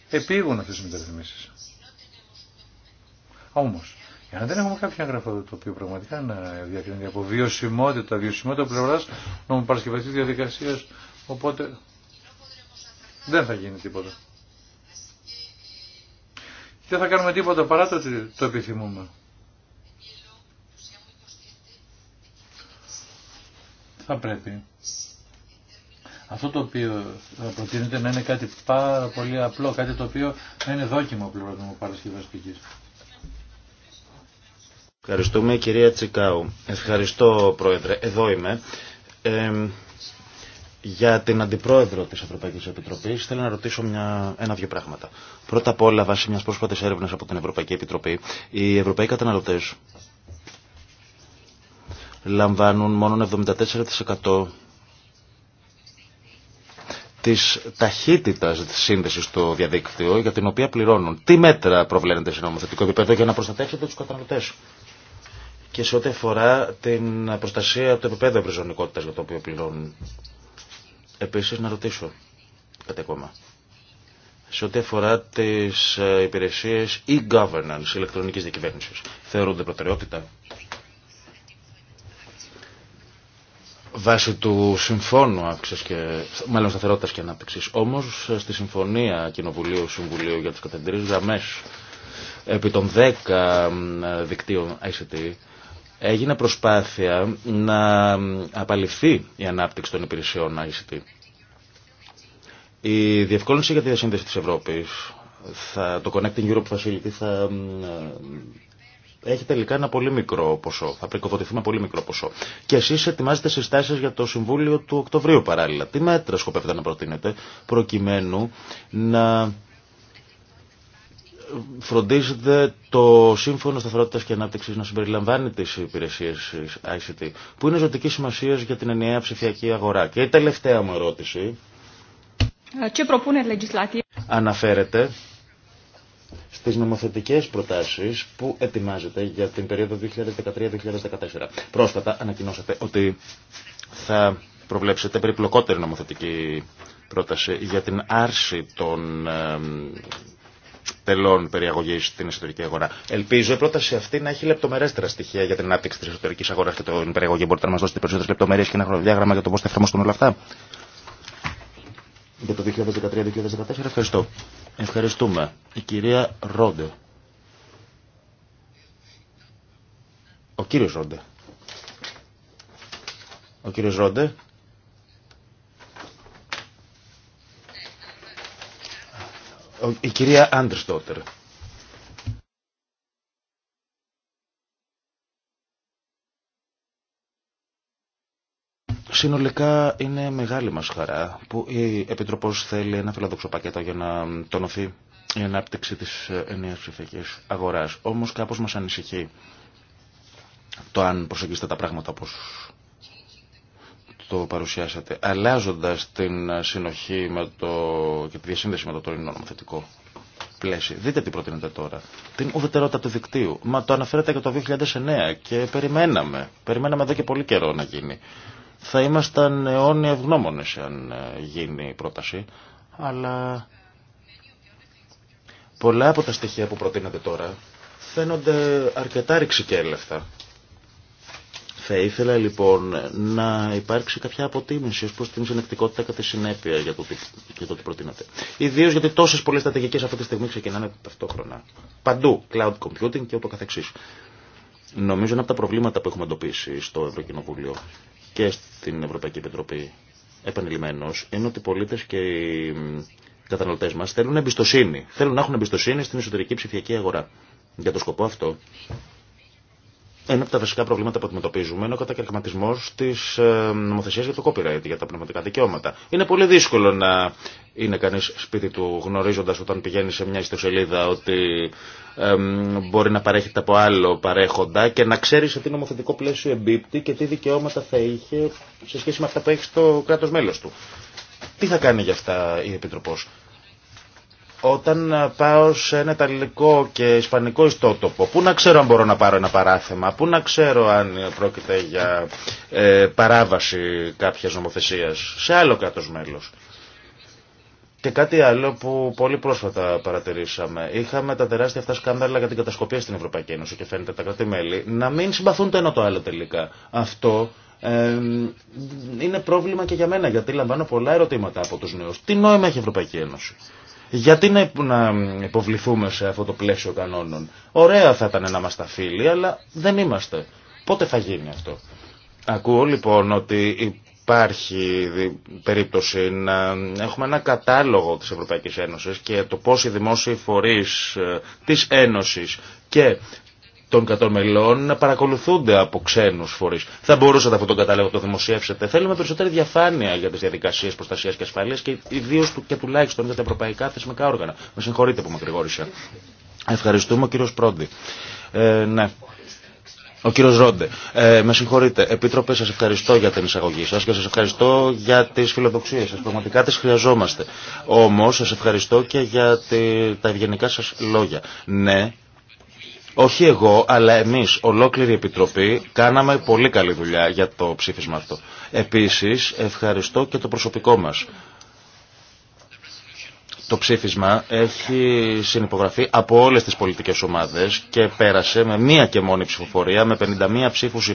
Επίγουν αυτές τις μεταρρυθμίσεις. Για να δεν έχουμε κάποιο έγγραφο το οποίο πραγματικά να διακρίνεται από βιωσιμότητα, βιωσιμότητα πλευρά νομοπαρασκευαστή διαδικασία, οπότε δεν θα γίνει τίποτα. Δεν θα κάνουμε τίποτα παρά το ότι το επιθυμούμε. Θα πρέπει αυτό το οποίο ε, προτείνεται να είναι κάτι πάρα πολύ απλό, κάτι το οποίο να είναι δόκιμο πλευρά του Ευχαριστούμε κυρία Τσικάου. Ευχαριστώ πρόεδρε. Εδώ είμαι. για την Αντιπρόεδρο της Ευρωπαϊκής Επιτροπής θέλω να ρωτήσω ένα-δύο πράγματα. Πρώτα απ' όλα, βάσει μιας πρόσφατης έρευνας από την Ευρωπαϊκή Επιτροπή, οι Ευρωπαίοι καταναλωτές λαμβάνουν μόνο 74% της ταχύτητας της σύνδεσης στο διαδίκτυο για την οποία πληρώνουν. Τι μέτρα προβλέπετε σε νομοθετικό επίπεδο για να προστατεύσετε τους καταναλωτές. Και σε ό,τι αφορά την προστασία του επίπεδου ευρυζωνικότητας για το οποίο πληρώνουν. Επίσης να ρωτήσω κάτι ακόμα. Σε ό,τι αφορά τις ε, υπηρεσίες e-governance, ηλεκτρονικής διακυβέρνησης, θεωρούνται προτεραιότητα. βάσει του συμφώνου αύξησης και μάλλον σταθερότητας και ανάπτυξης. Όμως στη Συμφωνία Κοινοβουλίου-Συμβουλίου για τις κατεντρίες γραμμές επί των 10 δικτύων ICT έγινε προσπάθεια να απαλληφθεί η ανάπτυξη των υπηρεσιών ICT. Η διευκόλυνση για τη διασύνδεση της Ευρώπης, θα, το Connecting Europe Facility θα έχει τελικά ένα πολύ μικρό ποσό. Θα πρικοδοτηθεί με πολύ μικρό ποσό. Και εσεί ετοιμάζετε συστάσει για το Συμβούλιο του Οκτωβρίου παράλληλα. Τι μέτρα σκοπεύετε να προτείνετε προκειμένου να φροντίζετε το Σύμφωνο Σταθερότητα και Ανάπτυξη να συμπεριλαμβάνει τι υπηρεσίε ICT, που είναι ζωτική σημασία για την ενιαία ψηφιακή αγορά. Και η τελευταία μου ερώτηση. Ε, Αναφέρεται στις νομοθετικές προτάσεις που ετοιμάζεται για την περίοδο 2013-2014. Πρόσφατα ανακοινώσατε ότι θα προβλέψετε περιπλοκότερη νομοθετική πρόταση για την άρση των τελών περιαγωγής στην εσωτερική αγορά. Ελπίζω η πρόταση αυτή να έχει λεπτομερέστερα στοιχεία για την ανάπτυξη της εσωτερική αγορά και την περιαγωγή. Μπορείτε να μα δώσετε περισσότερε λεπτομέρειε και ένα χρονοδιάγραμμα για το πώ θα εφαρμοστούν όλα αυτά. Για το 2013-2014. Ευχαριστώ. Ευχαριστούμε. Η κυρία Ρόντε. Ο κύριος Ρόντε. Ο κύριος Ρόντε. Η κυρία Άντρστότερ. Συνολικά είναι μεγάλη μας χαρά που η Επιτροπός θέλει ένα φιλοδόξο πακέτο για να τονωθεί η ανάπτυξη της ενιαίας ψηφιακής αγοράς. Όμως κάπως μας ανησυχεί το αν προσεγγίσετε τα πράγματα όπως το παρουσιάσατε, αλλάζοντας την συνοχή με το... και τη διασύνδεση με το τωρινό νομοθετικό πλαίσιο. Δείτε τι προτείνετε τώρα. Την ουδετερότητα του δικτύου. Μα το αναφέρατε και το 2009 και περιμέναμε. Περιμέναμε εδώ και πολύ καιρό να γίνει. Θα ήμασταν αιώνια ευγνώμονες αν ε, γίνει η πρόταση, αλλά πολλά από τα στοιχεία που προτείνατε τώρα φαίνονται αρκετά ρηξικέλευτα. Θα ήθελα λοιπόν να υπάρξει κάποια αποτίμηση ω προ την συνεκτικότητα κατά τη συνέπεια για το τι, το τι προτείνατε. Ιδίω γιατί τόσε πολλέ στρατηγικέ αυτή τη στιγμή ξεκινάνε ταυτόχρονα. Παντού, cloud computing και ούτω καθεξή. Νομίζω ένα από τα προβλήματα που έχουμε εντοπίσει στο Ευρωκοινοβούλιο και στην Ευρωπαϊκή Επιτροπή επανειλημμένως είναι ότι οι πολίτες και οι καταναλωτέ μας θέλουν εμπιστοσύνη. Θέλουν να έχουν εμπιστοσύνη στην εσωτερική ψηφιακή αγορά. Για το σκοπό αυτό ένα από τα βασικά προβλήματα που αντιμετωπίζουμε είναι ο κατακαιρματισμό τη ε, νομοθεσία για το copyright, για τα πνευματικά δικαιώματα. Είναι πολύ δύσκολο να είναι κανεί σπίτι του γνωρίζοντα όταν πηγαίνει σε μια ιστοσελίδα ότι μπορεί να παρέχεται από άλλο παρέχοντα και να ξέρει σε τι νομοθετικό πλαίσιο εμπίπτει και τι δικαιώματα θα είχε σε σχέση με αυτά που έχει στο κράτο μέλο του. Τι θα κάνει για αυτά η Επιτροπό. Όταν ε, πάω σε ένα Ιταλικό και Ισπανικό ιστότοπο, πού να ξέρω αν μπορώ να πάρω ένα παράθεμα, πού να ξέρω αν πρόκειται για ε, παράβαση κάποιας νομοθεσίας σε άλλο κάτω μέλος. Και κάτι άλλο που πολύ πρόσφατα παρατηρήσαμε. Είχαμε τα τεράστια αυτά σκάνδαλα για την κατασκοπία στην Ευρωπαϊκή Ένωση και φαίνεται τα κράτη-μέλη να μην συμπαθούν το ένα το άλλο τελικά. Αυτό ε, είναι πρόβλημα και για μένα γιατί λαμβάνω πολλά ερωτήματα από τους νέους. Τι νόημα έχει η Ευρωπαϊκή Ένωση. Γιατί να υποβληθούμε σε αυτό το πλαίσιο κανόνων. Ωραία θα ήταν να είμαστε φίλοι, αλλά δεν είμαστε. Πότε θα γίνει αυτό. Ακούω λοιπόν ότι υπάρχει περίπτωση να έχουμε ένα κατάλογο της Ευρωπαϊκής Ένωσης και το πώς οι δημόσιοι φορείς ε, της Ένωσης και των κατών μελών παρακολουθούνται από ξένου φορεί. Θα μπορούσατε αυτό τον κατάλογο να το δημοσιεύσετε. Θέλουμε περισσότερη διαφάνεια για τι διαδικασίε προστασία και ασφαλεία και ιδίω και τουλάχιστον για τα ευρωπαϊκά θεσμικά όργανα. Με συγχωρείτε που με γρηγορήσα. Ευχαριστούμε ο κύριο Πρόντι. Ε, ναι. Ο κύριος Ρόντε, ε, με συγχωρείτε. Επίτροπε, σας ευχαριστώ για την εισαγωγή σας και σας ευχαριστώ για τις φιλοδοξίες σας. Πραγματικά τις χρειαζόμαστε. Όμως, σας ευχαριστώ και για τη, τα ευγενικά σας λόγια. Ναι, όχι εγώ, αλλά εμείς, ολόκληρη η Επιτροπή, κάναμε πολύ καλή δουλειά για το ψήφισμα αυτό. Επίσης, ευχαριστώ και το προσωπικό μας το ψήφισμα έχει συνυπογραφεί από όλες τις πολιτικές ομάδες και πέρασε με μία και μόνη ψηφοφορία, με 51 ψήφους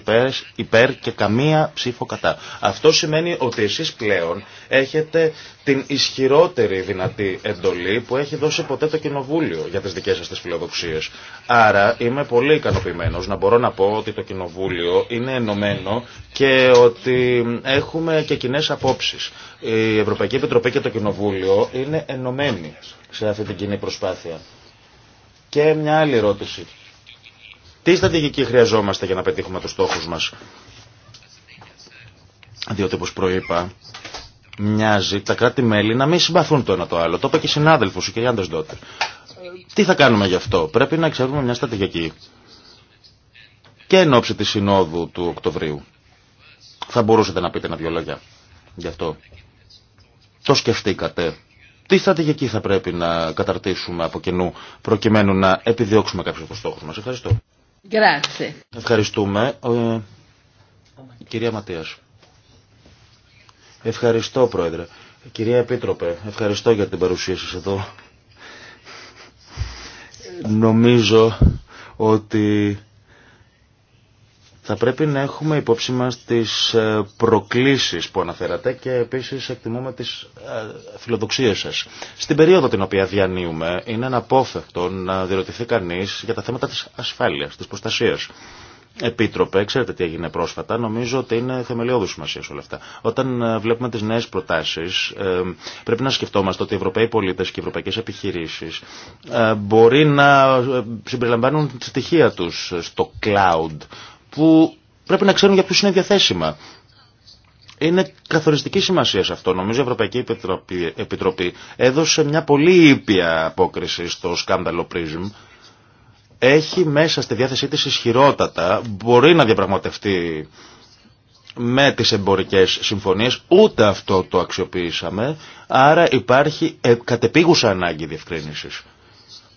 υπέρ, και καμία ψήφο κατά. Αυτό σημαίνει ότι εσείς πλέον έχετε την ισχυρότερη δυνατή εντολή που έχει δώσει ποτέ το Κοινοβούλιο για τις δικές σας τις φιλοδοξίες. Άρα είμαι πολύ ικανοποιημένο να μπορώ να πω ότι το Κοινοβούλιο είναι ενωμένο και ότι έχουμε και κοινέ απόψεις. Η Ευρωπαϊκή Επιτροπή και το Κοινοβούλιο είναι ενωμένο ενωμένοι σε αυτή την κοινή προσπάθεια. Και μια άλλη ερώτηση. Τι στρατηγική χρειαζόμαστε για να πετύχουμε τους στόχους μας. Διότι όπως προείπα, μοιάζει τα κράτη-μέλη να μην συμπαθούν το ένα το άλλο. Το είπε και συνάδελφος, συνάδελφους, οι κυριάντες τότε. Τι θα κάνουμε γι' αυτό. Πρέπει να ξέρουμε μια στρατηγική. Και εν ώψη της Συνόδου του Οκτωβρίου. Θα μπορούσατε να πείτε ένα δυο λόγια γι' αυτό. Το σκεφτήκατε τι στρατηγική θα πρέπει να καταρτήσουμε από κοινού προκειμένου να επιδιώξουμε κάποιους από στόχους μας. Ευχαριστώ. Ευχαριστούμε. Ε, κυρία Ματίας. Ευχαριστώ Πρόεδρε. Κυρία Επίτροπε, ευχαριστώ για την παρουσία σας εδώ. Νομίζω ότι θα πρέπει να έχουμε υπόψη μας τις ε, προκλήσεις που αναφέρατε και επίσης εκτιμούμε τις ε, φιλοδοξίες σας. Στην περίοδο την οποία διανύουμε είναι αναπόφευκτο να διερωτηθεί κανείς για τα θέματα της ασφάλειας, της προστασίας. Επίτροπε, ξέρετε τι έγινε πρόσφατα, νομίζω ότι είναι θεμελιώδου σημασία όλα αυτά. Όταν ε, βλέπουμε τι νέε προτάσει, πρέπει να σκεφτόμαστε ότι οι Ευρωπαίοι πολίτε και οι ευρωπαϊκέ επιχειρήσει μπορεί να συμπεριλαμβάνουν τη στοιχεία του στο cloud, που πρέπει να ξέρουν για ποιους είναι διαθέσιμα. Είναι καθοριστική σημασία σε αυτό. Νομίζω η Ευρωπαϊκή Επιτροπή, Επιτροπή έδωσε μια πολύ ήπια απόκριση στο σκάνδαλο PRISM. Έχει μέσα στη διάθεσή της ισχυρότατα, μπορεί να διαπραγματευτεί με τις εμπορικές συμφωνίες, ούτε αυτό το αξιοποιήσαμε, άρα υπάρχει ε, κατεπίγουσα ανάγκη διευκρίνησης.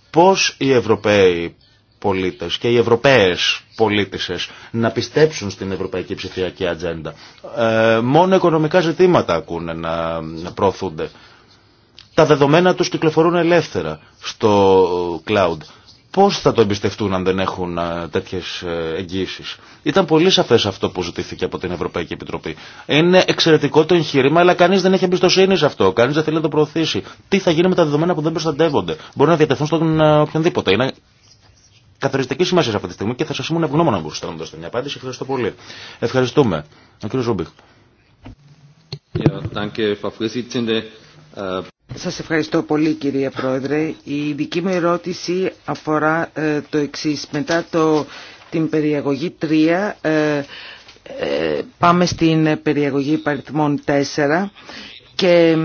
Πώς οι Ευρωπαίοι πολίτες και οι Ευρωπαίες πολίτησες να πιστέψουν στην ευρωπαϊκή ψηφιακή ατζέντα. Ε, μόνο οικονομικά ζητήματα ακούνε να, προωθούνται. Τα δεδομένα τους κυκλοφορούν ελεύθερα στο cloud. Πώς θα το εμπιστευτούν αν δεν έχουν ε, τέτοιες ε, εγγύσεις. Ήταν πολύ σαφές αυτό που ζητήθηκε από την Ευρωπαϊκή Επιτροπή. Είναι εξαιρετικό το εγχείρημα, αλλά κανείς δεν έχει εμπιστοσύνη σε αυτό. Κανείς δεν θέλει να το προωθήσει. Τι θα γίνει με τα δεδομένα που δεν προστατεύονται. Μπορεί να διατεθούν στον οποιονδήποτε. Είναι καθοριστική σημασία αυτή τη στιγμή και θα σα ήμουν ευγνώμων αν μπορούσατε να μου δώσετε μια απάντηση. Ευχαριστώ πολύ. Ευχαριστούμε. Ο κ. Ζούμπιχ. Ε, σας ευχαριστώ πολύ κύριε Πρόεδρε. Η δική μου ερώτηση αφορά ε, το εξής. Μετά το, την περιαγωγή 3 ε, πάμε στην περιαγωγή παριθμών 4 και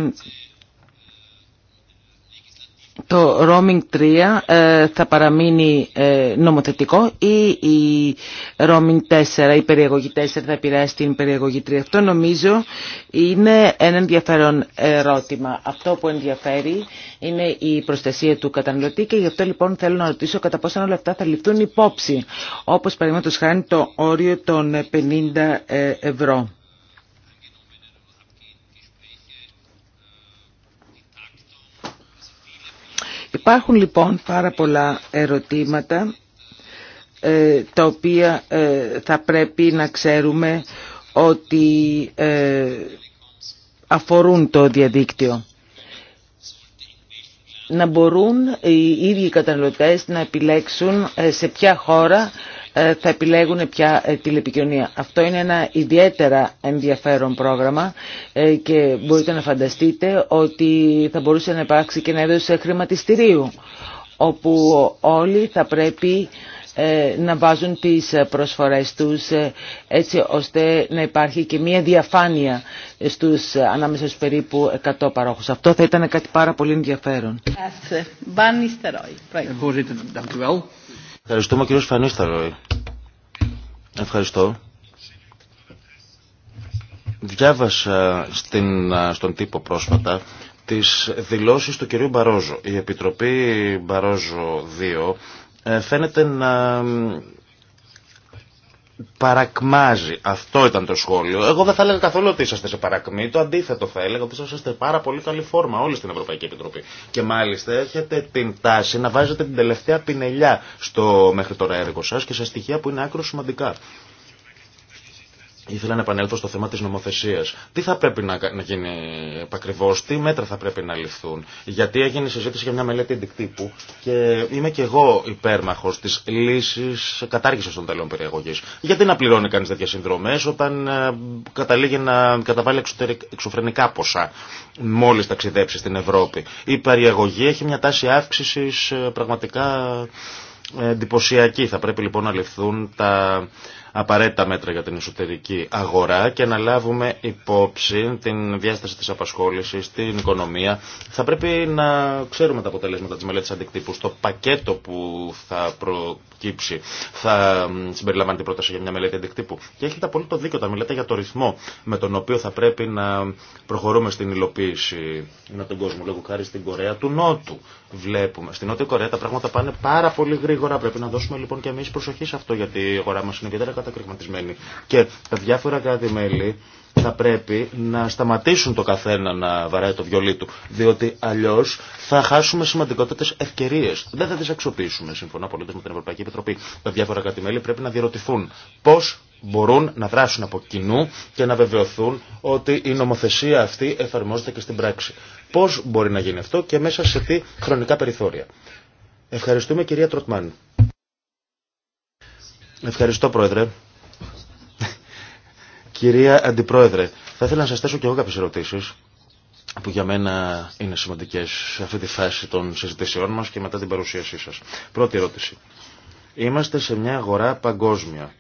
το roaming 3 ε, θα παραμείνει ε, νομοθετικό ή η roaming 4, η περιεγωγή 4 θα επηρεάσει την περιεγωγή 3. Αυτό νομίζω είναι ένα ενδιαφέρον ερώτημα. Αυτό που ενδιαφέρει είναι η προστασία του καταναλωτή και γι' αυτό λοιπόν θέλω να ρωτήσω κατά πόσο όλα αυτά θα ληφθούν υπόψη, όπως παραδείγματος χάνει το όριο των 50 ε, ευρώ. Υπάρχουν λοιπόν πάρα πολλά ερωτήματα ε, τα οποία ε, θα πρέπει να ξέρουμε ότι ε, αφορούν το διαδίκτυο. Να μπορούν οι ίδιοι οι να επιλέξουν σε ποια χώρα ε, θα επιλέγουν πια ε, τηλεπικοινωνία. Αυτό είναι ένα ιδιαίτερα ενδιαφέρον πρόγραμμα ε, και μπορείτε να φανταστείτε ότι θα μπορούσε να υπάρξει και ένα έδωσο χρηματιστηρίου όπου όλοι θα πρέπει να βάζουν τις προσφορές τους έτσι ώστε να υπάρχει και μια διαφάνεια στους ανάμεσα στους περίπου 100 παρόχους. Αυτό θα ήταν κάτι πάρα πολύ ενδιαφέρον. Ευχαριστούμε κύριο Φανίσταροι. Ευχαριστώ. Διάβασα στην, στον τύπο πρόσφατα τις δηλώσεις του κυρίου Μπαρόζο. Η Επιτροπή Μπαρόζο 2 ε, φαίνεται να παρακμάζει. Αυτό ήταν το σχόλιο. Εγώ δεν θα έλεγα καθόλου ότι είσαστε σε παρακμή. Το αντίθετο θα έλεγα ότι είσαστε πάρα πολύ καλή φόρμα όλοι στην Ευρωπαϊκή Επιτροπή. Και μάλιστα έχετε την τάση να βάζετε την τελευταία πινελιά στο μέχρι τώρα έργο σα και σε στοιχεία που είναι άκρο σημαντικά. Ήθελα να επανέλθω στο θέμα της νομοθεσίας. Τι θα πρέπει να γίνει επακριβώς, τι μέτρα θα πρέπει να ληφθούν. Γιατί έγινε συζήτηση για μια μελέτη εντυκτύπου και είμαι και εγώ υπέρμαχος της λύσης κατάργησης των τελών περιεγωγής. Γιατί να πληρώνει κανείς τέτοιες συνδρομές όταν ε, καταλήγει να καταβάλει εξωφρενικά ποσά μόλις ταξιδέψει στην Ευρώπη. Η περιεγωγή έχει μια τάση αύξησης ε, πραγματικά ε, εντυπωσιακή. Θα πρέπει λοιπόν να ληφθούν τα απαραίτητα μέτρα για την εσωτερική αγορά και να λάβουμε υπόψη την διάσταση της απασχόλησης, την οικονομία. Θα πρέπει να ξέρουμε τα αποτελέσματα της μελέτης αντικτύπου. Στο πακέτο που θα προκύψει θα συμπεριλαμβάνει την πρόταση για μια μελέτη αντικτύπου. Και έχετε το δίκιο τα μιλάτε για το ρυθμό με τον οποίο θα πρέπει να προχωρούμε στην υλοποίηση με τον κόσμο. Λόγω χάρη στην Κορέα του Νότου βλέπουμε. Στην Νότια Κορέα τα πράγματα πάνε πάρα πολύ γρήγορα. Πρέπει να δώσουμε λοιπόν και εμεί προσοχή σε αυτό γιατί η αγορά μα είναι ιδιαίτερα κρυγματισμένη. Και τα διάφορα κράτη-μέλη θα πρέπει να σταματήσουν το καθένα να βαράει το βιολί του. Διότι αλλιώ θα χάσουμε σημαντικότερε ευκαιρίε. Δεν θα τι αξιοποιήσουμε, συμφωνώ απολύτω με την Ευρωπαϊκή Επιτροπή. Τα διάφορα κράτη-μέλη πρέπει να διερωτηθούν πώ μπορούν να δράσουν από κοινού και να βεβαιωθούν ότι η νομοθεσία αυτή εφαρμόζεται και στην πράξη. Πώ μπορεί να γίνει αυτό και μέσα σε τι χρονικά περιθώρια. Ευχαριστούμε κυρία Τροτμάν. Ευχαριστώ, Πρόεδρε. Κυρία Αντιπρόεδρε, θα ήθελα να σας θέσω και εγώ κάποιες ερωτήσεις που για μένα είναι σημαντικές σε αυτή τη φάση των συζητήσεών μας και μετά την παρουσίασή σας. Πρώτη ερώτηση. Είμαστε σε μια αγορά παγκόσμια.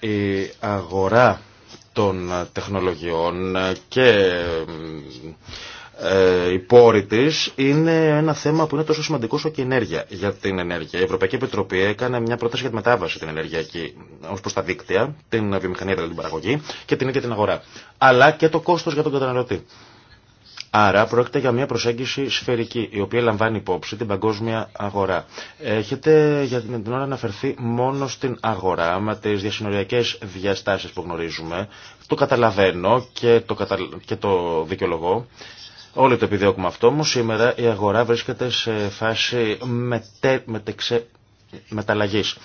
Η αγορά των τεχνολογιών και ε, η πόρη τη είναι ένα θέμα που είναι τόσο σημαντικό όσο και η ενέργεια για την ενέργεια. Η Ευρωπαϊκή Επιτροπή έκανε μια πρόταση για τη μετάβαση την ενεργειακή ω προ τα δίκτυα, την βιομηχανία δηλαδή την παραγωγή και την ίδια την αγορά. Αλλά και το κόστο για τον καταναλωτή. Άρα πρόκειται για μια προσέγγιση σφαιρική, η οποία λαμβάνει υπόψη την παγκόσμια αγορά. Έχετε για την ώρα αναφερθεί μόνο στην αγορά, με τι διασυνοριακέ διαστάσει που γνωρίζουμε. Το καταλαβαίνω και το, κατα... και το δικαιολογώ. Όλοι το επιδιώκουμε αυτό, όμω σήμερα η αγορά βρίσκεται σε φάση μετε, μετεξε, μεταλλαγής.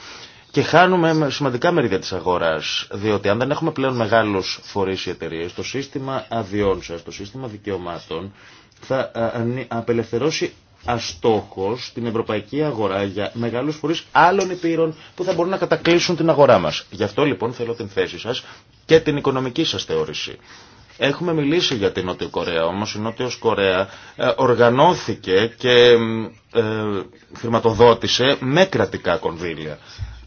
Και χάνουμε σημαντικά μερίδια της αγοράς, διότι αν δεν έχουμε πλέον μεγάλους φορείς ή εταιρείες, το σύστημα αδειών σας, το σύστημα δικαιωμάτων, θα απελευθερώσει αστόχος την ευρωπαϊκή αγορά για μεγάλους φορείς άλλων υπήρων που θα μπορούν να κατακλείσουν την αγορά μας. Γι' αυτό λοιπόν θέλω την θέση σας και την οικονομική σας θεώρηση. Έχουμε μιλήσει για την Νότιο Κορέα, όμως η Νότιο Κορέα ε, οργανώθηκε και ε, χρηματοδότησε με κρατικά κονδύλια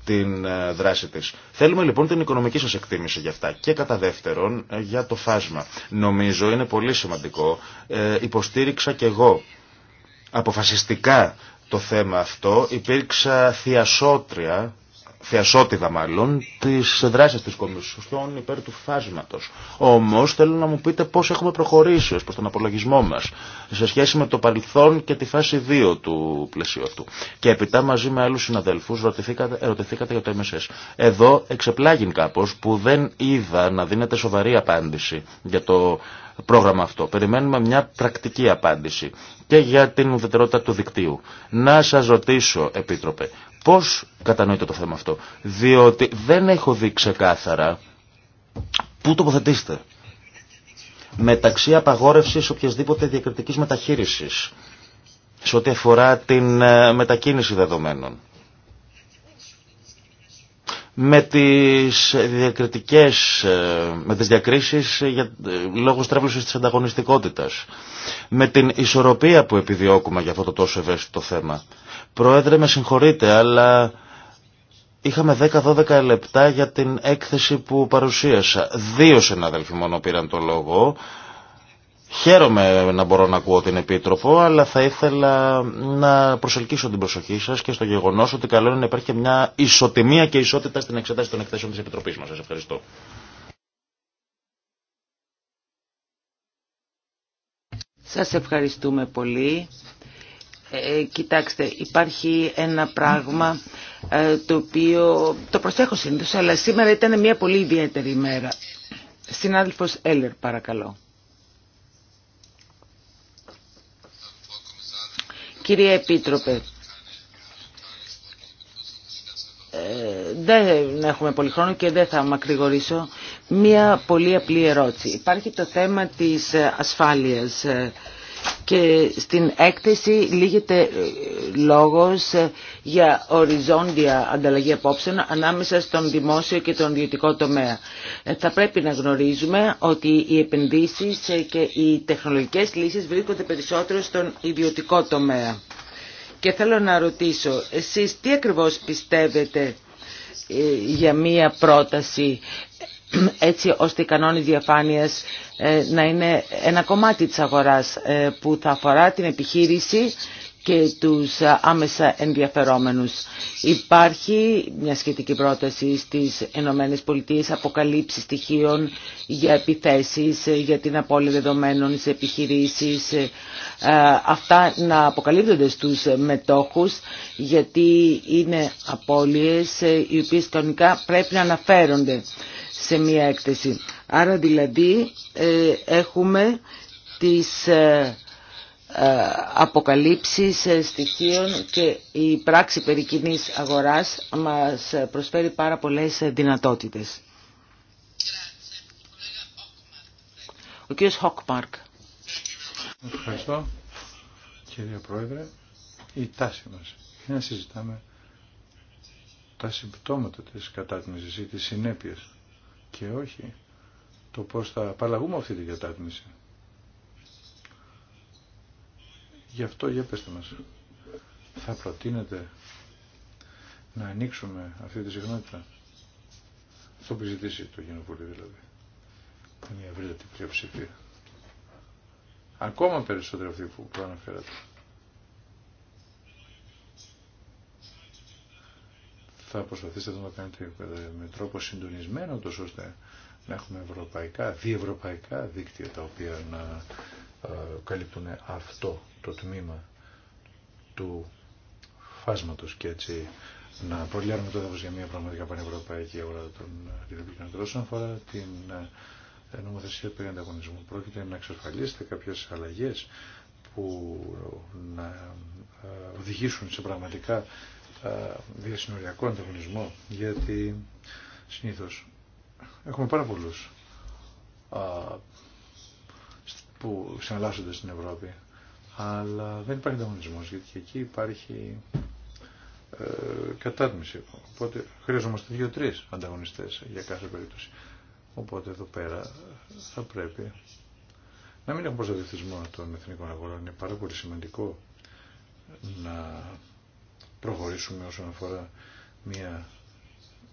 την ε, δράση της. Θέλουμε λοιπόν την οικονομική σας εκτίμηση για αυτά και κατά δεύτερον για το φάσμα. Νομίζω είναι πολύ σημαντικό, υποστήριξα και εγώ αποφασιστικά το θέμα αυτό, υπήρξα θειασότρια Θεασότητα μάλλον, τις δράσεις της Κομισιόν υπέρ του φάσματος. Όμως θέλω να μου πείτε πώς έχουμε προχωρήσει ως προς τον απολογισμό μας σε σχέση με το παρελθόν και τη φάση 2 του πλαισίου αυτού. Και επιτά μαζί με άλλους συναδελφούς ερωτηθήκατε για το MSS. Εδώ εξεπλάγει κάπως που δεν είδα να δίνετε σοβαρή απάντηση για το πρόγραμμα αυτό. Περιμένουμε μια πρακτική απάντηση και για την ουδετερότητα του δικτύου. Να σας ρωτήσω, Επίτροπε, Πώς κατανοείτε το θέμα αυτό. Διότι δεν έχω δει ξεκάθαρα πού τοποθετήσετε. Μεταξύ απαγόρευσης οποιασδήποτε διακριτικής μεταχείρισης σε ό,τι αφορά την ε, μετακίνηση δεδομένων με τις, διακριτικές, ε, με τις διακρίσεις για, ε, λόγω στρέβλωσης της ανταγωνιστικότητας, με την ισορροπία που επιδιώκουμε για αυτό το τόσο ευαίσθητο θέμα. Πρόεδρε, με συγχωρείτε, αλλά είχαμε 10-12 λεπτά για την έκθεση που παρουσίασα. Δύο συνάδελφοι μόνο πήραν το λόγο Χαίρομαι να μπορώ να ακούω την Επίτροπο, αλλά θα ήθελα να προσελκύσω την προσοχή σα και στο γεγονό ότι καλό είναι να υπάρχει μια ισοτιμία και ισότητα στην εξέταση των εκθέσεων τη Επιτροπή μα. Σα ευχαριστώ. Σα ευχαριστούμε πολύ. Ε, κοιτάξτε, υπάρχει ένα πράγμα ε, το οποίο το προσέχω συνήθω, αλλά σήμερα ήταν μια πολύ ιδιαίτερη ημέρα. Συνάδελφο Έλερ, παρακαλώ. Κυρίε Επίτροπε, ε, δεν έχουμε πολύ χρόνο και δεν θα μακρηγορήσω. Μία πολύ απλή ερώτηση. Υπάρχει το θέμα της ε, ασφάλειας ε, και στην έκθεση λύγεται ε, λόγος ε, για οριζόντια ανταλλαγή απόψεων ανάμεσα στον δημόσιο και τον ιδιωτικό τομέα. Ε, θα πρέπει να γνωρίζουμε ότι οι επενδύσεις και οι τεχνολογικές λύσεις βρίσκονται περισσότερο στον ιδιωτικό τομέα. Και θέλω να ρωτήσω, εσείς τι ακριβώς πιστεύετε για μία πρόταση έτσι ώστε οι κανόνες διαφάνειας ε, να είναι ένα κομμάτι της αγοράς ε, που θα αφορά την επιχείρηση και τους ε, άμεσα ενδιαφερόμενους. Υπάρχει μια σχετική πρόταση στις Ηνωμένες Πολιτείες αποκαλύψει στοιχείων για επιθέσεις, για την απώλεια δεδομένων σε επιχειρήσεις. Αυτά να αποκαλύπτονται στους μετόχους γιατί είναι απώλειες οι οποίες κανονικά πρέπει να αναφέρονται σε μία έκθεση. Άρα δηλαδή ε, έχουμε τις ε, ε, αποκαλύψεις στοιχείων και η πράξη περί κοινής αγοράς μας προσφέρει πάρα πολλές δυνατότητες. Ο κύριος Χόκμαρκ. Ευχαριστώ κύριε Πρόεδρε. Η τάση μας είναι να συζητάμε τα συμπτώματα της κατάτμισης ή της συνέπειας και όχι το πώς θα απαλλαγούμε αυτή τη κατάτμιση. Γι' αυτό για πέστε μας. Θα προτείνετε να ανοίξουμε αυτή τη συχνότητα. Αυτό που ζητήσει το Γενοπολί δηλαδή. Μια την πλειοψηφία. Ακόμα περισσότερο αυτή που προαναφέρατε. θα προσπαθήσετε να το κάνετε ε, με τρόπο συντονισμένο τόσο ώστε να έχουμε ευρωπαϊκά, διευρωπαϊκά δίκτυα τα οποία να ε, καλύπτουν αυτό το τμήμα του φάσματος και έτσι να προλιάρουμε το έδαφος για μια πραγματικά πανευρωπαϊκή αγορά των διδοπλικών όσον αφορά την ε, νομοθεσία περί ανταγωνισμού. Πρόκειται να εξασφαλίσετε κάποιες αλλαγές που να οδηγήσουν σε πραγματικά διασυνοριακό ανταγωνισμό, γιατί συνήθως έχουμε πάρα πολλούς α, που συναλλάσσονται στην Ευρώπη, αλλά δεν υπάρχει ανταγωνισμός, γιατί και εκεί υπάρχει ε, κατάτμιση. Οπότε χρειαζόμαστε δύο-τρεις ανταγωνιστές για κάθε περίπτωση. Οπότε εδώ πέρα θα πρέπει να μην έχουμε προστατευτισμό των εθνικών αγορών. Είναι πάρα πολύ σημαντικό να προχωρήσουμε όσον αφορά μια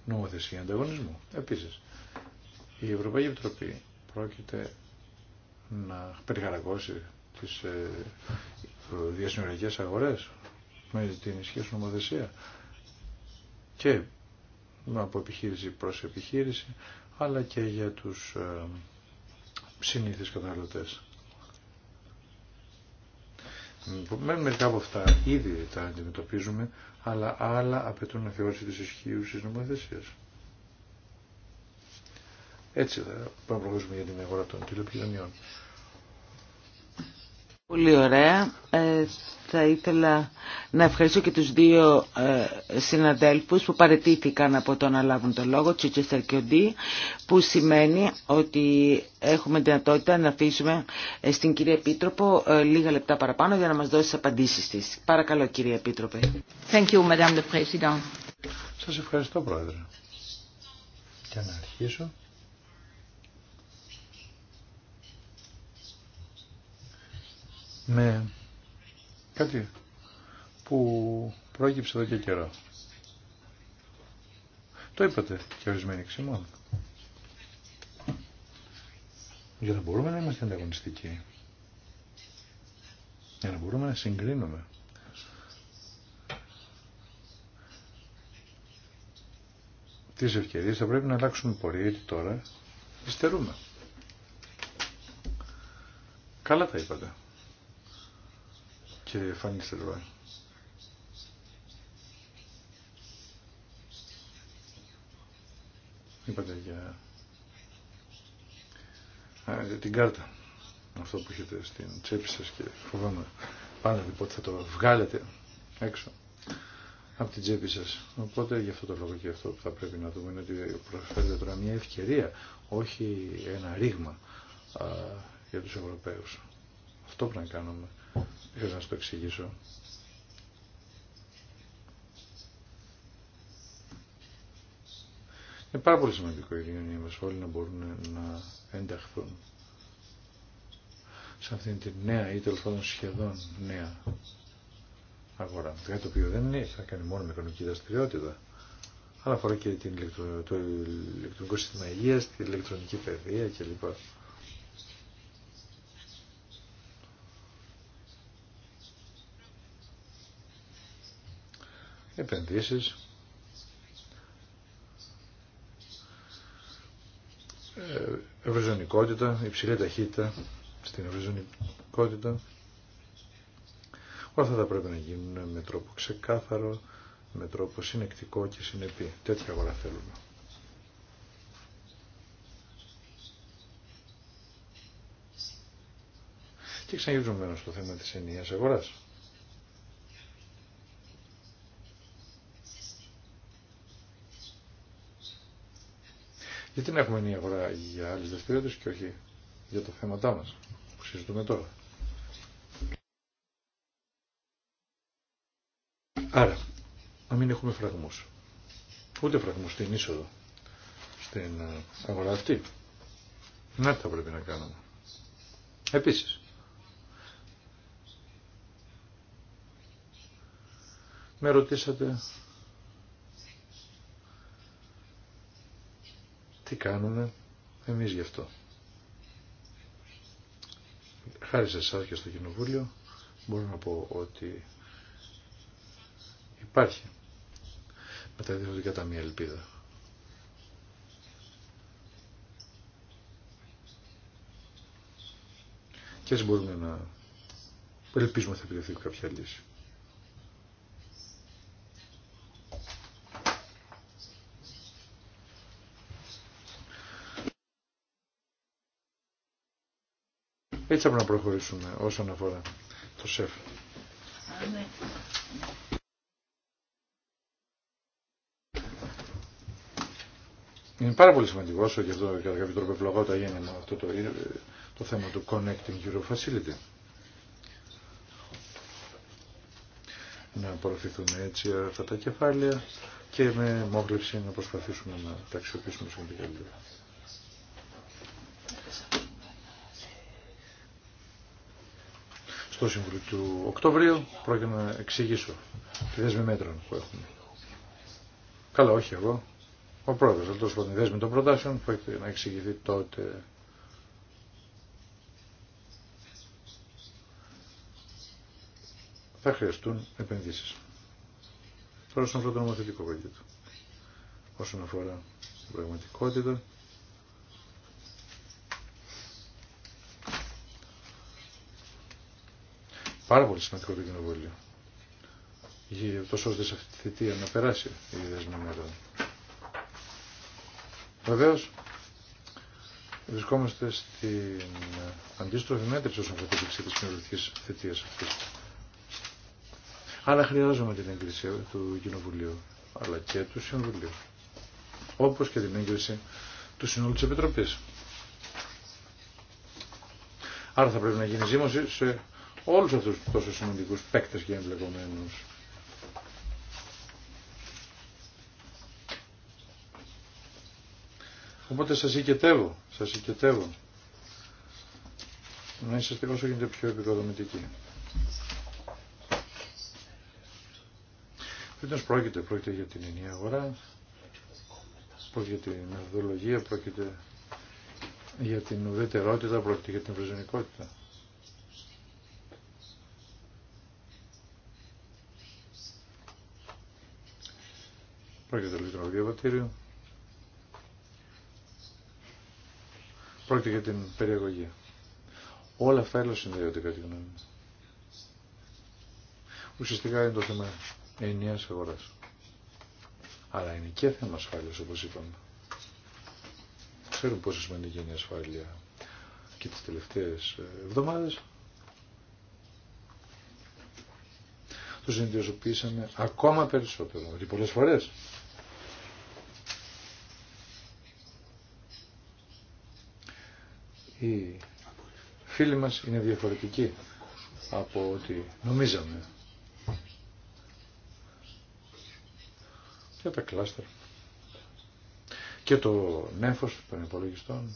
νομοθεσία ανταγωνισμού. Επίσης, η Ευρωπαϊκή Επιτροπή πρόκειται να περιχαρακώσει τις ε, διασυνοριακές αγορές με την ισχύωση νομοθεσία και από επιχείρηση προς επιχείρηση αλλά και για τους ε, συνήθεις καταναλωτές. Μερικά από αυτά ήδη τα αντιμετωπίζουμε, αλλά άλλα απαιτούν να θεώρηση της ισχύουσης νομοθεσίας. Έτσι θα πρέπει να προχωρήσουμε για την αγορά των τηλεπικοινωνιών. Πολύ ωραία. Ε, θα ήθελα να ευχαριστώ και τους δύο ε, συναδέλφους που παρετήθηκαν από το να λάβουν το λόγο, Τσίτσεστερ και που σημαίνει ότι έχουμε δυνατότητα να αφήσουμε ε, στην κυρία Επίτροπο ε, λίγα λεπτά παραπάνω για να μας δώσει απαντήσεις της. Παρακαλώ κυρία Επίτροπε. Thank you, President. Σας ευχαριστώ Πρόεδρε. Και να αρχίσω με κάτι που πρόκειψε εδώ και καιρό. Το είπατε και ορισμένοι εξημών. Για να μπορούμε να είμαστε ανταγωνιστικοί. Για να μπορούμε να συγκρίνουμε. Τις ευκαιρίες θα πρέπει να αλλάξουμε πορεία γιατί τώρα υστερούμε. Καλά τα είπατε κύριε Φανίστερβα. Είπατε για Α, την κάρτα. Αυτό που έχετε στην τσέπη σας και φοβάμαι πάντα πότε θα το βγάλετε έξω από την τσέπη σας. Οπότε γι' αυτό το λόγο και αυτό που θα πρέπει να δούμε είναι ότι προσφέρεται τώρα μια ευκαιρία, όχι ένα ρήγμα α, για τους Ευρωπαίους. Αυτό πρέπει να κάνουμε. Θέλω να σας το εξηγήσω. Είναι πάρα πολύ σημαντικό οι κοινωνία μας όλοι να μπορούν να ενταχθούν σε αυτήν την νέα ή τελος πάντων σχεδόν νέα αγορά. Κάτι το οποίο δεν είναι, θα κάνει μόνο με οικονομική δραστηριότητα, αλλά αφορά και την ηλεκτρο, το ηλεκτρονικό σύστημα υγείας την ηλεκτρονική παιδεία κλπ. επενδύσεις, ευρυζωνικότητα, υψηλή ταχύτητα στην ευρυζωνικότητα. Όλα αυτά θα πρέπει να γίνουν με τρόπο ξεκάθαρο, με τρόπο συνεκτικό και συνεπή. Τέτοια αγορά θέλουμε. Και ξαναγυρίζουμε στο θέμα της ενιαίας αγοράς. Γιατί να έχουμε μια αγορά για άλλες δραστηριότητε και όχι για τα θέματά μα που συζητούμε τώρα. Άρα, να μην έχουμε φραγμούς. Ούτε φραγμούς στην είσοδο, στην ε, αγορά αυτή. Να τα πρέπει να κάνουμε. Επίσης, με ρωτήσατε Τι κάνουμε εμείς γι' αυτό. Χάρη σε εσάς και στο Κοινοβούλιο μπορώ να πω ότι υπάρχει με τα διευθυντικά ταμεία ελπίδα. Και έτσι μπορούμε να ελπίζουμε θα επιτευχθεί κάποια λύση. Έτσι θα πρέπει να προχωρήσουμε όσον αφορά το ΣΕΦ. Είναι πάρα πολύ σημαντικό όσο και αυτό κατά κάποιο τρόπο γίνεται με αυτό το, ε, το θέμα του Connecting Euro Facility. Να απορροφηθούν έτσι αυτά τα κεφάλαια και με μόχλευση να προσπαθήσουμε να τα αξιοποιήσουμε όσο καλύτερα. στο Συμβουλίο του Οκτωβρίου πρόκειται να εξηγήσω τη δέσμη μέτρων που έχουμε. Καλά, όχι εγώ. Ο πρόεδρος, αλλά τόσο τη δέσμη των προτάσεων πρόκειται να εξηγηθεί τότε. Θα χρειαστούν επενδύσεις. Τώρα στον πρώτο νομοθετικό πακέτο. Όσον αφορά την πραγματικότητα, Πάρα πολύ σημαντικό το κοινοβούλιο. Τόσο ώστε σε αυτή τη θητεία να περάσει η δεσμή μέλλον. Βεβαίω, βρισκόμαστε στην αντίστροφη μέτρηση όσον αφορά την εξή τη κοινοβουλευτική θητεία αυτή. Αλλά χρειάζομαι την έγκριση του Κοινοβουλίου, αλλά και του Συμβουλίου. Όπω και την έγκριση του συνόλου τη Επιτροπή. Άρα θα πρέπει να γίνει ζήμωση σε όλους αυτούς τους τόσο σημαντικούς παίκτες και εμπλεκομένους. Οπότε σας οικετεύω, σας οικετεύω. Να είσαστε όσο γίνεται πιο επικοδομητικοί. Φέτος πρόκειται, πρόκειται για την ενιαία αγορά, πρόκειται για την μεθοδολογία, πρόκειται για την ουδετερότητα, πρόκειται για την βρεζονικότητα Πρόκειται για το ηλεκτρονικό διαβατήριο. Πρόκειται για την περιεγωγή. Όλα αυτά έλα συνδέονται κατά τη γνώμη μου. Ουσιαστικά είναι το θέμα ενιαίας αγοράς. Αλλά είναι και θέμα ασφάλειας όπως είπαμε. Ξέρουμε πόσο σημαντική είναι η ασφάλεια και τις τελευταίες ε, εβδομάδες. Το συνειδητοποιήσαμε ακόμα περισσότερο. Ότι πολλές φορές οι φίλοι μας είναι διαφορετικοί από ό,τι νομίζαμε. Και τα κλάστερ. Και το νέφος των υπολογιστών.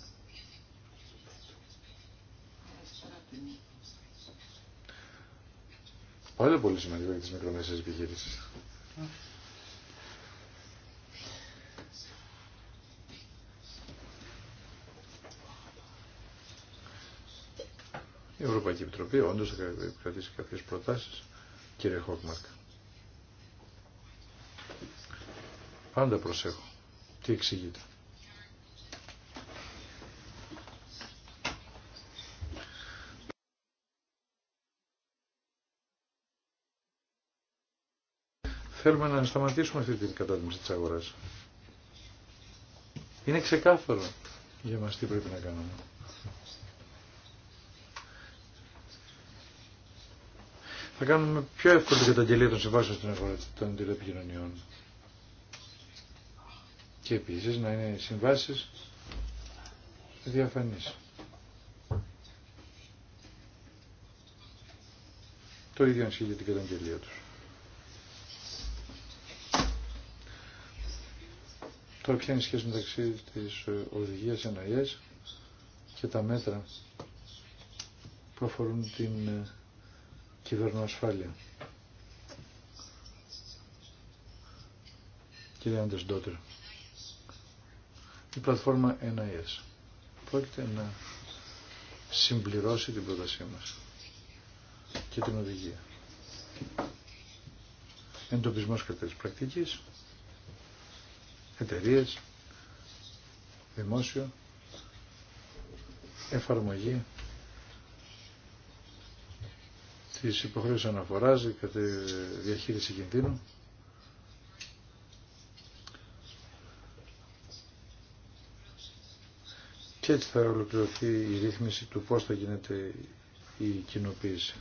Πάλι πολύ σημαντικό για τις μικρομεσαίες επιχειρήσεις. Η Ευρωπαϊκή Επιτροπή όντω θα κρατήσει κάποιε προτάσει, κύριε Χόκμαρκ. Πάντα προσέχω. Τι εξηγείται. Θέλουμε να σταματήσουμε αυτή την κατάδυμηση της αγοράς. Είναι ξεκάθαρο για μας τι πρέπει να κάνουμε. θα κάνουμε πιο εύκολη καταγγελία των συμβάσεων στην αγορά των τηλεπικοινωνιών. Και επίσης να είναι συμβάσεις διαφανείς. Το ίδιο ισχύει για την καταγγελία τους. Τώρα ποια είναι η σχέση μεταξύ της ε, οδηγίας εναγές και τα μέτρα που αφορούν την ε, ασφάλεια Κύριε Άντες Ντότερ, η πλατφόρμα NIS πρόκειται να συμπληρώσει την πρότασή μας και την οδηγία. Εντοπισμός κατέρης πρακτικής, εταιρείες, δημόσιο, εφαρμογή της υποχρέωσης αναφοράς κατά διαχείριση κινδύνου. Και έτσι θα ολοκληρωθεί η ρύθμιση του πώς θα γίνεται η κοινοποίηση.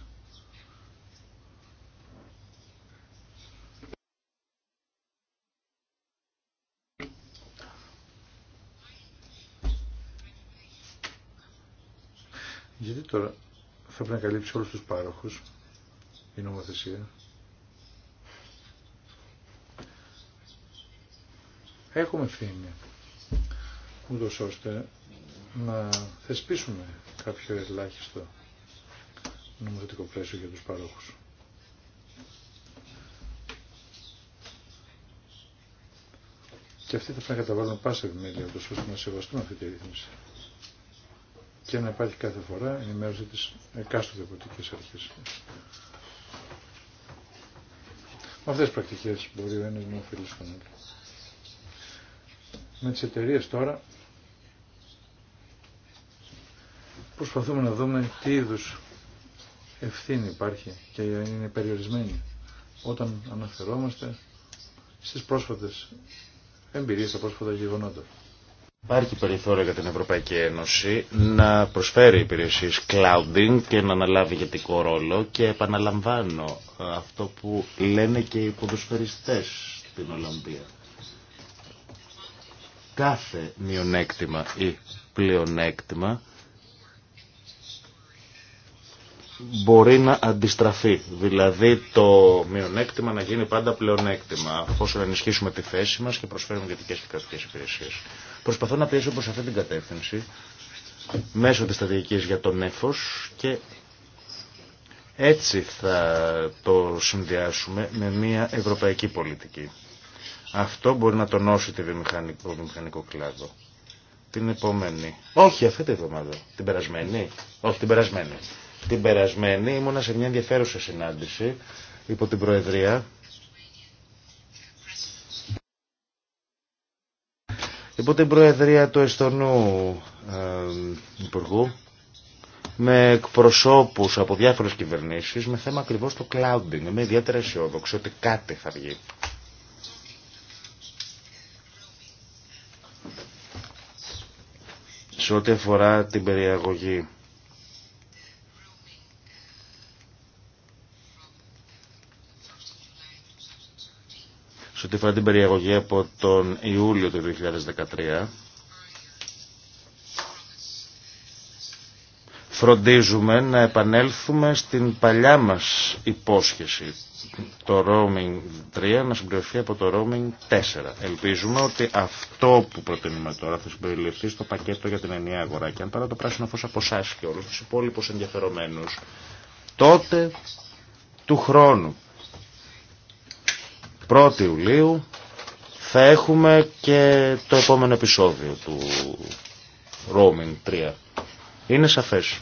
Γιατί τώρα θα πρέπει να καλύψει όλους τους πάροχους η νομοθεσία. Έχουμε φήμη ούτως ώστε να θεσπίσουμε κάποιο ελάχιστο νομοθετικό πλαίσιο για τους παρόχους. Και αυτοί θα πρέπει να καταβάλουν πάσα ευημερία, ώστε να σεβαστούν αυτή τη ρύθμιση και να υπάρχει κάθε φορά ενημέρωση της εκάστοτε ποτικής αρχής. Με αυτές τις πρακτικές μπορεί ο ένας να οφείλει στον άλλο. Με τις εταιρείες τώρα προσπαθούμε να δούμε τι είδους ευθύνη υπάρχει και είναι περιορισμένη όταν αναφερόμαστε στις πρόσφατες εμπειρίες, τα πρόσφατα γεγονότα. Υπάρχει περιθώριο για την Ευρωπαϊκή Ένωση να προσφέρει υπηρεσίες clouding και να αναλάβει ηγετικό ρόλο και επαναλαμβάνω αυτό που λένε και οι ποδοσφαιριστές στην Ολλανδία. Κάθε μειονέκτημα ή πλεονέκτημα μπορεί να αντιστραφεί. Δηλαδή το μειονέκτημα να γίνει πάντα πλεονέκτημα, αφού ενισχύσουμε τη θέση μας και προσφέρουμε ιδιωτικές και κρατικές υπηρεσίες. Προσπαθώ να πιέσω προς αυτή την κατεύθυνση, μέσω της στρατηγικής για τον έφος και έτσι θα το συνδυάσουμε με μια ευρωπαϊκή πολιτική. Αυτό μπορεί να τονώσει το βιομηχανικό, βιομηχανικό κλάδο. Την επόμενη. Όχι αυτή τη εβδομάδα. Την περασμένη. Όχι την περασμένη. Την περασμένη ήμουνα σε μια ενδιαφέρουσα συνάντηση υπό την Προεδρία υπό την Προεδρία του Εστονού ε, Υπουργού με εκπροσώπους από διάφορες κυβερνήσεις με θέμα ακριβώς το clouding. Είμαι ιδιαίτερα αισιόδοξη ότι κάτι θα βγει. Σε ό,τι αφορά την περιαγωγή ό,τι αφορά την περιεγωγή από τον Ιούλιο του 2013 φροντίζουμε να επανέλθουμε στην παλιά μας υπόσχεση το roaming 3 να συμπληρωθεί από το roaming 4. Ελπίζουμε ότι αυτό που προτείνουμε τώρα θα συμπεριληφθεί στο πακέτο για την ενιαία αγορά και αν παρά το πράσινο φως από εσά και όλους τους υπόλοιπους ενδιαφερομένους τότε του χρόνου 1η Ιουλίου θα έχουμε και το επόμενο επεισόδιο του Roaming 3. Είναι σαφές.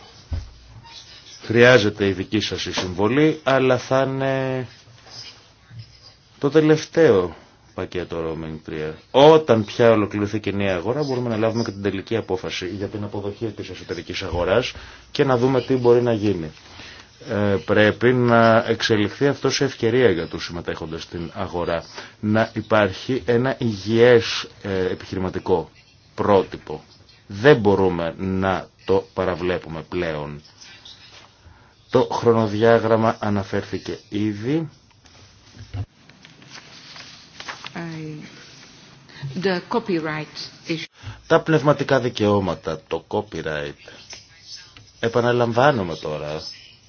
Χρειάζεται η δική σας η συμβολή, αλλά θα είναι το τελευταίο πακέτο Roaming 3. Όταν πια ολοκληρωθεί και η νέα αγορά, μπορούμε να λάβουμε και την τελική απόφαση για την αποδοχή της εσωτερικής αγοράς και να δούμε τι μπορεί να γίνει. Ε, πρέπει να εξελιχθεί αυτό σε ευκαιρία για τους συμμετέχοντες στην αγορά. Να υπάρχει ένα υγιές ε, επιχειρηματικό πρότυπο. Δεν μπορούμε να το παραβλέπουμε πλέον. Το χρονοδιάγραμμα αναφέρθηκε ήδη. Ε, the Τα πνευματικά δικαιώματα, το copyright. Επαναλαμβάνομαι τώρα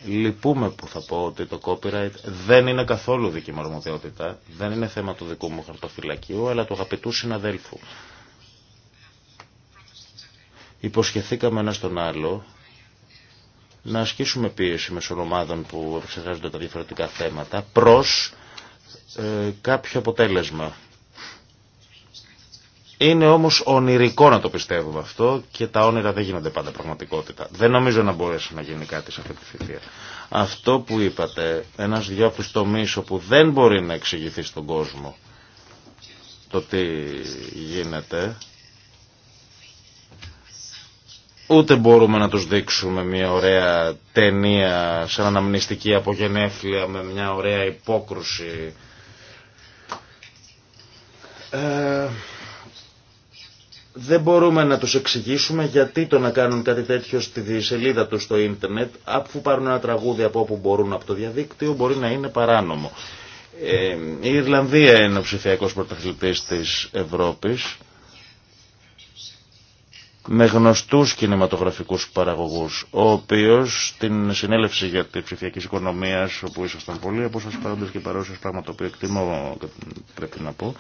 Λυπούμε που θα πω ότι το copyright δεν είναι καθόλου δική μου αρμοδιότητα, δεν είναι θέμα του δικού μου χαρτοφυλακίου, αλλά του αγαπητού συναδέλφου. Υποσχεθήκαμε ένα στον άλλο να ασκήσουμε πίεση μεσονομάδων που εξεργάζονται τα διαφορετικά θέματα προς ε, κάποιο αποτέλεσμα. Είναι όμω ονειρικό να το πιστεύουμε αυτό και τα όνειρα δεν γίνονται πάντα πραγματικότητα. Δεν νομίζω να μπορέσει να γίνει κάτι σε αυτή τη θητεία. Αυτό που είπατε, ένα δυο από τους όπου δεν μπορεί να εξηγηθεί στον κόσμο το τι γίνεται, ούτε μπορούμε να του δείξουμε μια ωραία ταινία σαν αναμνηστική απογενέφλια με μια ωραία υπόκρουση. Ε, δεν μπορούμε να τους εξηγήσουμε γιατί το να κάνουν κάτι τέτοιο στη σελίδα του στο ίντερνετ, αφού πάρουν ένα τραγούδι από όπου μπορούν από το διαδίκτυο, μπορεί να είναι παράνομο. Ε, η Ιρλανδία είναι ο ψηφιακός πρωταθλητής της Ευρώπης, με γνωστούς κινηματογραφικούς παραγωγούς, ο οποίος στην συνέλευση για τη ψηφιακή οικονομία, όπου ήσασταν πολλοί, από σας παρόντες και παρόσες, πράγμα το εκτιμώ, πρέπει να πω,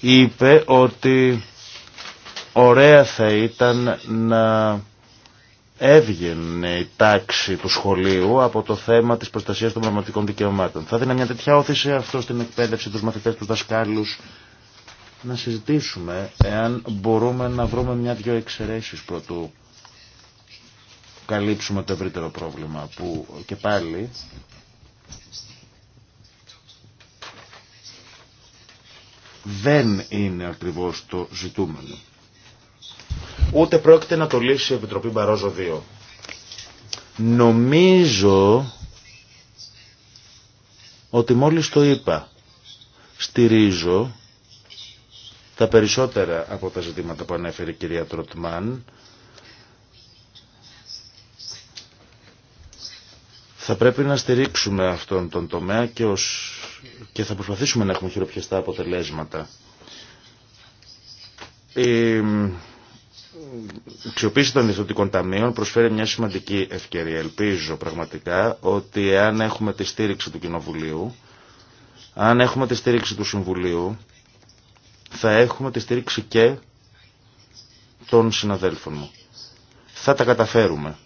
είπε ότι Ωραία θα ήταν να έβγαινε η τάξη του σχολείου από το θέμα της προστασίας των πραγματικών δικαιωμάτων. Θα δίνει μια τέτοια όθηση αυτό στην εκπαίδευση, τους μαθητές, τους δασκάλους, να συζητήσουμε εάν μπορούμε να βρούμε μια-δυο εξαιρέσεις πρωτού καλύψουμε το ευρύτερο πρόβλημα που και πάλι δεν είναι ακριβώς το ζητούμενο. Ούτε πρόκειται να το λύσει η Επιτροπή Μπαρόζο 2. Νομίζω ότι μόλις το είπα, στηρίζω τα περισσότερα από τα ζητήματα που ανέφερε η κυρία Τροτμάν, θα πρέπει να στηρίξουμε αυτόν τον τομέα και, και θα προσπαθήσουμε να έχουμε χειροπιαστά αποτελέσματα αξιοποίηση των ιδιωτικών ταμείων προσφέρει μια σημαντική ευκαιρία. Ελπίζω πραγματικά ότι αν έχουμε τη στήριξη του Κοινοβουλίου, αν έχουμε τη στήριξη του Συμβουλίου, θα έχουμε τη στήριξη και των συναδέλφων μου. Θα τα καταφέρουμε.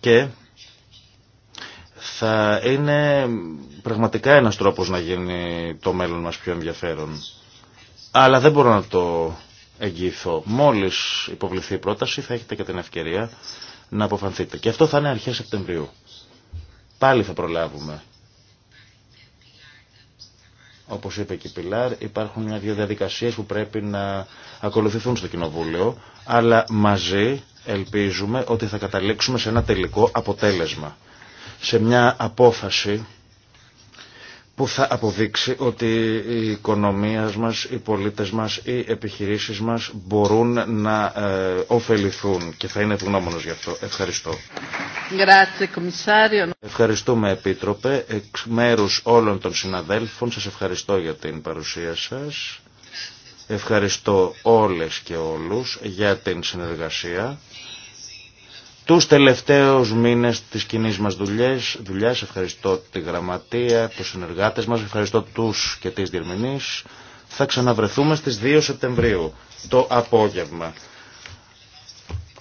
Και θα είναι πραγματικά ένας τρόπος να γίνει το μέλλον μας πιο ενδιαφέρον. Αλλά δεν μπορώ να το εγγυηθώ. Μόλις υποβληθεί η πρόταση θα έχετε και την ευκαιρία να αποφανθείτε. Και αυτό θα είναι αρχές Σεπτεμβρίου. Πάλι θα προλάβουμε. Όπως είπε και η Πιλάρ, υπάρχουν μια-δυο διαδικασίες που πρέπει να ακολουθηθούν στο Κοινοβούλιο, αλλά μαζί ελπίζουμε ότι θα καταλήξουμε σε ένα τελικό αποτέλεσμα σε μια απόφαση που θα αποδείξει ότι η οικονομία μας, οι πολίτες μας, οι επιχειρήσεις μας μπορούν να ε, ωφεληθούν και θα είναι ευγνώμονος γι' αυτό. Ευχαριστώ. Ευχαριστούμε Επίτροπε, εξ μέρους όλων των συναδέλφων. Σας ευχαριστώ για την παρουσία σας. Ευχαριστώ όλες και όλους για την συνεργασία τους τελευταίους μήνες της κοινή μας δουλειάς. δουλειάς. Ευχαριστώ τη γραμματεία, τους συνεργάτες μας, ευχαριστώ τους και τις διερμηνείς. Θα ξαναβρεθούμε στις 2 Σεπτεμβρίου, το απόγευμα.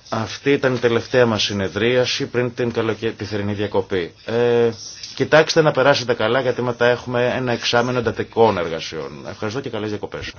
Αυτή ήταν η τελευταία μας συνεδρίαση πριν την καλοκαιρινή διακοπή. Ε, κοιτάξτε να περάσετε καλά γιατί μετά έχουμε ένα εξάμεινο εντατικών εργασιών. Ευχαριστώ και καλές διακοπές.